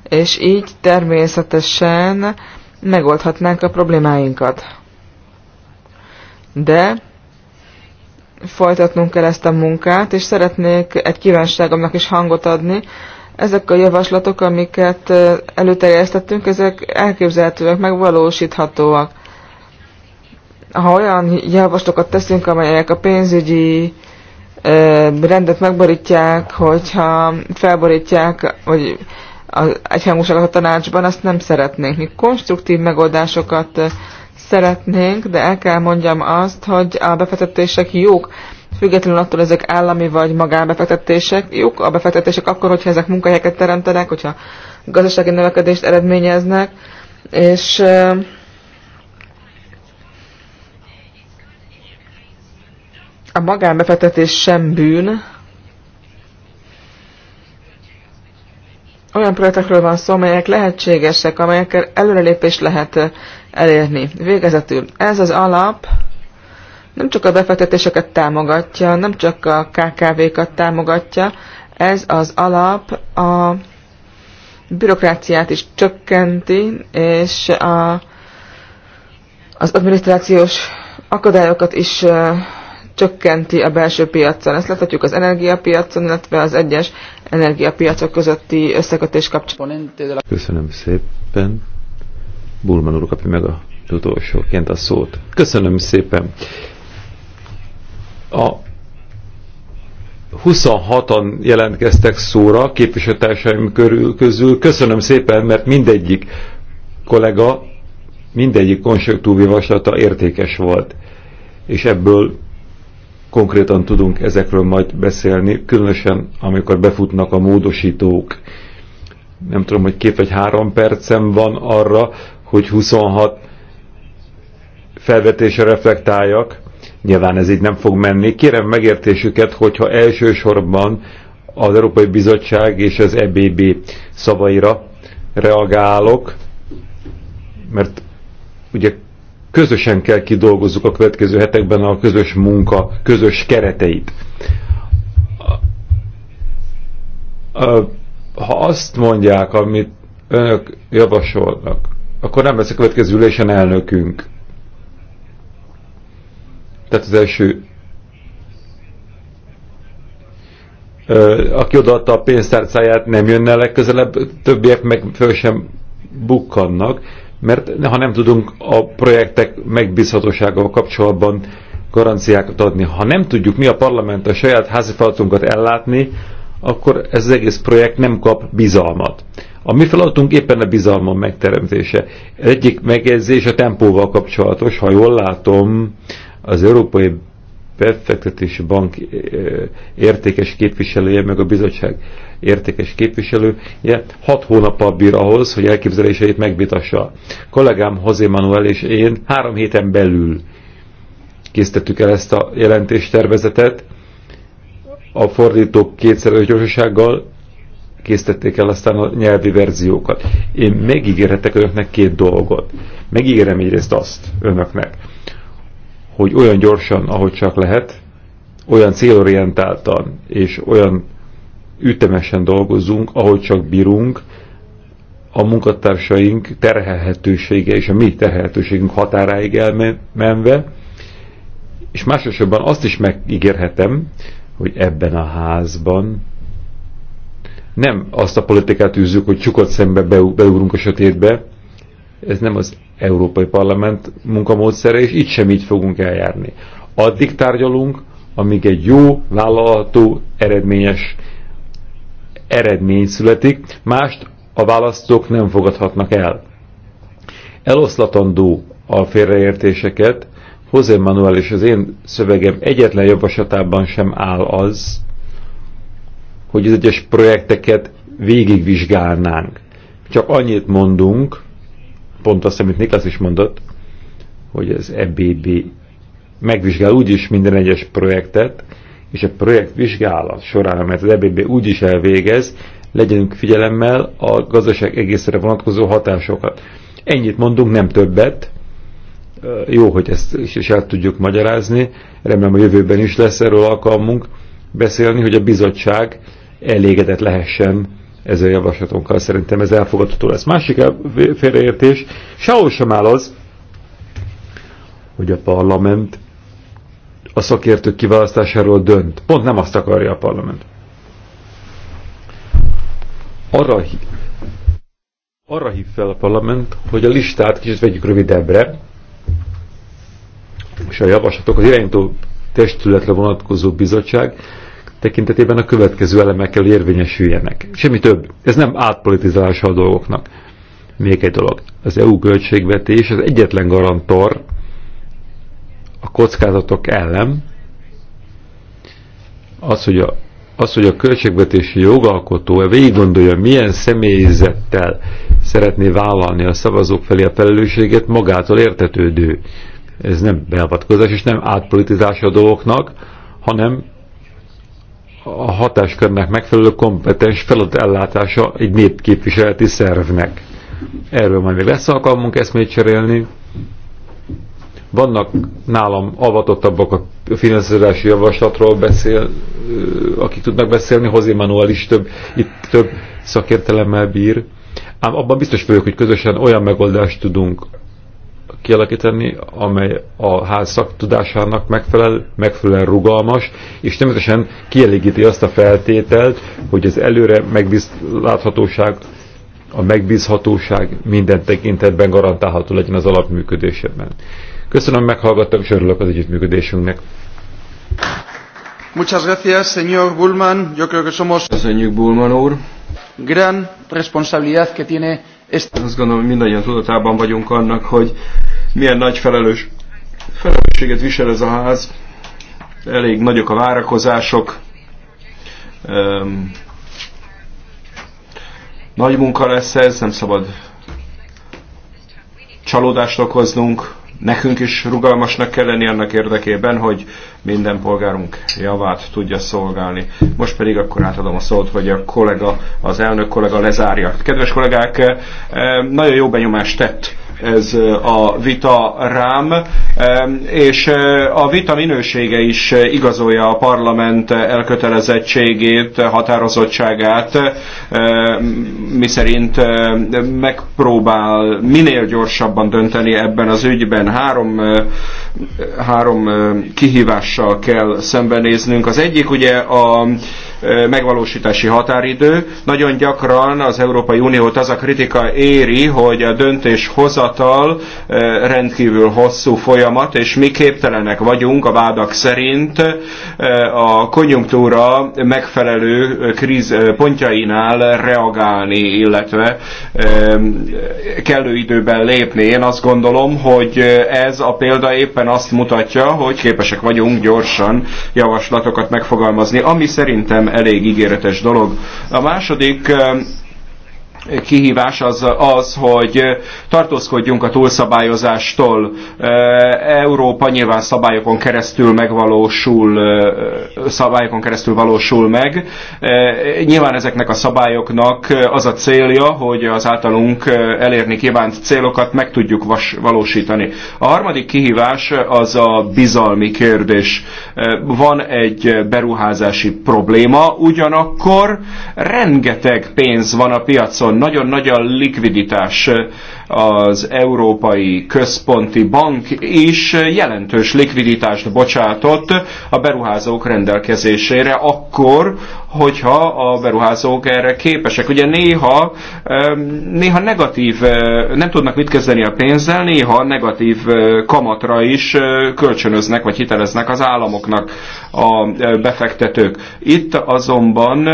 [SPEAKER 3] és így természetesen megoldhatnánk a problémáinkat. De folytatnunk kell ezt a munkát, és szeretnék egy kívánságomnak is hangot adni. Ezek a javaslatok, amiket előterjesztettünk, ezek elképzelhetőek, megvalósíthatóak ha olyan javaslatokat teszünk, amelyek a pénzügyi rendet megborítják, hogyha felborítják, vagy az egyhangúságot a tanácsban, azt nem szeretnénk. Mi konstruktív megoldásokat szeretnénk, de el kell mondjam azt, hogy a befektetések jók, függetlenül attól ezek állami vagy magánbefektetések, jók a befektetések akkor, hogyha ezek munkahelyeket teremtenek, hogyha gazdasági növekedést eredményeznek, és a magánbefektetés sem bűn. Olyan projektekről van szó, amelyek lehetségesek, amelyekkel előrelépést lehet eh, elérni. Végezetül, ez az alap nem csak a befektetéseket támogatja, nem csak a KKV-kat támogatja, ez az alap a bürokráciát is csökkenti, és a, az adminisztrációs akadályokat is eh, csökkenti a belső piacon. Ezt láthatjuk az energiapiacon, illetve az egyes energiapiacok közötti összekötés kapcsolatban.
[SPEAKER 1] Köszönöm szépen. Bulman úr kapja meg a utolsóként a szót. Köszönöm szépen. A 26-an jelentkeztek szóra képviselőtársaim körül, közül. Köszönöm szépen, mert mindegyik kollega, mindegyik konstruktív javaslata értékes volt. És ebből konkrétan tudunk ezekről majd beszélni, különösen amikor befutnak a módosítók. Nem tudom, hogy két vagy három percem van arra, hogy 26 felvetésre reflektáljak. Nyilván ez így nem fog menni. Kérem megértésüket, hogyha elsősorban az Európai Bizottság és az EBB szavaira reagálok, mert ugye közösen kell kidolgozzuk a következő hetekben a közös munka, közös kereteit. Ha azt mondják, amit önök javasolnak, akkor nem lesz a következő ülésen elnökünk. Tehát az első aki odaadta a pénztárcáját, nem jönne legközelebb, többiek meg föl sem bukkannak mert ha nem tudunk a projektek megbízhatóságával kapcsolatban garanciákat adni, ha nem tudjuk mi a parlament a saját házi feladatunkat ellátni, akkor ez az egész projekt nem kap bizalmat. A mi feladatunk éppen a bizalmam megteremtése. Egyik megjegyzés a tempóval kapcsolatos, ha jól látom, az Európai befektetési bank eh, értékes képviselője, meg a bizottság értékes képviselője hat hónappal bír ahhoz, hogy elképzeléseit megvitassa. Kollégám José Manuel és én három héten belül készítettük el ezt a jelentéstervezetet, a fordítók kétszeres gyorsasággal készítették el aztán a nyelvi verziókat. Én megígérhetek önöknek két dolgot. Megígérem egyrészt azt önöknek, hogy olyan gyorsan, ahogy csak lehet, olyan célorientáltan és olyan ütemesen dolgozzunk, ahogy csak bírunk, a munkatársaink terhelhetősége és a mi terhelhetőségünk határáig elmenve, és másosabban azt is megígérhetem, hogy ebben a házban nem azt a politikát űzzük, hogy csukott szembe beugrunk a sötétbe, ez nem az Európai Parlament munkamódszere, és itt sem így fogunk eljárni. Addig tárgyalunk, amíg egy jó, vállalható, eredményes eredmény születik, mást a választók nem fogadhatnak el. Eloszlatandó a félreértéseket, José Manuel és az én szövegem egyetlen javaslatában sem áll az, hogy az egyes projekteket végigvizsgálnánk. Csak annyit mondunk, pont azt, amit Niklas is mondott, hogy az EBB megvizsgál úgyis minden egyes projektet, és a projekt vizsgálat során, amelyet az EBB úgyis elvégez, legyenünk figyelemmel a gazdaság egészre vonatkozó hatásokat. Ennyit mondunk, nem többet. Jó, hogy ezt is el tudjuk magyarázni. Remélem a jövőben is lesz erről alkalmunk beszélni, hogy a bizottság elégedett lehessen ezzel javaslatunkkal szerintem ez elfogadható lesz. Másik félreértés, sehol sem áll az, hogy a parlament a szakértők kiválasztásáról dönt. Pont nem azt akarja a parlament. Arra, arra hív fel a parlament, hogy a listát kicsit vegyük rövidebbre, és a javaslatok az iránytó testületre vonatkozó bizottság tekintetében a következő elemekkel érvényesüljenek. Semmi több. Ez nem átpolitizálása a dolgoknak. Még egy dolog. Az EU költségvetés az egyetlen garantor a kockázatok ellen, az, hogy a, az, hogy a költségvetési jogalkotó -e végig gondolja, milyen személyzettel szeretné vállalni a szavazók felé a felelősséget, magától értetődő. Ez nem beavatkozás, és nem átpolitizás a dolgoknak, hanem a hatáskörnek megfelelő kompetens feladatellátása egy népképviseleti szervnek. Erről majd még lesz alkalmunk eszmét cserélni. Vannak nálam avatottabbak a finanszírozási javaslatról beszél, akik tudnak beszélni, Hozé Manuel is több, itt több szakértelemmel bír. Ám abban biztos vagyok, hogy közösen olyan megoldást tudunk kialakítani, amely a ház szaktudásának megfelel, megfelelően rugalmas, és természetesen kielégíti azt a feltételt, hogy az előre megbízláthatóság, a megbízhatóság minden tekintetben garantálható legyen az alapműködésében. Köszönöm, meghallgattam, és örülök az együttműködésünknek.
[SPEAKER 4] Muchas gracias, señor Bullman. Yo creo que somos... Köszönjük, Bullman úr. Gran responsabilidad que tiene és azt
[SPEAKER 2] gondolom, hogy mindannyian tudatában vagyunk annak, hogy milyen nagy felelős, felelősséget visel ez a ház. Elég nagyok a várakozások. Um, nagy munka lesz ez, nem szabad csalódást okoznunk. Nekünk is rugalmasnak kell lenni annak érdekében, hogy minden polgárunk javát tudja szolgálni. Most pedig akkor átadom a szót, hogy a kollega, az elnök kollega lezárja. Kedves kollégák, eh, nagyon jó benyomást tett ez a vita rám, és a vita minősége is igazolja a parlament elkötelezettségét, határozottságát, miszerint megpróbál minél gyorsabban dönteni ebben az ügyben. Három, három kihívással kell szembenéznünk. Az egyik ugye a megvalósítási határidő. Nagyon gyakran az Európai Uniót az a kritika éri, hogy a döntéshozat hivatal eh, rendkívül hosszú folyamat, és mi képtelenek vagyunk a vádak szerint eh, a konjunktúra megfelelő eh, kríz pontjainál reagálni, illetve kellő időben lépni. Én azt gondolom, hogy ez a példa éppen azt mutatja, hogy képesek vagyunk gyorsan javaslatokat megfogalmazni, ami szerintem elég ígéretes dolog. A második kihívás az, az, hogy tartózkodjunk a túlszabályozástól. Európa nyilván szabályokon keresztül megvalósul, szabályokon keresztül valósul meg. Nyilván ezeknek a szabályoknak az a célja, hogy az általunk elérni kívánt célokat meg tudjuk vas, valósítani. A harmadik kihívás az a bizalmi kérdés. Van egy beruházási probléma, ugyanakkor rengeteg pénz van a piacon, nagyon nagy a likviditás eh, az Európai Központi Bank is jelentős likviditást bocsátott a beruházók rendelkezésére akkor, hogyha a beruházók erre képesek. Ugye néha, néha negatív, eh, nem tudnak mit kezdeni a pénzzel, néha negatív eh, kamatra is kölcsönöznek vagy hiteleznek az államoknak a befektetők. Itt azonban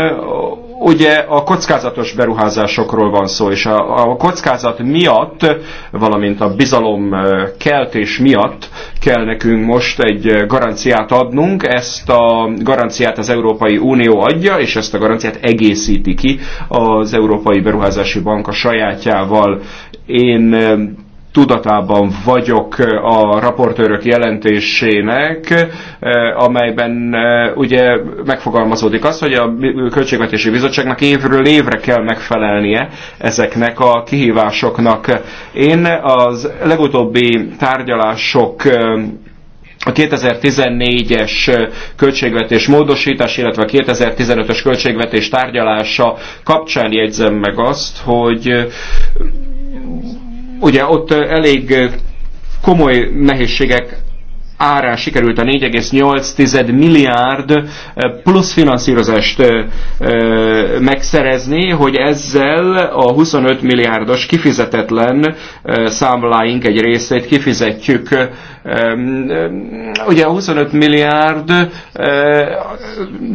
[SPEAKER 2] ugye a kockázatos beruházásokról van szó, és a, a kockázat miatt, valamint a bizalom keltés miatt kell nekünk most egy garanciát adnunk, ezt a garanciát az Európai Unió adja, és ezt a garanciát egészíti ki az Európai Beruházási Bank a sajátjával. Én tudatában vagyok a raportőrök jelentésének, amelyben ugye megfogalmazódik az, hogy a Költségvetési Bizottságnak évről évre kell megfelelnie ezeknek a kihívásoknak. Én az legutóbbi tárgyalások a 2014-es költségvetés módosítás, illetve a 2015-ös költségvetés tárgyalása kapcsán jegyzem meg azt, hogy ugye ott elég komoly nehézségek árán sikerült a 4,8 milliárd eh, plusz finanszírozást eh, eh, megszerezni, hogy ezzel a 25 milliárdos kifizetetlen számláink egy részét kifizetjük. Ugye a 25 milliárd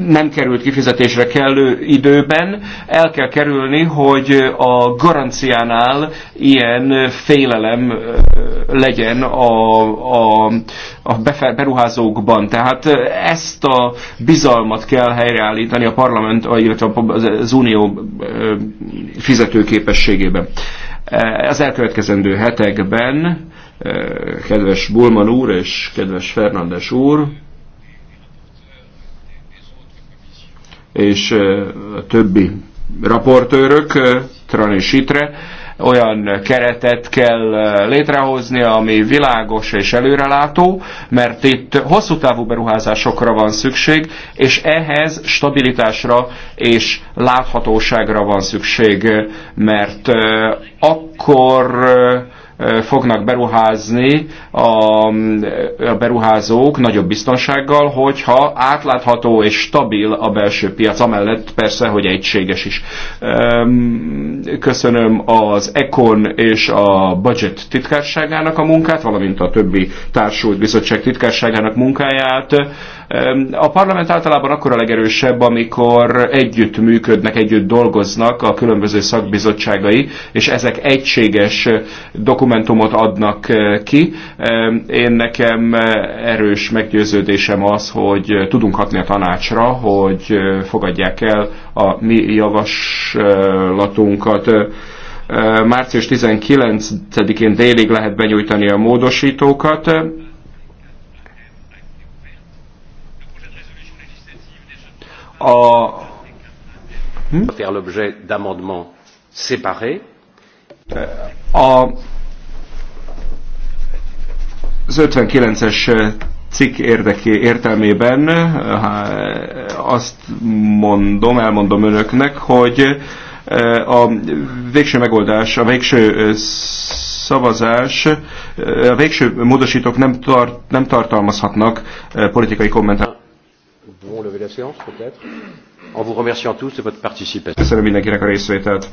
[SPEAKER 2] nem került kifizetésre kellő időben. El kell kerülni, hogy a garanciánál ilyen félelem legyen a, a a beruházókban. Tehát ezt a bizalmat kell helyreállítani a parlament, illetve az unió fizetőképességében. Az elkövetkezendő hetekben kedves Bulman úr és kedves Fernandes úr, és a többi raportőrök, Tran és Sitre, olyan keretet kell eh, létrehozni, ami világos és előrelátó, mert itt hosszú távú beruházásokra van szükség, és ehhez stabilitásra és láthatóságra van szükség, mert eh, akkor eh, fognak beruházni a, beruházók nagyobb biztonsággal, hogyha átlátható és stabil a belső piac, amellett persze, hogy egységes is. Köszönöm az Econ és a Budget titkárságának a munkát, valamint a többi társult bizottság titkárságának munkáját a parlament általában akkor a legerősebb, amikor együtt működnek, együtt dolgoznak a különböző szakbizottságai, és ezek egységes dokumentumot adnak ki. Én nekem erős meggyőződésem az, hogy tudunk hatni a tanácsra, hogy fogadják el a mi javaslatunkat március 19-én délig lehet benyújtani a módosítókat.
[SPEAKER 1] Hmm? A... Faire l'objet d'amendements séparés.
[SPEAKER 2] A az 59-es cikk érdeké, értelmében eh, azt mondom, elmondom önöknek, hogy eh, a végső megoldás, a végső eh, szavazás, a végső módosítók nem, tart, nem tartalmazhatnak politikai kommentárt
[SPEAKER 1] pouvons lever la séance peut-être en vous remerciant
[SPEAKER 2] tous de votre participation. Köszönöm mindenkinek a részvételt.